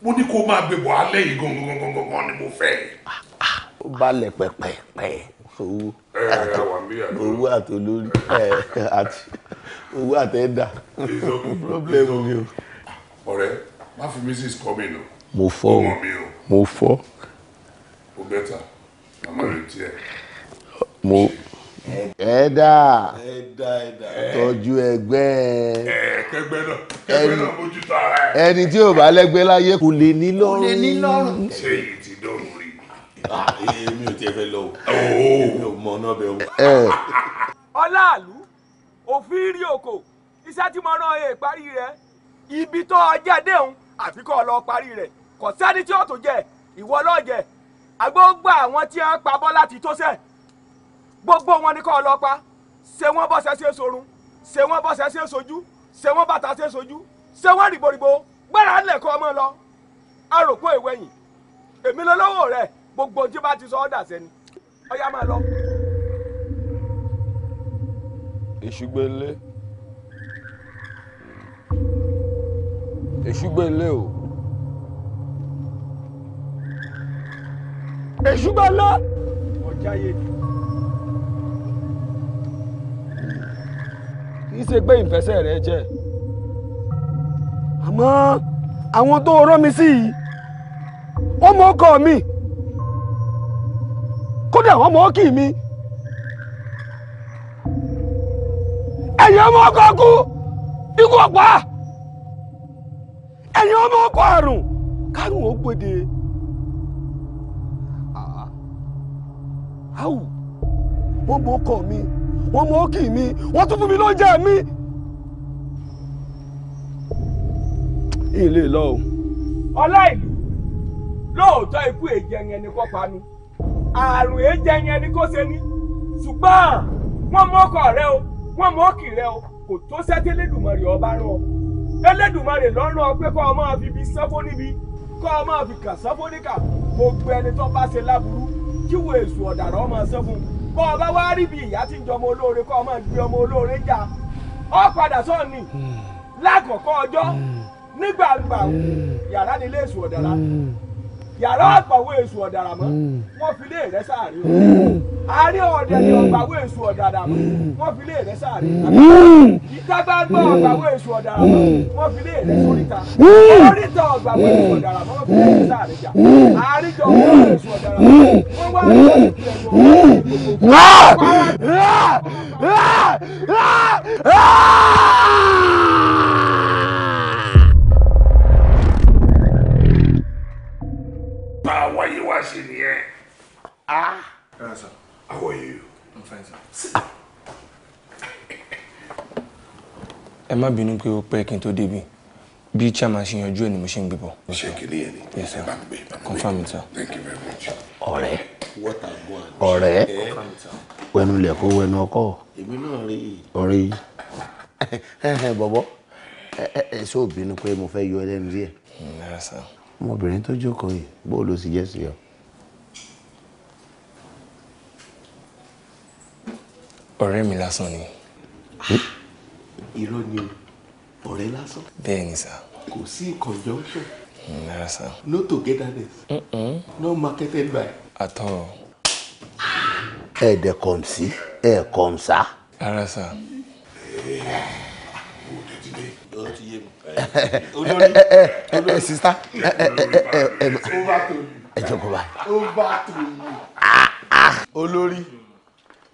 mo ní kó máa gbé bọ̀ yìí gangan ni mo fẹ́. ó balẹ̀ pẹ̀pẹ̀pẹ̀ owó owó àtolórí owó àtẹ́dà pírọ́blẹ́mù mi o. ọ̀rẹ́ má fi mrs kọ́mi nù. mo fọ́ o mo fọ́. o bẹ́ta màmá rẹ̀ tiẹ̀. mo ẹ̀dá tọ́jú ẹgbẹ́ ẹni tí ò bá lẹ́gbẹ́ láyé kò lè ní lọ́rùn. ṣé èyí ti dọ̀rùn rí èmi ah, eh, ò tiẹ̀ fẹ́ lọ o èmi oh. ò mọ náà bẹ́ẹ̀ o. Eh. Eh. ọláàlú òfin rí oko iṣẹ́ tí mo rán ẹ parí rẹ̀ ibi tó ọjà déhùn àfi kọ́ ọ lọ parí rẹ̀ kò sẹ́ni tí ó tó jẹ ìwọ lọ́ọ́ jẹ àgbógbó àwọn tí wọ́n pa bọ́ láti tó sẹ́ẹ̀ gbogbo wọn ni kọ́ lọ pa ṣe wọ́n bọ́sẹ̀ ṣe sorun ṣe wọ́n bọ́sẹ̀ ṣe sojú ṣe wọ́n bàtà ṣe sojú ṣe wọ́n rìbòrìbò gbára lẹ̀ ọmọ lọ arògbó ìwẹ̀yìn èmi lọ́wọ́ rẹ̀ gbogbo tí bá ti sọ ọ́ sẹ́ni ọ̀yá máa lọ. èṣùgbélé èṣùgbélé o. èṣùgbélé. ọjà yé ni. kì í ṣe pé ìfẹsẹ̀ rẹ jẹ́ àmọ́ àwọn tó rán mi sí yìí wọ́n mọ ọkọ mi kódà wọ́n mọ ọkì mi ẹ̀yin ọmọ ọkọ kú ikú ọ̀pá ẹ̀yin ọmọ ọkọ àrùn kárùn ó gbòde. áwù wọ́n mọ ọkọ mi wọ́n mọ ókì mi wọ́n tún fún mi lóúnjẹ mi. ilé lọ o. ọlá ìlú lóòótọ́ ikú èjẹ yẹn ni kò pa ni àrùn èjẹ yẹn ni kò ṣe ni ṣùgbọ́n wọ́n mọ ọkọ rẹ o wọ́n mọ ókì rẹ o kò tó sẹ́tẹ́lẹ́dùmarè ọba rán ọ ẹlẹ́dùmarè lọ́rùn pé kọ́ ọ máa fi bi sanfó níbi kọ́ ọ máa fi kà sanfó níkà gbogbo ẹni tó bá ṣe láburú kíwò èṣù ọ̀dàrà ọmọ sanfó bọ́ ọba wá rí bí ìyá tí ń jọmọ olóore kọ́ ọmọ ìgbé ọmọ olóore jà ọ padà sọ́ọ̀nì hmm. lákọ̀ọ́kọ́ ọjọ́ hmm. nígbàgbà hmm. yàrá nílé èṣù ọ̀dàrà yàrá àgbàwé hmm. èso ọ̀dàrà mọ́ wọ́n fi lé rẹ̀ hmm. sáàrí o hmm. àárẹ̀ ọ̀dẹ̀dẹ̀ ọ̀gbàwé èso ọ̀dàrà mọ́ wọ́n fi lé rẹ̀ sáàrí ìta gbangba ọ̀gbàwé èso ọ̀dàrà mọ́ wọ́n fi lé rẹ̀ sóríta oríta ọ̀gbàwé èso ọ̀dàrà mọ́ wọ́n fi lé rẹ̀ sáàrí jà àríjọ ọ̀gbàwé èso ọ̀dàrà mọ́ wọ́n wá ní ìpínlẹ̀ ọ̀gbàwé èso ọ̀dàrà mọ́ Ah. Yes, sir. How are you? I'm fine, sir. Emma má bínú pé ó pẹ́ kí n tó chairman ṣe yanjú ẹ̀ ni mo ṣe ń gbé bọ̀. Ṣé kìíní yẹn Yes, sir. Confirm it, sir. Thank you very much. What eh? Confirm it, sir. Ọ̀rẹ́. Ọ̀rẹ́. Wẹnu lẹ̀kọ́ wẹnu ọkọ́. Èmi náà rí i. Ọ̀rẹ́ yìí. Eh, eh, bọ̀bọ̀, ẹ ṣó bínú pé mo fẹ́ yọ ẹlẹ́nu díẹ̀. Mm, Ọmọbìnrin tó jókòó yìí, bó ló sì jẹ́ sí ọ? ọ̀rẹ́ mi lásán ni. Ah, irọ́ ni o ọ̀rẹ́ lásán. bẹ́ẹ̀ ni sá. kò sí conjunction. Hmm, rárá sá. no togetherness. no marketed by. àtọ. ẹ̀ẹ́dẹ̀ kọ̀m sí ẹ̀ kọ̀m sá. rárá sá. olórí olórí sista ẹ jọ kó báyìí. Ah, ah. olórí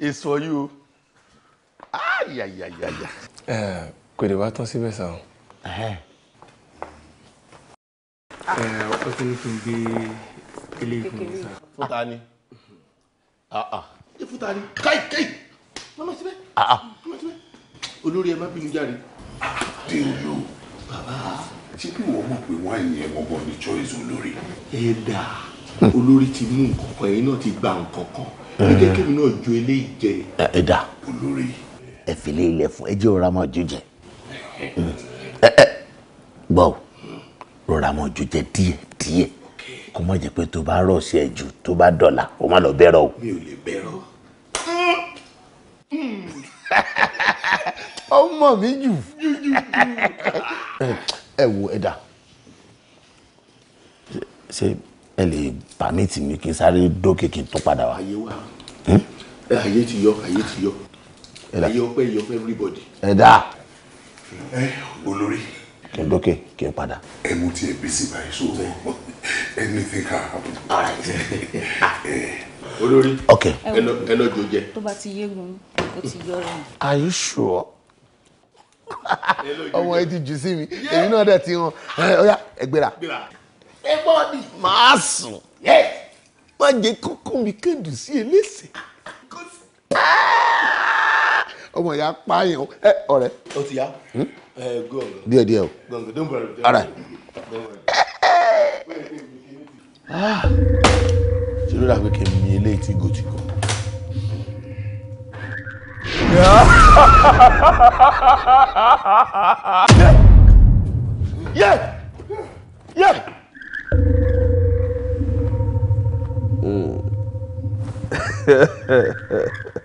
it's for you o kò lè wá tán síbẹ̀ sàn. ọkọ tí ní kí n gbé ilé ìfún mi sàn. fúta ni ah ah káì káì mọ́mọ́ síbẹ̀ olórí ẹ má bínú járe. dé olú bàbá ṣé kí wọ́n mọ̀ pé wọ́n àyìn ẹ̀wọ̀n bọ̀ ní choice olórí. ẹ dà olórí ti mú nǹkan kan ẹ̀yin náà ti gba nǹkan kan ẹ jẹ́ kí èmi náà ju eléyìí jẹ. ẹ dà olórí ẹ fìlẹ ilẹ̀ fún ẹ jẹ́ rọra máa jó jẹ mm. ẹ ẹ gbọ́ rọra máa jó jẹ díẹ̀ díẹ̀ kó má jẹ́ pé tó bá rọ̀ sí ẹ jù tó bá dọ̀là ó má lọ bẹ́rọ̀ o. mi ò lè bẹ́rọ̀. ọmọ mi jù ẹ wo ẹ dà ṣé ẹ lè bàmí tì mí kí n sáré dókè kí n tó padà wá. ayé wa hmm? ayé ti yọ ayé ti yọ ẹyẹ ọpẹ́ ẹyẹ ọpẹ́ everybody. ẹ dáa. ẹ olórí. kí n dókè kí n padà. ẹ mú tiẹ̀ bísí báyìí so anything can happen. olórí ẹ lọ jọ jẹ. tó bá ti yégun ó ti yọrọ. are you sure? ọmọ ẹ ti jù sí mi èmi náà dẹ̀ ti hàn ọ̀yà ẹ gbéra. ẹ bọ́ ni màá sùn má jẹ́ kókó mi kéde sí elése ọmọ ìyá pààyàn ẹ ọ̀rẹ́. ó ti yá hmm? gọ̀ǹgọ̀. díẹ̀ díẹ̀ o. gọ̀ǹgọ̀ don't worry. ara ah. ṣe ló dà pé kí n mi eléyìí tí gòtì kọ. yeah yeah. Mm.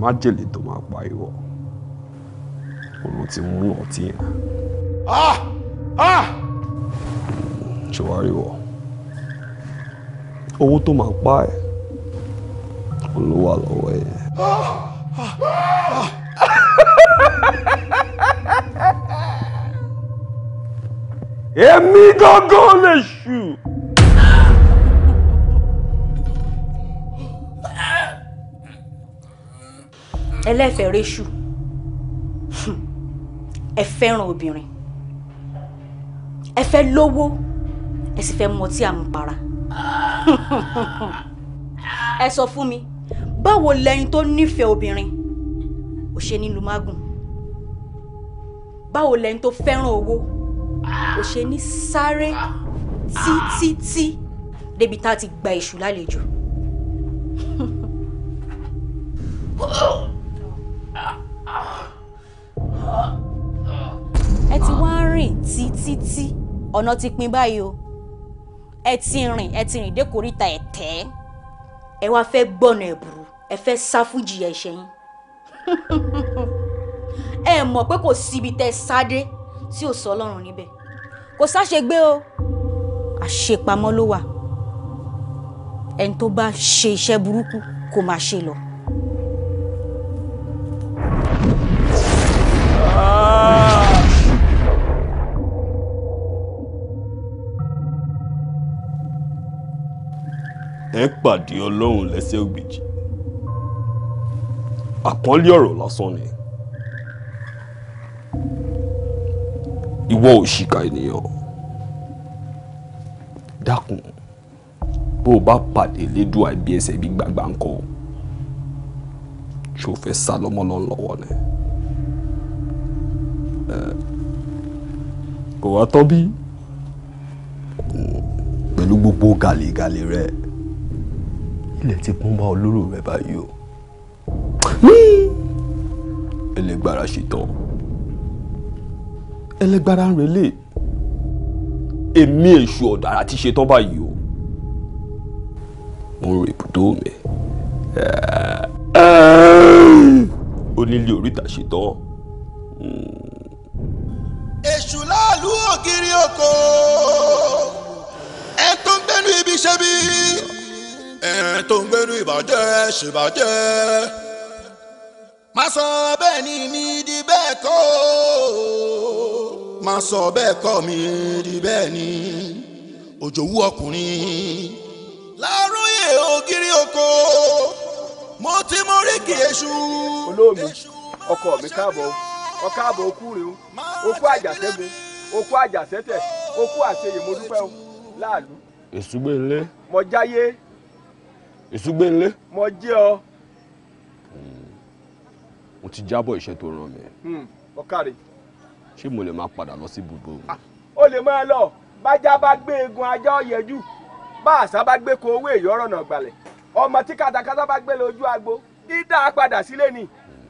májèlé tó máa pa ìwọ òun ti mú ọtí yẹn. Ah! Ah! ṣùwárí wọ owó tó máa pa ẹ olówó àlọ́wọ́ ẹ. èmi gángan lè ṣù. ẹlẹ́fẹ̀ẹ́ réṣù ẹ fẹ́ràn obìnrin ẹ fẹ́ lówó ẹ sì fẹ́ mọtí àmupara ẹ sọ fún mi báwo lẹ̀yin tó nífẹ̀ẹ́ obìnrin ò ṣe nílùú mágùn báwo lẹ̀yin tó fẹ́ràn owó ò ṣe ní sáré títítí débi tá a ti gba èṣù lálejò. Oh! ẹ ti wá rìn títí ọ̀nà ti pin báyìí o ẹ ti rìn ẹ ti rìn dé kòríta ẹ̀tẹ́ ẹ wá fẹ́ gbọ́nà ẹ̀bùrú ẹ fẹ́ sá fún jìyà ẹ̀ṣẹ̀ yín ẹ mọ̀ pé kò síbi tẹ́ sáde tí ò sọ ọlọ́run níbẹ̀ kò sáṣegbé o àṣepamọ́ ló wà ẹni tó bá ṣe iṣẹ́ burúkú kò máa ṣe lọ. ẹ pàdé ọlọ́run lẹ́sẹ̀ ògbèjì àkọ́lé ọ̀rọ̀ lásán ni ìwọ òṣìkà ènìyàn dákun bó o bá pàdé lédùn àìbí ẹsẹ̀ bí gbàgbà ńkọ́ ṣó fẹ́ sá lọ́mọ́ lọ́n lọ́wọ́ ni kò wá tán bí pẹ̀lú gbogbo gàlégàlé rẹ̀ ilẹ̀ ti kún bá olóró rẹ̀ báyìí o ẹlẹgbàrà ṣetán ẹlẹgbàrà ń relé èmi èṣù ọ̀dàrà ti ṣetán báyìí o mo rò ibùdó mi onílé oríta ṣetán. èṣù láàlú ògiri oko ẹ tó ń gbẹnu ibi ṣe bí ẹ̀rìn tó ń gbẹ́nu ìbàjẹ́ ṣèbàjẹ́. má sọ bẹ́ẹ̀ ni mi di bẹ́ẹ̀ kọ́ má sọ bẹ́ẹ̀ kọ́ mi di bẹ́ẹ̀ ni òjòwú ọkùnrin. láròyè ògiri oko mo ti mú ríkì èṣù. olóòmì ọkọ mi káàbọ̀ ọ káàbọ̀ okú rè o okú àjàṣẹ́gun okú àjàṣẹ́tẹ̀ okú àṣeyè mo dúpẹ́ o láàlú. èṣù gbé mo jáyé Èṣùgbẹ́nlé. mo jẹ́ ọ. Hmm. mo ti jábọ̀ iṣẹ́ tó ràn mí. ọ̀kàrẹ̀. ṣé mo lè máa padà lọ sí ibùdó mi. Ah, o lè máa lọ bájá bá gbé egun ajá ọ̀yẹ́jú bá àṣà bá gbé ko owó èyí ọ̀rọ̀ náà gbalẹ̀ ọmọ tí katakata bá gbé lójú agbo dídá padà sílé ni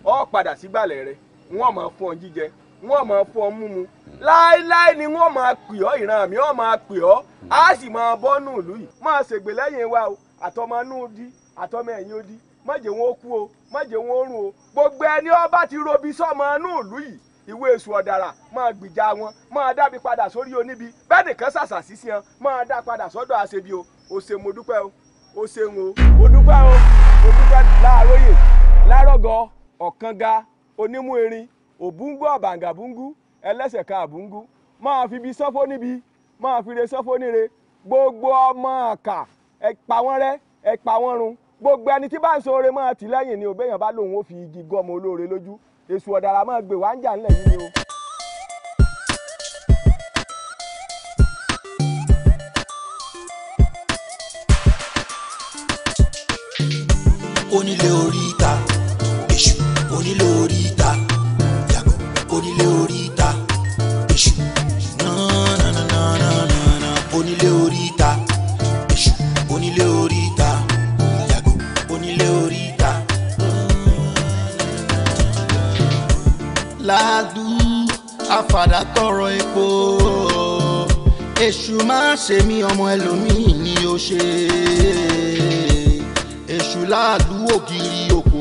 ọ padà sígbàlẹ̀ rẹ wọn máa fún ọ jíjẹ wọn máa fún ọ múmu láéláé ni wọn máa pè ọ ìran mi wọn máa pè ọ á sì máa bọ́nù ìlú yìí máa ṣègbè lẹ́yìn wa o àtọmọ di, odi àtọmọ ẹ̀yìn odi má jẹ́ wọn ó kú o má jẹ́ wọn ó rùn o gbogbo ẹni ọba ti robi sọmọ inú ìlú yìí ìwé èṣù ọ̀dàrà máa gbìjà wọn máa dábì padà sórí oníbi bẹ́ẹ̀ nìkan ṣàṣà sísìn ọ́n máa dá padà sọ́dọ̀ àṣebi o ò ṣe mo dúpẹ́ o ò ṣe ń o mo dúpẹ́ o mo dúpẹ́ láàróyè lárọ̀gọ́ ọ̀kanga onímú erin òbúngú ọ̀bàǹgàbúngú ẹlẹ́sẹ̀ ká àbúngú máa fi ibi sọ́fọ́ níbi máa fi re sọ́fọ́ níre gbogbo ọmọ àkà ẹ pa wọ́n rẹ́ ẹ pa wọ́n run gbogbo ẹni tí bá ń ṣoore mọ́ ti lẹ́yìn ni òbẹ́yàn bá lòun ó fi igi gọ́mọ olóore lójú èṣù ọ̀dàrà mọ́ gbé wá ń jà ńlẹ̀ yìí o. onílé oríta èṣù onílé oríta yàgò onílé oríta. onílé yago, yàgò onílé oríta. láàdú àfàdà tọrọ epo èṣù máa ṣe mí ọmọ ẹlòmíì ni ó ṣe èṣù láàlú ògiri òkò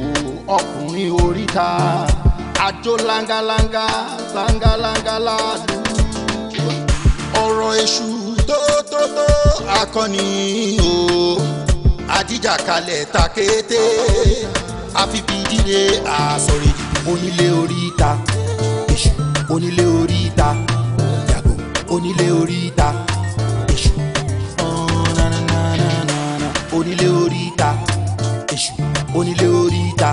ọkùnrin oríta àjò langalanga langalanga láàlú ọ̀rọ̀ èṣù tótótó akọni o àjíjàkalẹ̀ ta kété àfipìdíre àsọ̀rẹ̀ onílé oríta èṣù onílé oríta yàgò onílé oríta èṣù onílé oríta èṣù onílé oríta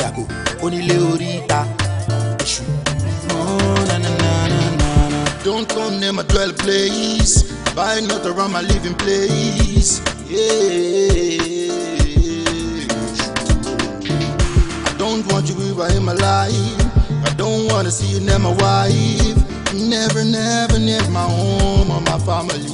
yàgò onílé oríta. don't come near my dwell place. Buy not around my living place. Yeah. I don't want you ever in my life. I don't wanna see you near my wife. Never, never near my home or my family.